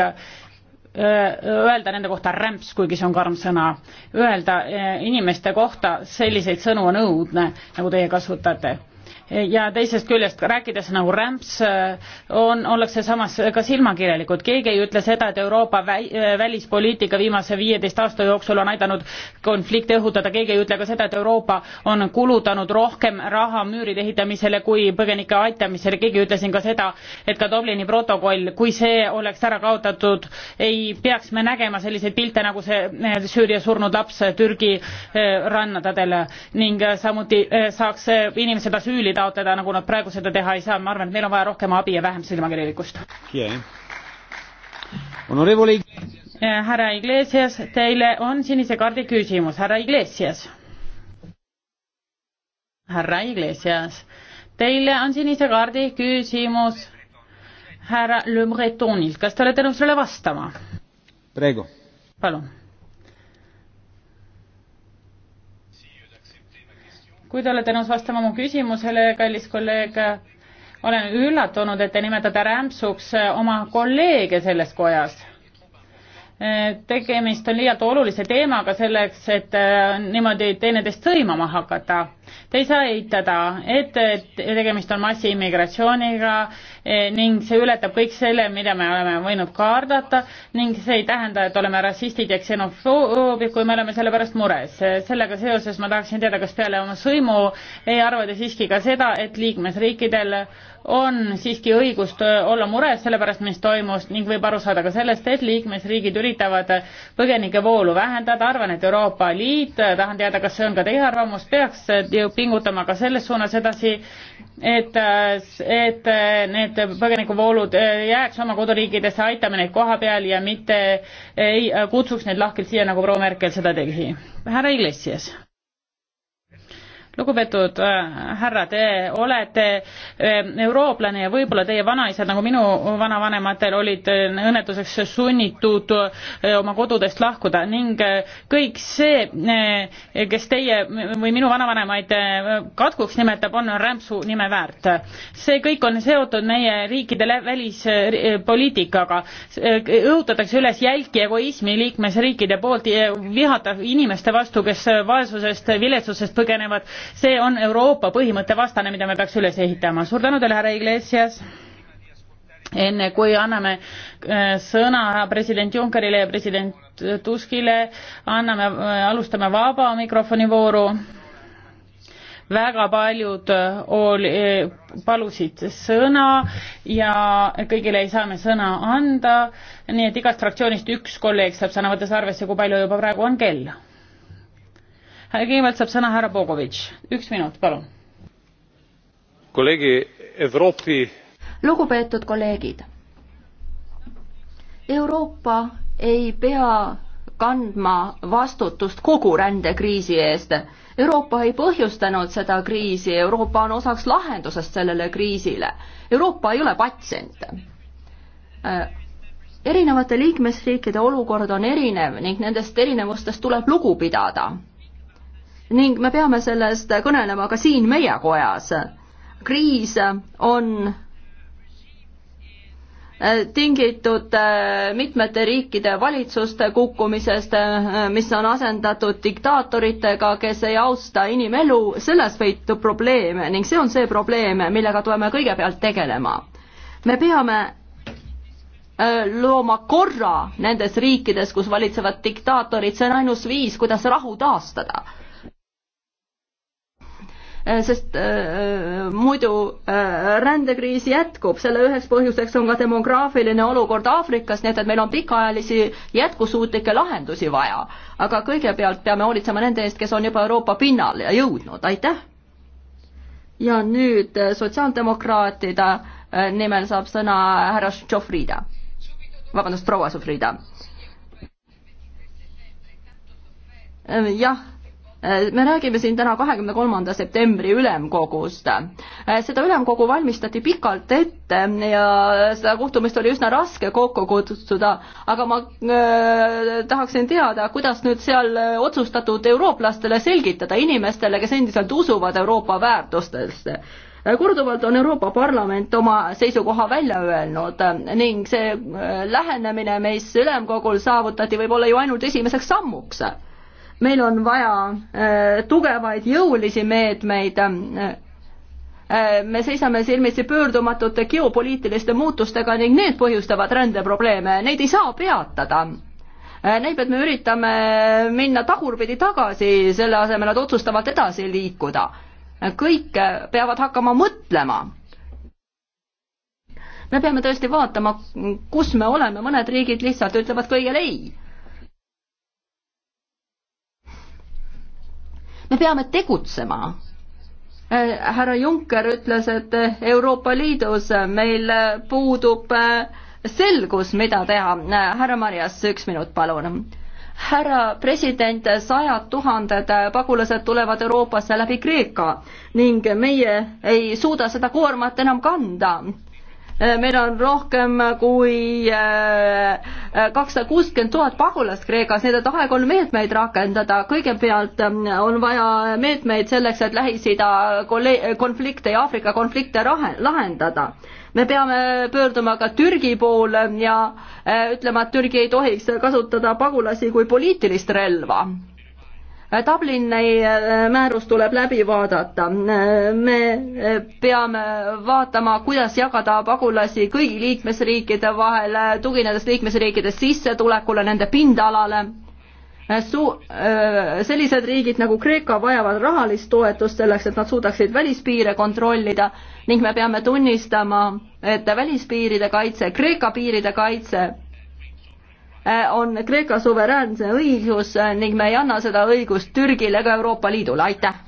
öelda nende kohta rämps, kuigi see on karm sõna, öelda äh, inimeste kohta selliseid sõnu on õudne, nagu teie kasutate ja teisest küljest rääkides nagu rämps, äh, on, ollakse samas ka silmakirjalikud. keegi ei ütle seda, et Euroopa väi, äh, välispoliitika viimase viieteist aasta jooksul on aidanud konflikte õhutada, keegi ei ütle ka seda, et Euroopa on kulutanud rohkem raha müüride ehitamisele kui põgenike aitamisele, keegi ei ütle siin ka seda, et ka Dublini protokoll, kui see oleks ära kaotatud, ei peaks me nägema selliseid pilte, nagu see äh, Süüria surnud laps Türgi rannadel ning samuti saaks inimesed asüüli taotleda, nagu nad praegu seda teha ei saa, ma arvan, et meil on vaja rohkem abi ja vähem silmakirjalikkust yeah.. Honorevole eh, härra Iglesias, teile on sinise kaardi küsimus, härra Iglesias. härra Iglesias, teile on sinise kaardi küsimus härra Le Bretonilt, kas te olete nõus sellele vastama? praegu. palun kui te olete nõus vastama mu küsimusele, kallis kolleeg, olen üllatunud, et te nimetate rämpsuks oma kolleege selles kojas. tegemist on liialt olulise teemaga selleks, et äh, niimoodi teineteist sõimama hakata. Te ei saa eitada, et tegemist on massiimmigratsiooniga, Eh, ning see ületab kõik selle, mida me oleme võinud kardata ning see ei tähenda, et oleme rassistid ja ksenofoobid, kui me oleme selle pärast mures. Eh, sellega seoses ma tahaksin teada, kas peale oma sõimu ei arva te siiski ka seda, et liikmesriikidel on siiski õigust eh, olla mures selle pärast, mis toimus ning võib aru saada ka sellest, et liikmesriigid üritavad põgenike voolu vähendada, arvan, et Euroopa Liit, tahan teada, kas see on ka teie arvamus, peaks pingutama ka selles suunas edasi, et, et need põgenikuvoolud äh, jääks oma koduriikidesse, aitame neid koha peal ja mitte ei kutsuks neid lahkelt siia, nagu proua Merkel seda tegi. härra Iglesias lugupeetud äh, härra, te olete äh, eurooplane ja võib-olla teie vanaisad, nagu minu vanavanematel, olid äh, õnnetuseks sunnitud oma kodudest lahkuda ning kõik see, kes teie või minu vanavanemaid katkuks nimetab, on rämpsu nime väärt. see kõik on seotud meie riikide välispoliitikaga. õhutatakse üles jälki egoismi liikmesriikide poolt, vihatav inimeste vastu, kes vaesusest, viletsusest põgenevad see on Euroopa põhimõtte vastane, mida me peaks üles ehitama. suur tänu teile, härra Iglesias. enne kui anname äh, sõna president Junckerile ja president Tuskile, anname, äh, alustame vaba mikrofoni vooru väga paljud äh, oli, palusid sõna ja kõigile ei saa me sõna anda, nii et igast fraktsioonist üks kolleeg saab sõna võttes arvesse, kui palju juba praegu on kell kõigepealt saab sõna härra Bogovitš, üks minut, palun. kolleegi Euroopi. lugupeetud kolleegid. Euroopa ei pea kandma vastutust kogu rändekriisi eest. Euroopa ei põhjustanud seda kriisi, Euroopa on osaks lahendusest sellele kriisile. Euroopa ei ole patsient äh,. erinevate liikmesriikide olukord on erinev ning nendest erinevustest tuleb lugu pidada ning me peame sellest kõnelema ka siin meie kojas. kriis on äh, tingitud äh, mitmete riikide valitsuste kukkumisest, äh, mis on asendatud diktaatoritega, kes ei austa inimelu, sellest võitub probleem ning see on see probleem, millega tuleme kõigepealt tegelema. me peame looma korra nendes riikides, kus valitsevad diktaatorid, see on ainus viis, kuidas rahu taastada Äh, sest äh, muidu äh, rändekriis jätkub, selle üheks põhjuseks on ka demograafiline olukord Aafrikas, nii et, et meil on pikaajalisi jätkusuutlikke lahendusi vaja. aga kõigepealt peame hoolitsema nende eest, kes on juba Euroopa pinnale jõudnud, aitäh! ja nüüd äh, sotsiaaldemokraatide äh, nimel saab sõna härra Šofrida. vabandust, proua Šofrida äh, jah, Äh, me räägime siin täna kahekümne kolmanda septembri ülemkogust. Äh, seda ülemkogu valmistati pikalt ette ja seda kohtumist oli üsna raske kokku kutsuda, aga ma äh, tahaksin teada, kuidas nüüd seal äh, otsustatud eurooplastele selgitada, inimestele, kes endiselt usuvad Euroopa väärtustesse korduvalt on Euroopa Parlament oma seisukoha välja öelnud ning see lähenemine, mis ülemkogul saavutati, võib olla ju ainult esimeseks sammuks meil on vaja äh, tugevaid jõulisi meetmeid. Äh, me seisame silmitsi pöördumatute geopoliitiliste muutustega ning need põhjustavad rändeprobleeme, neid ei saa peatada äh, näib, et me üritame minna tagurpidi tagasi, selle asemel nad otsustavad edasi liikuda. kõik peavad hakkama mõtlema. me peame tõesti vaatama, kus me oleme, mõned riigid lihtsalt ütlevad kõigele ei me peame tegutsema. Äh, härra Juncker ütles, et äh, Euroopa Liidus äh, meil puudub selgus, mida teha. härra Marjas, üks minut, palun härra president, sajad tuhanded pagulased tulevad Euroopasse läbi Kreeka ning meie ei suuda seda koormat enam kanda. meil on rohkem kui Äh, kakssada kuuskümmend tuhat pagulast Kreekas, nii et aeg on meetmeid rakendada, kõigepealt ähm, on vaja meetmeid selleks, et Lähis-Ida konflikte ja Aafrika konflikte lahendada. me peame pöörduma ka Türgi poole ja äh, ütlema, et Türgi ei tohiks kasutada pagulasi kui poliitilist relva Dublini äh, määrus tuleb läbi vaadata. Äh, me äh, peame vaatama, kuidas jagada pagulasi kõigi liikmesriikide vahel, tuginedes liikmesriikide sissetulekule, nende pindalale. Su-, sellised riigid nagu Kreeka vajavad rahalist toetust selleks, et nad suudaksid välispiire kontrollida ning me peame tunnistama, et välispiiride kaitse, Kreeka piiride kaitse Eh, on Kreeka suveräänse õigus eh, ning me ei anna seda õigust Türgile ega Euroopa Liidule, aitäh!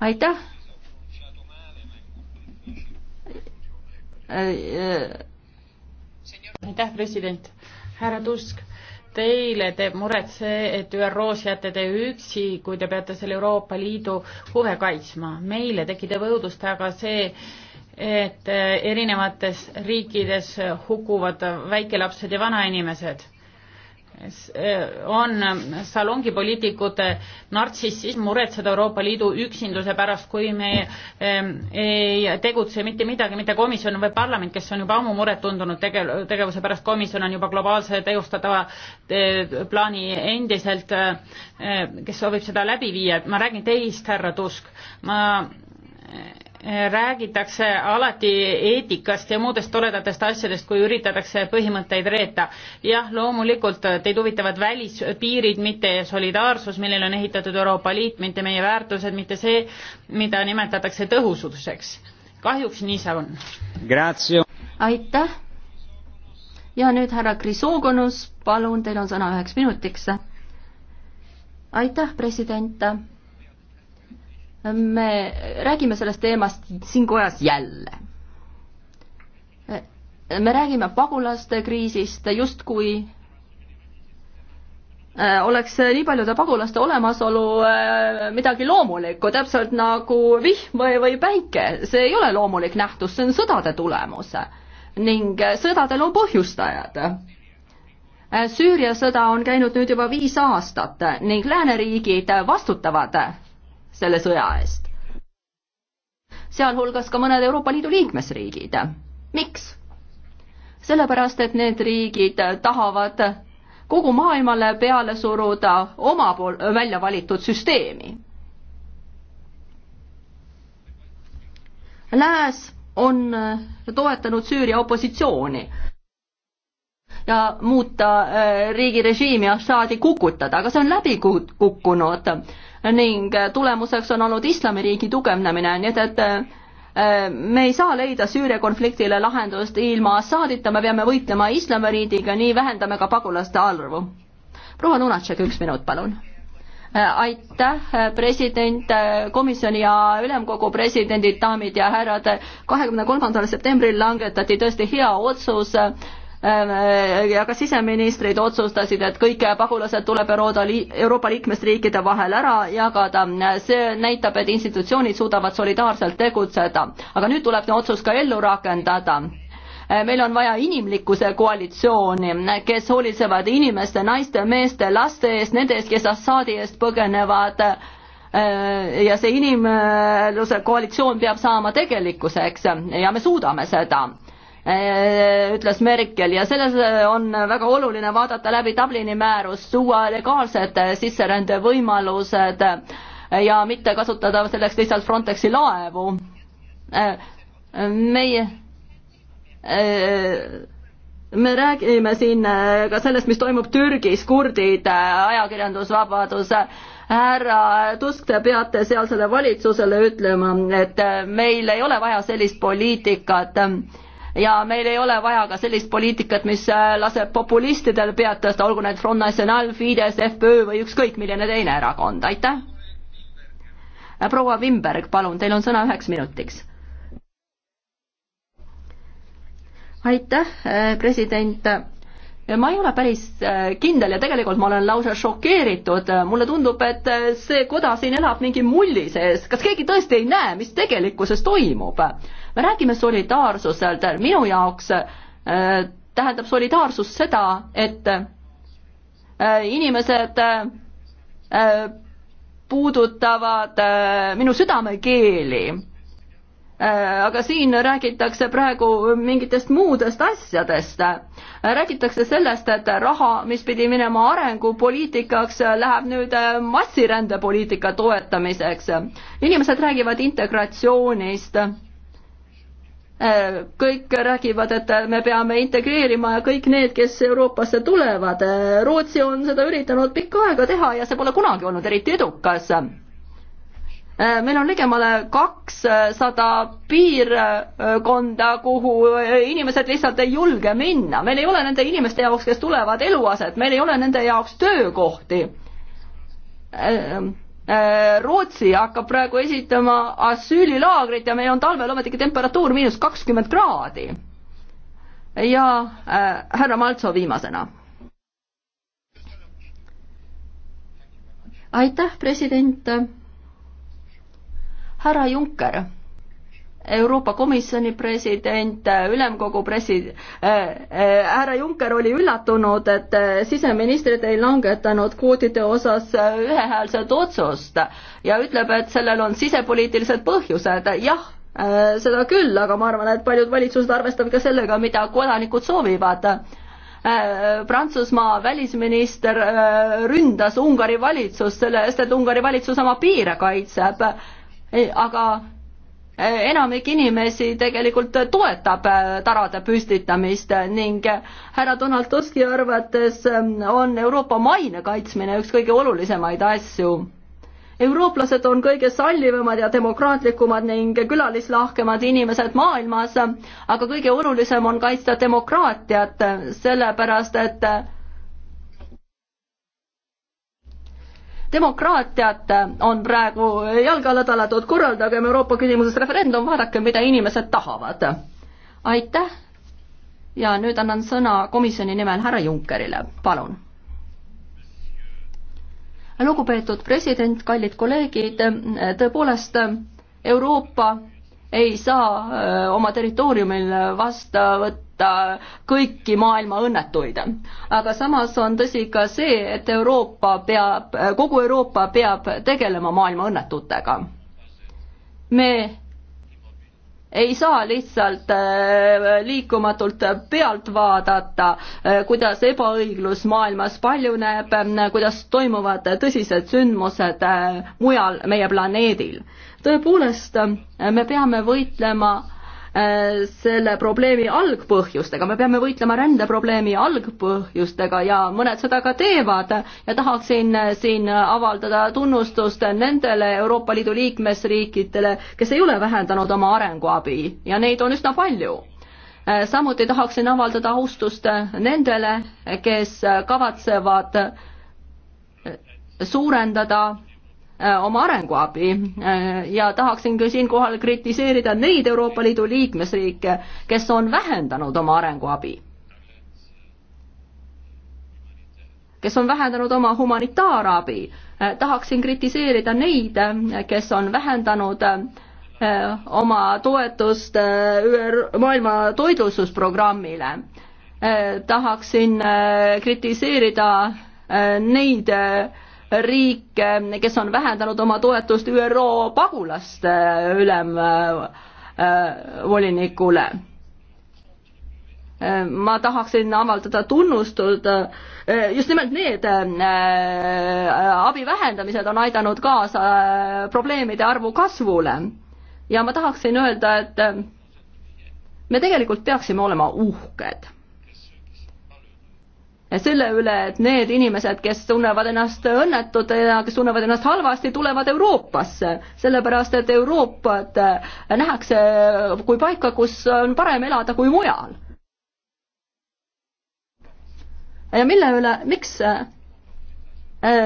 aitäh! Eh, aitäh, president, härra Tusk teile teeb muret see, et ÜRO-s jääte te üksi, kui te peate selle Euroopa Liidu huve kaitsma. meile tegi teeb õudust aga see, et eh, erinevates riikides hukkuvad väikelapsed ja vanainimesed. Eh, on salongipoliitikute nartsissism muretseda Euroopa Liidu üksinduse pärast, kui me ehm, ei tegutse mitte midagi, mitte komisjon või parlament, kes on juba ammu muret tundunud tege-, tegevuse pärast, komisjon on juba globaalse teostatava eh, plaani endiselt, kes soovib seda läbi viia, ma räägin teist, härra Tusk, ma räägitakse alati eetikast ja muudest toredatest asjadest, kui üritatakse põhimõtteid reeta. jah, loomulikult äh, teid huvitavad välispiirid, mitte solidaarsus, millele on ehitatud Euroopa Liit, mitte meie väärtused, mitte see, mida nimetatakse tõhususeks. kahjuks nii see on. aitäh. ja nüüd härra Krisogonus, palun, teil on sõna üheks minutiks. aitäh, president me räägime sellest teemast siin kojas jälle. me räägime pagulaste kriisist justkui äh, oleks nii paljude pagulaste olemasolu äh, midagi loomulikku, täpselt nagu vihm või, või päike, see ei ole loomulik nähtus, see on sõdade tulemus. ning äh, sõdadel on põhjustajad. Süüria sõda on käinud nüüd juba viis aastat ning lääneriigid vastutavad selle sõja eest. sealhulgas ka mõned Euroopa Liidu liikmesriigid. miks? sellepärast, et need riigid tahavad kogu maailmale peale suruda oma pool välja valitud süsteemi. Lääs on toetanud Süüria opositsiooni ja muuta eh, riigi režiimi Assaadi kukutada, aga see on läbi kukkunud ning tulemuseks on olnud islamiriigi tugevnemine, nii et, et äh, me ei saa leida Süüria konfliktile lahendust ilma Assadita, me peame võitlema islamiriidiga, nii vähendame ka pagulaste arvu. proua Lunatšek, üks minut, palun. Äh, aitäh, äh, president, komisjoni ja ülemkogu presidendid, daamid ja härrad. kahekümne kolmandal septembril langetati tõesti hea otsus Ähm, äh, aga siseministrid otsustasid, et kõik pagulased tuleb Euroopa liikmesriikide vahel ära jagada, see näitab, et institutsioonid suudavad solidaarselt tegutseda. aga nüüd tuleb see otsus ka ellu rakendada äh, meil on vaja inimlikkuse koalitsiooni, kes hoolitsevad inimeste, naiste, meeste, laste eest, nende eest, kes Assaadi eest põgenevad. Äh, ja see inimluse koalitsioon peab saama tegelikkuseks ja me suudame seda Äh, ütles Merkel ja selles äh, on väga oluline vaadata läbi Dublini määrus, tuua legaalsed äh, sisserändevõimalused ja mitte kasutada selleks lihtsalt Frontexi laevu. meie me räägime siin ka sellest, mis toimub Türgis, kurdid, ajakirjandusvabadus, härra Tusk, te peate sealsele valitsusele ütlema, et meil ei ole vaja sellist poliitikat ja meil ei ole vaja ka sellist poliitikat, mis äh, laseb populistidel pead tõsta, olgu need Front National, Fides, FPÖ või ükskõik milline teine erakond, aitäh. Äh, proua Wimberg, palun, teil on sõna üheks minutiks. aitäh, äh, president ma ei ole päris kindel ja tegelikult ma olen lausa šokeeritud, mulle tundub, et see koda siin elab mingi mulli sees, kas keegi tõesti ei näe, mis tegelikkuses toimub? me räägime solidaarsuselt, minu jaoks äh, tähendab solidaarsus seda, et äh, inimesed äh, puudutavad minu südamekeeli. aga siin räägitakse praegu mingitest muudest asjadest. räägitakse sellest, et raha, mis pidi minema arengupoliitikaks, läheb nüüd massirändepoliitika toetamiseks. inimesed räägivad integratsioonist Äh, kõik räägivad, et äh, me peame integreerima kõik need, kes Euroopasse tulevad. Äh, Rootsi on seda üritanud pikka aega teha ja see pole kunagi olnud eriti edukas. meil on ligemale kakssada piirkonda, kuhu inimesed lihtsalt ei julge minna, meil ei ole nende inimeste jaoks, kes tulevad eluaset, meil ei ole nende jaoks töökohti Äh, Rootsi hakkab praegu esitama asüülilaagrit ja meil on talvel ometigi temperatuur miinus kakskümmend kraadi. ja äh, härra Maltso viimasena. aitäh, president. härra Juncker Euroopa Komisjoni president, ülemkogu presi- äh, äh,, härra Juncker oli üllatunud, et äh, siseministrid ei langetanud kvootide osas äh, ühehäälset otsust ja ütleb, et sellel on sisepoliitilised põhjused, jah äh,, seda küll, aga ma arvan, et paljud valitsused arvestavad ka sellega, mida kodanikud soovivad Prantsusmaa välisminister ründas Ungari valitsust selle eest, et Ungari valitsus oma piire kaitseb, aga enamik inimesi tegelikult toetab äh, tarade püstitamist ning äh, härra Donald Tuski arvates ähm, on Euroopa maine kaitsmine üks kõige olulisemaid asju. eurooplased on kõige sallivamad ja demokraatlikumad ning külalislahkemad inimesed maailmas, aga kõige olulisem on kaitsta demokraatiat, sellepärast et äh, demokraatiat on praegu jalge alla tallatud, korraldagem Euroopa küsimuses referendum, vaadakem, mida inimesed tahavad. aitäh ja nüüd annan sõna komisjoni nimel härra Junckerile, palun. lugupeetud president, kallid kolleegid, tõepoolest Euroopa ei saa äh, oma territooriumil vastu võtta aidata kõiki maailma õnnetuid. aga samas on tõsi ka see, et Euroopa peab, kogu Euroopa peab tegelema maailma õnnetutega. me ei saa lihtsalt äh, liikumatult pealt vaadata, äh, kuidas ebaõiglus maailmas paljuneb, äh, kuidas toimuvad tõsised sündmused mujal meie planeedil. tõepoolest, me peame võitlema Äh, selle probleemi algpõhjustega, me peame võitlema rändeprobleemi algpõhjustega ja mõned seda ka teevad ja tahaksin äh, siin avaldada tunnustust nendele Euroopa Liidu liikmesriikidele, kes ei ole vähendanud oma arenguabi ja neid on üsna palju äh, samuti tahaksin avaldada austust nendele, kes kavatsevad suurendada Äh, oma arenguabi äh, ja tahaksin ka siinkohal kritiseerida neid Euroopa Liidu liikmesriike, kes on vähendanud oma arenguabi. kes on vähendanud oma humanitaarabi, äh, tahaksin kritiseerida neid, kes on vähendanud oma toetust ÜR-, maailma toidlustusprogrammile. tahaksin kritiseerida neid riike, kes on vähendanud oma toetust ÜRO pagulaste ülemvolinikule äh, ma tahaksin avaldada tunnustust, just nimelt need äh, abi vähendamised on aidanud kaasa äh, probleemide arvu kasvule. ja ma tahaksin öelda, et me tegelikult peaksime olema uhked selle üle, et need inimesed, kes tunnevad ennast õnnetutena, kes tunnevad ennast halvasti, tulevad Euroopasse, sellepärast et Euroopat äh, nähakse kui paika, kus on parem elada kui mujal. ja mille üle, miks äh,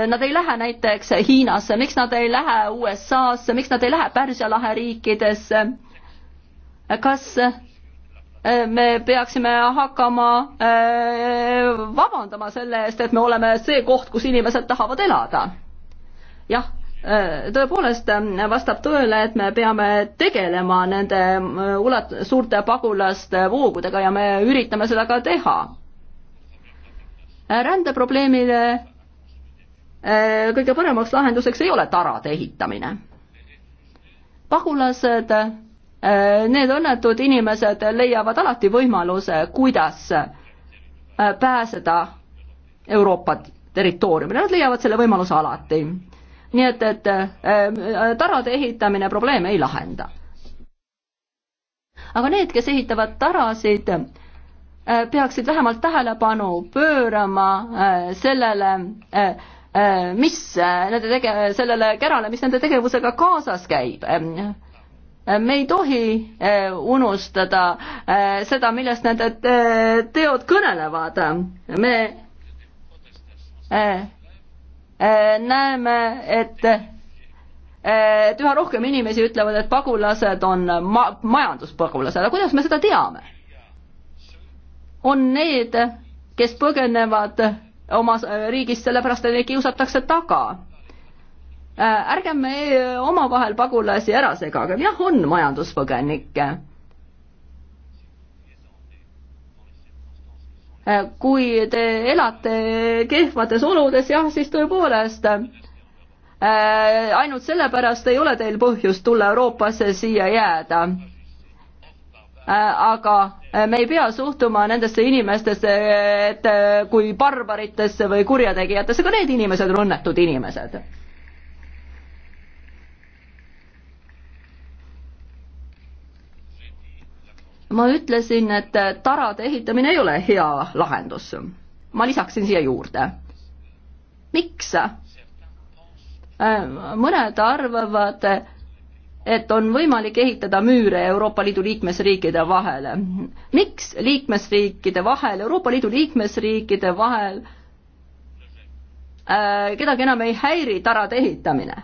nad ei lähe näiteks Hiinasse, miks nad ei lähe USA-sse, miks nad ei lähe Pärsia lahe riikidesse, kas me peaksime hakkama äh, vabandama selle eest, et me oleme see koht, kus inimesed tahavad elada. jah äh, tõepoolest äh, vastab tõele, et me peame tegelema nende ulat-, suurte pagulaste voogudega ja me üritame seda ka teha. rändeprobleemile kõige paremaks lahenduseks ei ole tarade ehitamine. pagulased Äh, need õnnetud inimesed leiavad alati võimaluse, kuidas äh, pääseda Euroopa territooriumile, nad leiavad selle võimaluse alati. nii et, et äh, tarade ehitamine probleeme ei lahenda. aga need, kes ehitavad tarasid, peaksid vähemalt tähelepanu pöörama sellele, mis nende tege-, sellele kärale, mis nende tegevusega kaasas käib me ei tohi eh, unustada eh, seda, millest nende eh, teod kõnelevad. me näeme, et, et üha rohkem inimesi ütlevad, et pagulased on ma-, majanduspagulased, aga kuidas me seda teame? on need, kes põgenevad oma riigist sellepärast, et neid kiusatakse taga Äh, ärgem me äh, omavahel pagulasi ära segagem, jah, on majanduspõgenikke. Äh, kui te elate kehvades oludes, jah, siis tõepoolest ainult sellepärast ei ole teil põhjust tulla Euroopasse siia jääda. aga me ei pea suhtuma nendesse inimestesse, et kui barbaritesse või kurjategijatesse, ka need inimesed on õnnetud inimesed ma ütlesin, et tarade ehitamine ei ole hea lahendus. ma lisaksin siia juurde. miks? Äh, mõned arvavad, et on võimalik ehitada müüre Euroopa Liidu liikmesriikide vahele. miks liikmesriikide vahel, Euroopa Liidu liikmesriikide vahel äh, kedagi enam ei häiri tarade ehitamine?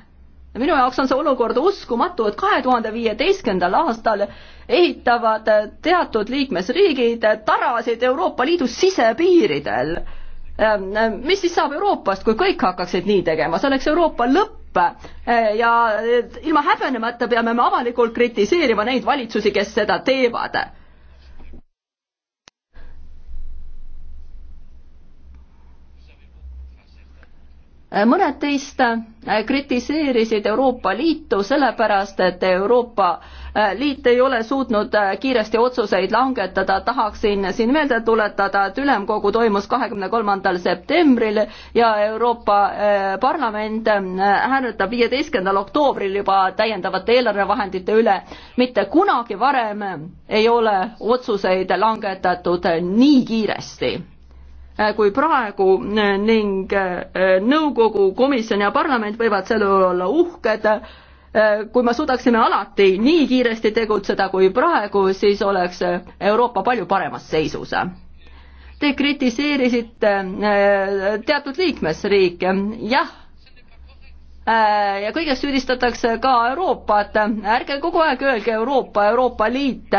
minu jaoks on see olukord uskumatu, et kahe tuhande viieteistkümnendal aastal ehitavad teatud liikmesriigid tarasid Euroopa Liidu sisepiiridel. Ähm, mis siis saab Euroopast, kui kõik hakkaksid nii tegema, see oleks Euroopa lõpp äh, ja äh, ilma häbenemata peame me avalikult kritiseerima neid valitsusi, kes seda teevad mõned teist äh, kritiseerisid Euroopa Liitu sellepärast, et Euroopa äh, Liit ei ole suutnud äh, kiiresti otsuseid langetada, tahaksin siin meelde tuletada, et ülemkogu toimus kahekümne kolmandal septembril ja Euroopa Parlament hääletab viieteistkümnendal oktoobril juba täiendavate eelarvevahendite üle. mitte kunagi varem ei ole otsuseid langetatud nii kiiresti Äh, kui praegu äh, ning äh, nõukogu, komisjon ja parlament võivad selle üle olla uhked. kui me suudaksime alati nii kiiresti tegutseda kui praegu, siis oleks Euroopa palju paremas seisus. Te kritiseerisite teatud liikmesriike, jah ja kõiges süüdistatakse ka Euroopat, ärge kogu aeg öelge Euroopa, Euroopa Liit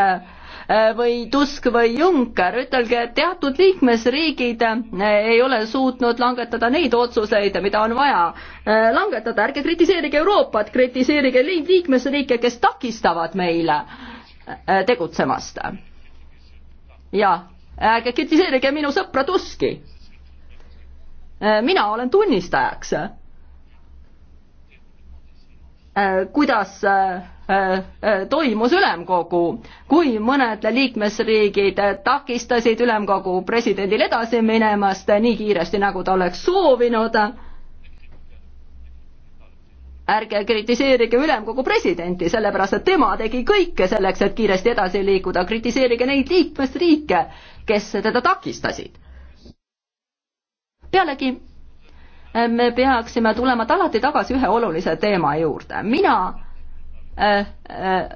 Äh, või Tusk või Juncker, ütelge, et teatud liikmesriigid äh, ei ole suutnud langetada neid otsuseid, mida on vaja äh, langetada, ärge kritiseerige Euroopat, kritiseerige neid liikmesriike, kes takistavad meile tegutsemast. ja ärge kritiseerige minu sõpra Tuski. mina olen tunnistajaks kuidas Äh, äh, toimus ülemkogu, kui mõned liikmesriigid takistasid ülemkogu presidendil edasi minemast nii kiiresti, nagu ta oleks soovinud. ärge kritiseerige ülemkogu presidenti, sellepärast et tema tegi kõike selleks, et kiiresti edasi liikuda, kritiseerige neid liikmesriike, kes teda takistasid. pealegi me peaksime tulema alati tagasi ühe olulise teema juurde, mina Äh, äh,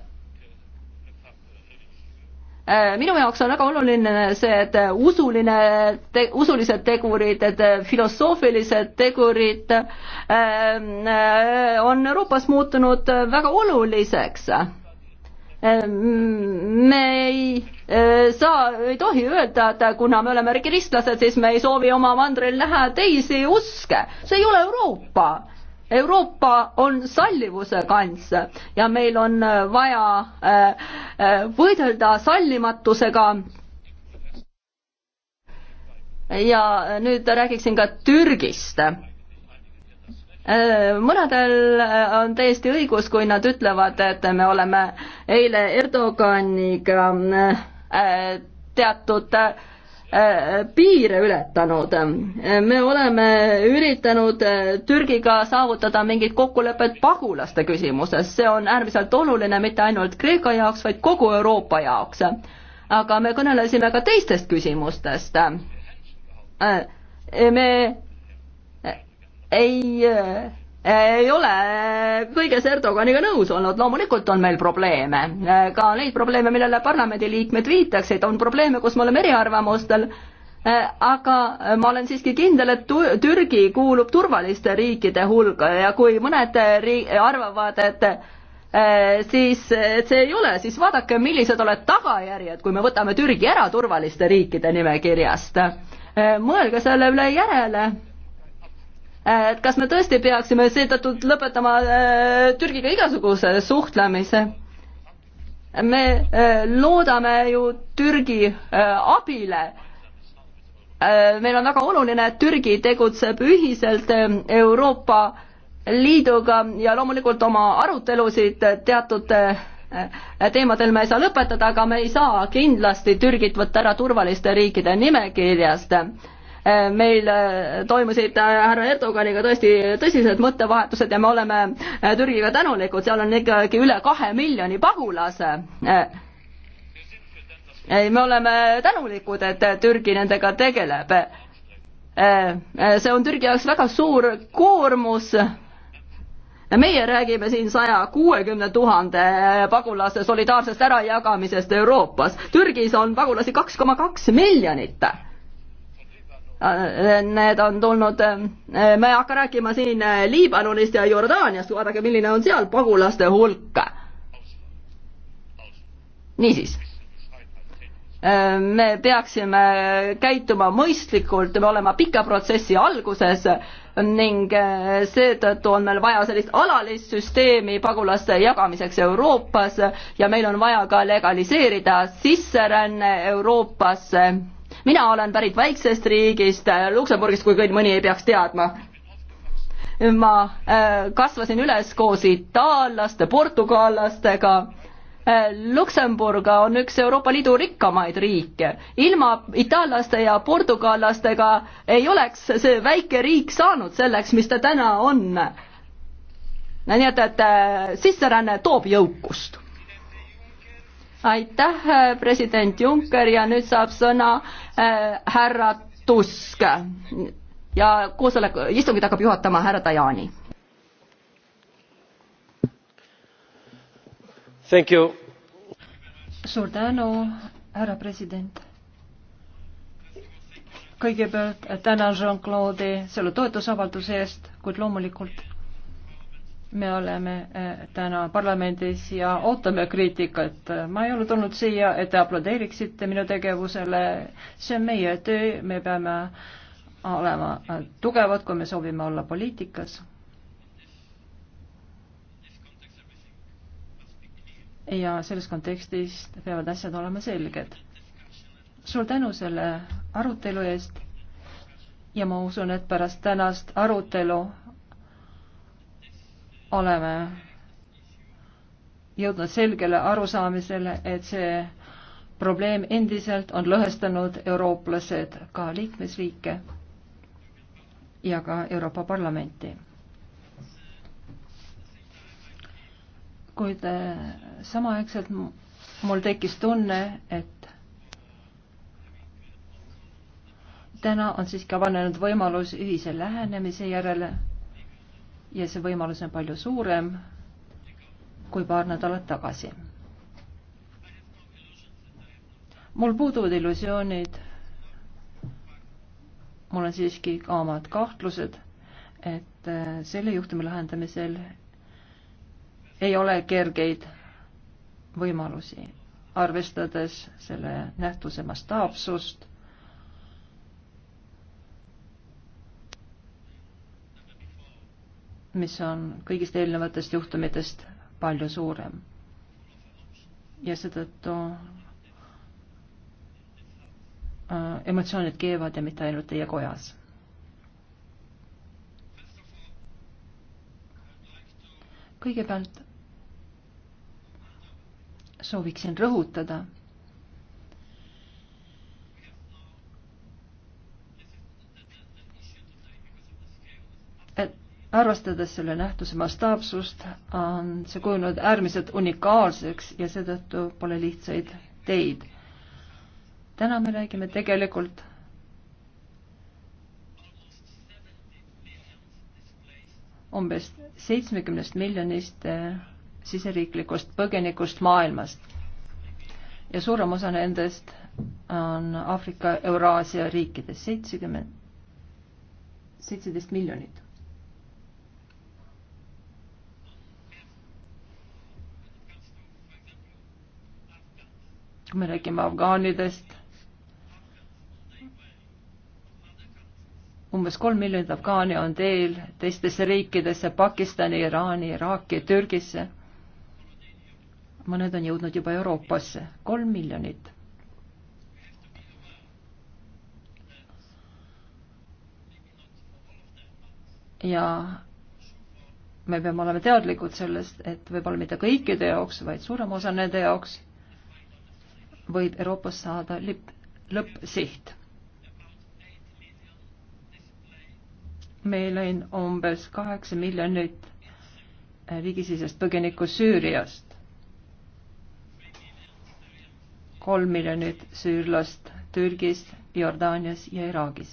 äh, minu jaoks on väga oluline see, et usuline te,, usulised tegurid, et filosoofilised tegurid on Euroopas muutunud väga oluliseks. me ei saa, ei tohi öelda, et kuna me oleme kristlased, siis me ei soovi oma mandril näha teisi uske, see ei ole Euroopa Euroopa on sallivuse kants ja meil on äh, vaja äh, äh, võidelda sallimatusega. ja nüüd räägiksin ka Türgist mõnedel on täiesti õigus, kui nad ütlevad, et me oleme eile Erdoganiga teatud äh, Äh, piire ületanud. me oleme üritanud äh, Türgiga saavutada mingit kokkulepet pagulaste küsimuses, see on äärmiselt oluline mitte ainult Kreeka jaoks, vaid kogu Euroopa jaoks. aga me kõnelesime ka teistest küsimustest. Äh, me ei ei ole kõiges Erdoganiga nõus olnud, loomulikult on meil probleeme, ka neid probleeme, millele parlamendiliikmed viitaksid, on probleeme, kus me oleme eriarvamustel, aga ma olen siiski kindel, et Türgi kuulub turvaliste riikide hulka ja kui mõned riik-, arvavad, et eh, siis, et see ei ole, siis vaadake, millised oled tagajärjed, kui me võtame Türgi ära turvaliste riikide nimekirjast. Eh, mõelge selle üle järele Äh, et kas me tõesti peaksime seetõttu lõpetama äh, Türgiga igasuguse suhtlemise? me äh, loodame ju Türgi abile. meil on väga oluline, et Türgi tegutseb ühiselt Euroopa Liiduga ja loomulikult oma arutelusid teatud teemadel me ei saa lõpetada, aga me ei saa kindlasti Türgit võtta ära turvaliste riikide nimekirjast meil äh, toimusid äh, härra Erdoganiga tõesti tõsised mõttevahetused ja me oleme äh, Türgiga tänulikud, seal on ikkagi üle kahe miljoni pagulase ei, me oleme tänulikud, et Türgi nendega tegeleb. see on Türgi jaoks väga suur koormus. meie räägime siin saja kuuekümne tuhande pagulase solidaarsest ärajagamisest Euroopas. Türgis on pagulasi kaks koma kaks miljonit Äh, need on tulnud, äh, ma ei hakka rääkima siin äh, Liibanonist ja Jordaaniast, vaadake, milline on seal pagulaste hulk. niisiis me peaksime käituma mõistlikult, me olema pika protsessi alguses ning seetõttu on meil vaja sellist alalist süsteemi pagulaste jagamiseks Euroopas ja meil on vaja ka legaliseerida sisseränne Euroopasse mina olen pärit väiksest riigist, äh, Luksemburgist, kui kõik mõni ei peaks teadma. ma äh, kasvasin üles koos itaallaste, portugallastega. Äh, Luksemburg on üks Euroopa Liidu rikkamaid riike. ilma itaallaste ja portugallastega ei oleks see väike riik saanud selleks, mis ta täna on. nii et, et sisseränne toob jõukust aitäh, äh, president Juncker ja nüüd saab sõna äh, härra Tusk. ja koosolek, istungit hakkab juhatama härra Tajani. suur tänu, härra president kõigepealt tänan Jean-Claude'i selle toetusavalduse eest, kuid loomulikult me oleme äh, täna parlamendis ja ootame kriitikat. ma ei ole tulnud siia, et te aplodeeriksite minu tegevusele, see on meie töö, me peame olema äh, tugevad, kui me soovime olla poliitikas. ja selles kontekstis peavad asjad olema selged. suur tänu selle arutelu eest ja ma usun, et pärast tänast arutelu oleme jõudnud selgele arusaamisele, et see probleem endiselt on lõhestanud eurooplased ka liikmesriike ja ka Euroopa Parlamenti. kuid äh, samaaegselt mul tekkis tunne, et täna on siiski avanenud võimalus ühise lähenemise järele ja see võimalus on palju suurem kui paar nädalat tagasi. mul puuduvad illusioonid, mul on siiski ka omad kahtlused, et äh, selle juhtumi lahendamisel ei ole kergeid võimalusi, arvestades selle nähtuse mastaapsust mis on kõigist eelnevatest juhtumitest palju suurem. ja seetõttu äh, emotsioonid keevad ja mitte ainult teie kojas. kõigepealt sooviksin rõhutada arvestades selle nähtuse mastaapsust, on see kujunenud äärmiselt unikaalseks ja seetõttu pole lihtsaid teid. täna me räägime tegelikult umbes seitsmekümnest miljonist eh, siseriiklikust põgenikust maailmast ja suurem osa nendest on Aafrika, Euraasia riikides, seitsekümmend, seitseteist miljonit kui me räägime afgaanidest, umbes kolm miljonit afgaani on teel teistesse riikidesse, Pakistani, Iraani, Iraaki, Türgisse. mõned on jõudnud juba Euroopasse, kolm miljonit. ja me peame olema teadlikud sellest, et võib-olla mitte kõikide jaoks, vaid suurema osa nende jaoks võib Euroopast saada lipp, lõppsiht. meil on umbes kaheksa miljonit äh, riigisisest põgenikku Süüriast, kolm miljonit süürlast Türgis, Jordaanias ja Iraagis.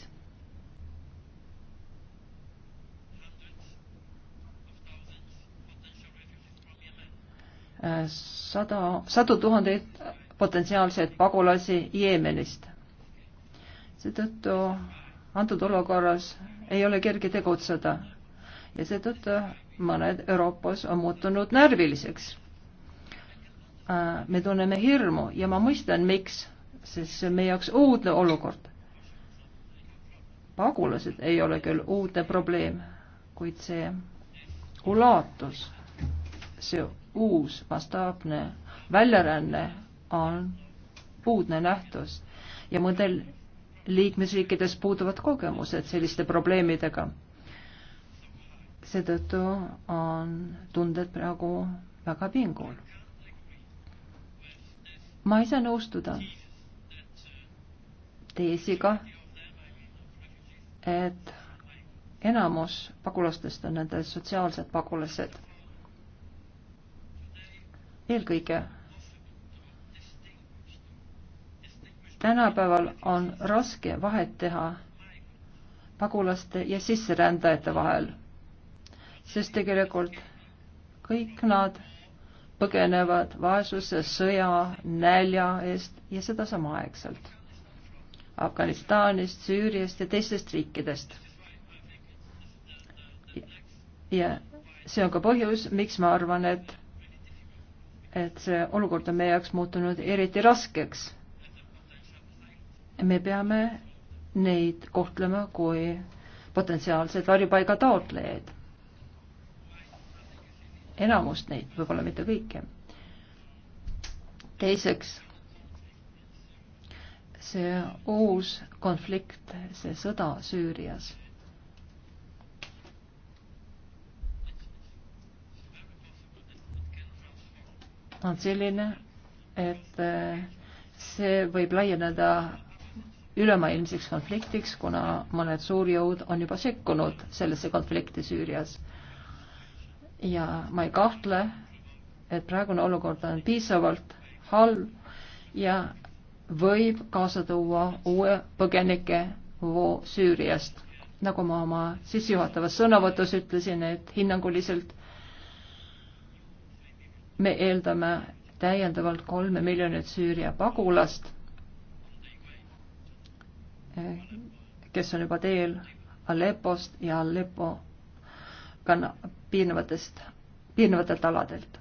Äh, sada, sadu tuhandeid potentsiaalseid pagulasi Jeemenist. seetõttu antud olukorras ei ole kerge tegutseda ja seetõttu mõned Euroopas on muutunud närviliseks. Äh, me tunneme hirmu ja ma mõistan, miks, sest see on meie jaoks uudne olukord. pagulased ei ole küll uudne probleem, kuid see ulatus, see uus mastaapne väljaränne on puudne nähtus ja mõndel liikmesriikides puuduvad kogemused selliste probleemidega. seetõttu on tunded praegu väga pingul. ma ei saa nõustuda teesiga, et enamus pagulastest on nende sotsiaalsed pagulased. eelkõige tänapäeval on raske vahet teha pagulaste ja sisserändajate vahel, sest tegelikult kõik nad põgenevad vaesuse, sõja, nälja eest ja seda samaaegselt Afganistanist, Süüriast ja teistest riikidest. ja see on ka põhjus, miks ma arvan, et, et see olukord on meie jaoks muutunud eriti raskeks me peame neid kohtlema kui potentsiaalsed varjupaiga taotlejaid. enamust neid, võib-olla mitte kõiki. teiseks, see uus konflikt, see sõda Süürias. on selline, et eh, see võib laieneda ülemaailmseks konfliktiks, kuna mõned suurjõud on juba sekkunud sellesse konflikti Süürias. ja ma ei kahtle, et praegune olukord on piisavalt halb ja võib kaasa tuua uue põgenike voo Süüriast. nagu ma oma sissejuhatavas sõnavõtus ütlesin, et hinnanguliselt me eeldame täiendavalt kolme miljonit Süüria pagulast kes on juba teel Aleppost ja Aleppo kanna-, piirnevatest, piirnevatelt aladelt.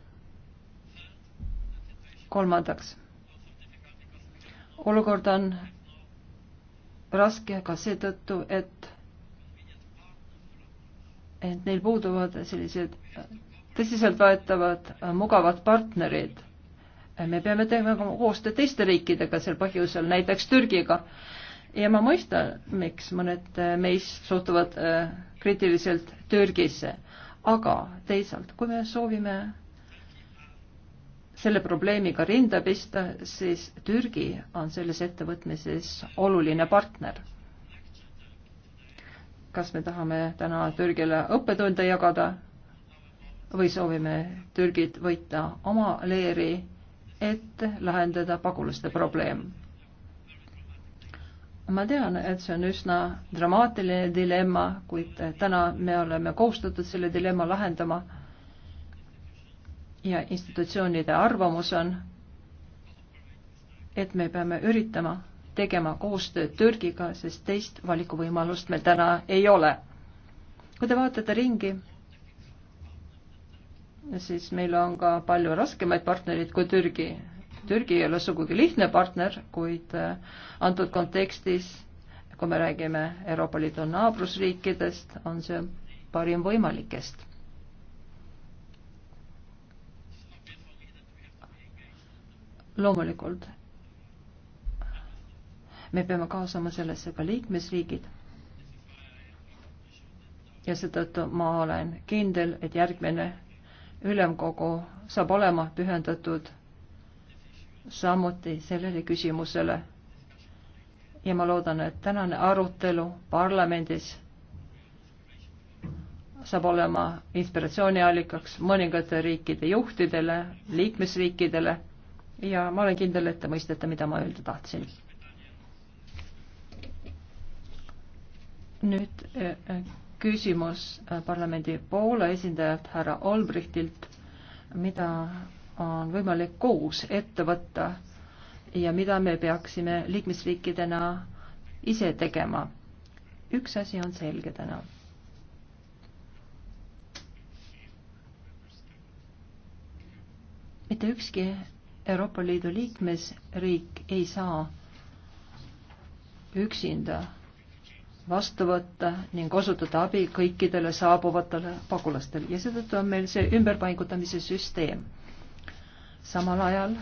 kolmandaks, olukord on raske ka seetõttu, et, et neil puuduvad sellised tõsiseltvõetavad mugavad partnerid. me peame tegema koostööd teiste riikidega sel põhjusel, näiteks Türgiga ja ma mõistan, miks mõned äh, meist suhtuvad äh, kriitiliselt Türgisse, aga teisalt, kui me soovime selle probleemiga rinda pista, siis Türgi on selles ettevõtmises oluline partner. kas me tahame täna Türgile õppetunde jagada või soovime Türgit võita oma leeri, et lahendada pagulaste probleem? ma tean, et see on üsna dramaatiline dilemma, kuid täna me oleme kohustatud selle dilemma lahendama. ja institutsioonide arvamus on, et me peame üritama tegema koostööd Türgiga, sest teist valikuvõimalust meil täna ei ole. kui te vaatate ringi, siis meil on ka palju raskemaid partnereid kui Türgi Türgi ei ole sugugi lihtne partner, kuid äh, antud kontekstis, kui me räägime Euroopa Liidu naabrusriikidest, on see parim võimalikest. loomulikult me peame kaasama sellesse ka liikmesriigid ja seetõttu ma olen kindel, et järgmine ülemkogu saab olema pühendatud samuti sellele küsimusele. ja ma loodan, et tänane arutelu parlamendis saab olema inspiratsiooniallikaks mõningate riikide juhtidele, liikmesriikidele ja ma olen kindel, et te mõistate, mida ma öelda tahtsin. nüüd eh, küsimus eh, parlamendi Poola esindajalt härra Olbrichtilt, mida on võimalik koos ette võtta ja mida me peaksime liikmesriikidena ise tegema. üks asi on selge täna. mitte ükski Euroopa Liidu liikmesriik ei saa üksinda vastu võtta ning osutada abi kõikidele saabuvatele pagulastele ja seetõttu on meil see ümberpaigutamise süsteem samal ajal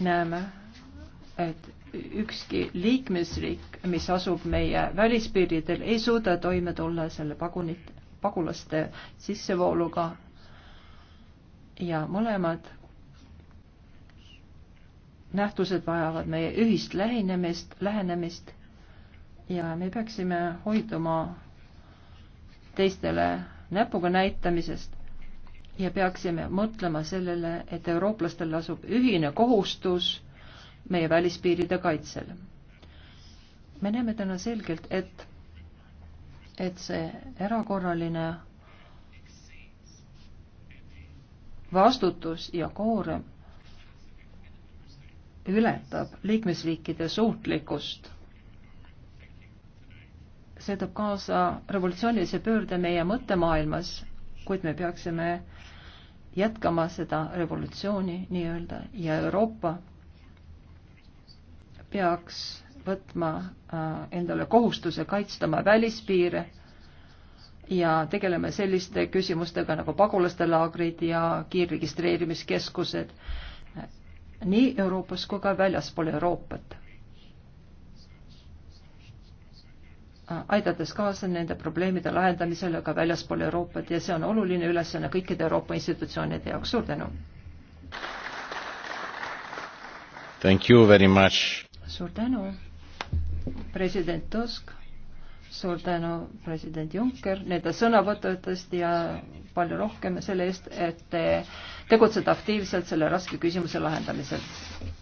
näeme, et ükski liikmesriik, mis asub meie välispiiridel, ei suuda toime tulla selle pagunit, pagulaste sissevooluga ja mõlemad nähtused vajavad meie ühist lähenemist, lähenemist ja me peaksime hoiduma teistele näpuga näitamisest ja peaksime mõtlema sellele, et eurooplastel lasub ühine kohustus meie välispiiride kaitsel. me näeme täna selgelt, et, et see erakorraline vastutus ja koorem ületab liikmesriikide suutlikkust. see toob kaasa revolutsioonilise pöörde meie mõttemaailmas, kuid me peaksime jätkama seda revolutsiooni nii-öelda ja Euroopa peaks võtma äh, endale kohustuse kaitsta oma välispiire ja tegeleme selliste küsimustega nagu pagulaste laagrid ja kiirregistreerimiskeskused nii Euroopas kui ka väljaspool Euroopat aidates kaasa nende probleemide lahendamisele ka väljaspool Euroopat ja see on oluline ülesanne kõikide Euroopa institutsioonide jaoks. suur tänu! Thank you very much! suur tänu, president Tusk, suur tänu, president Juncker, nende sõnavõtutest ja palju rohkem selle eest, et te tegutsete aktiivselt selle raske küsimuse lahendamisel.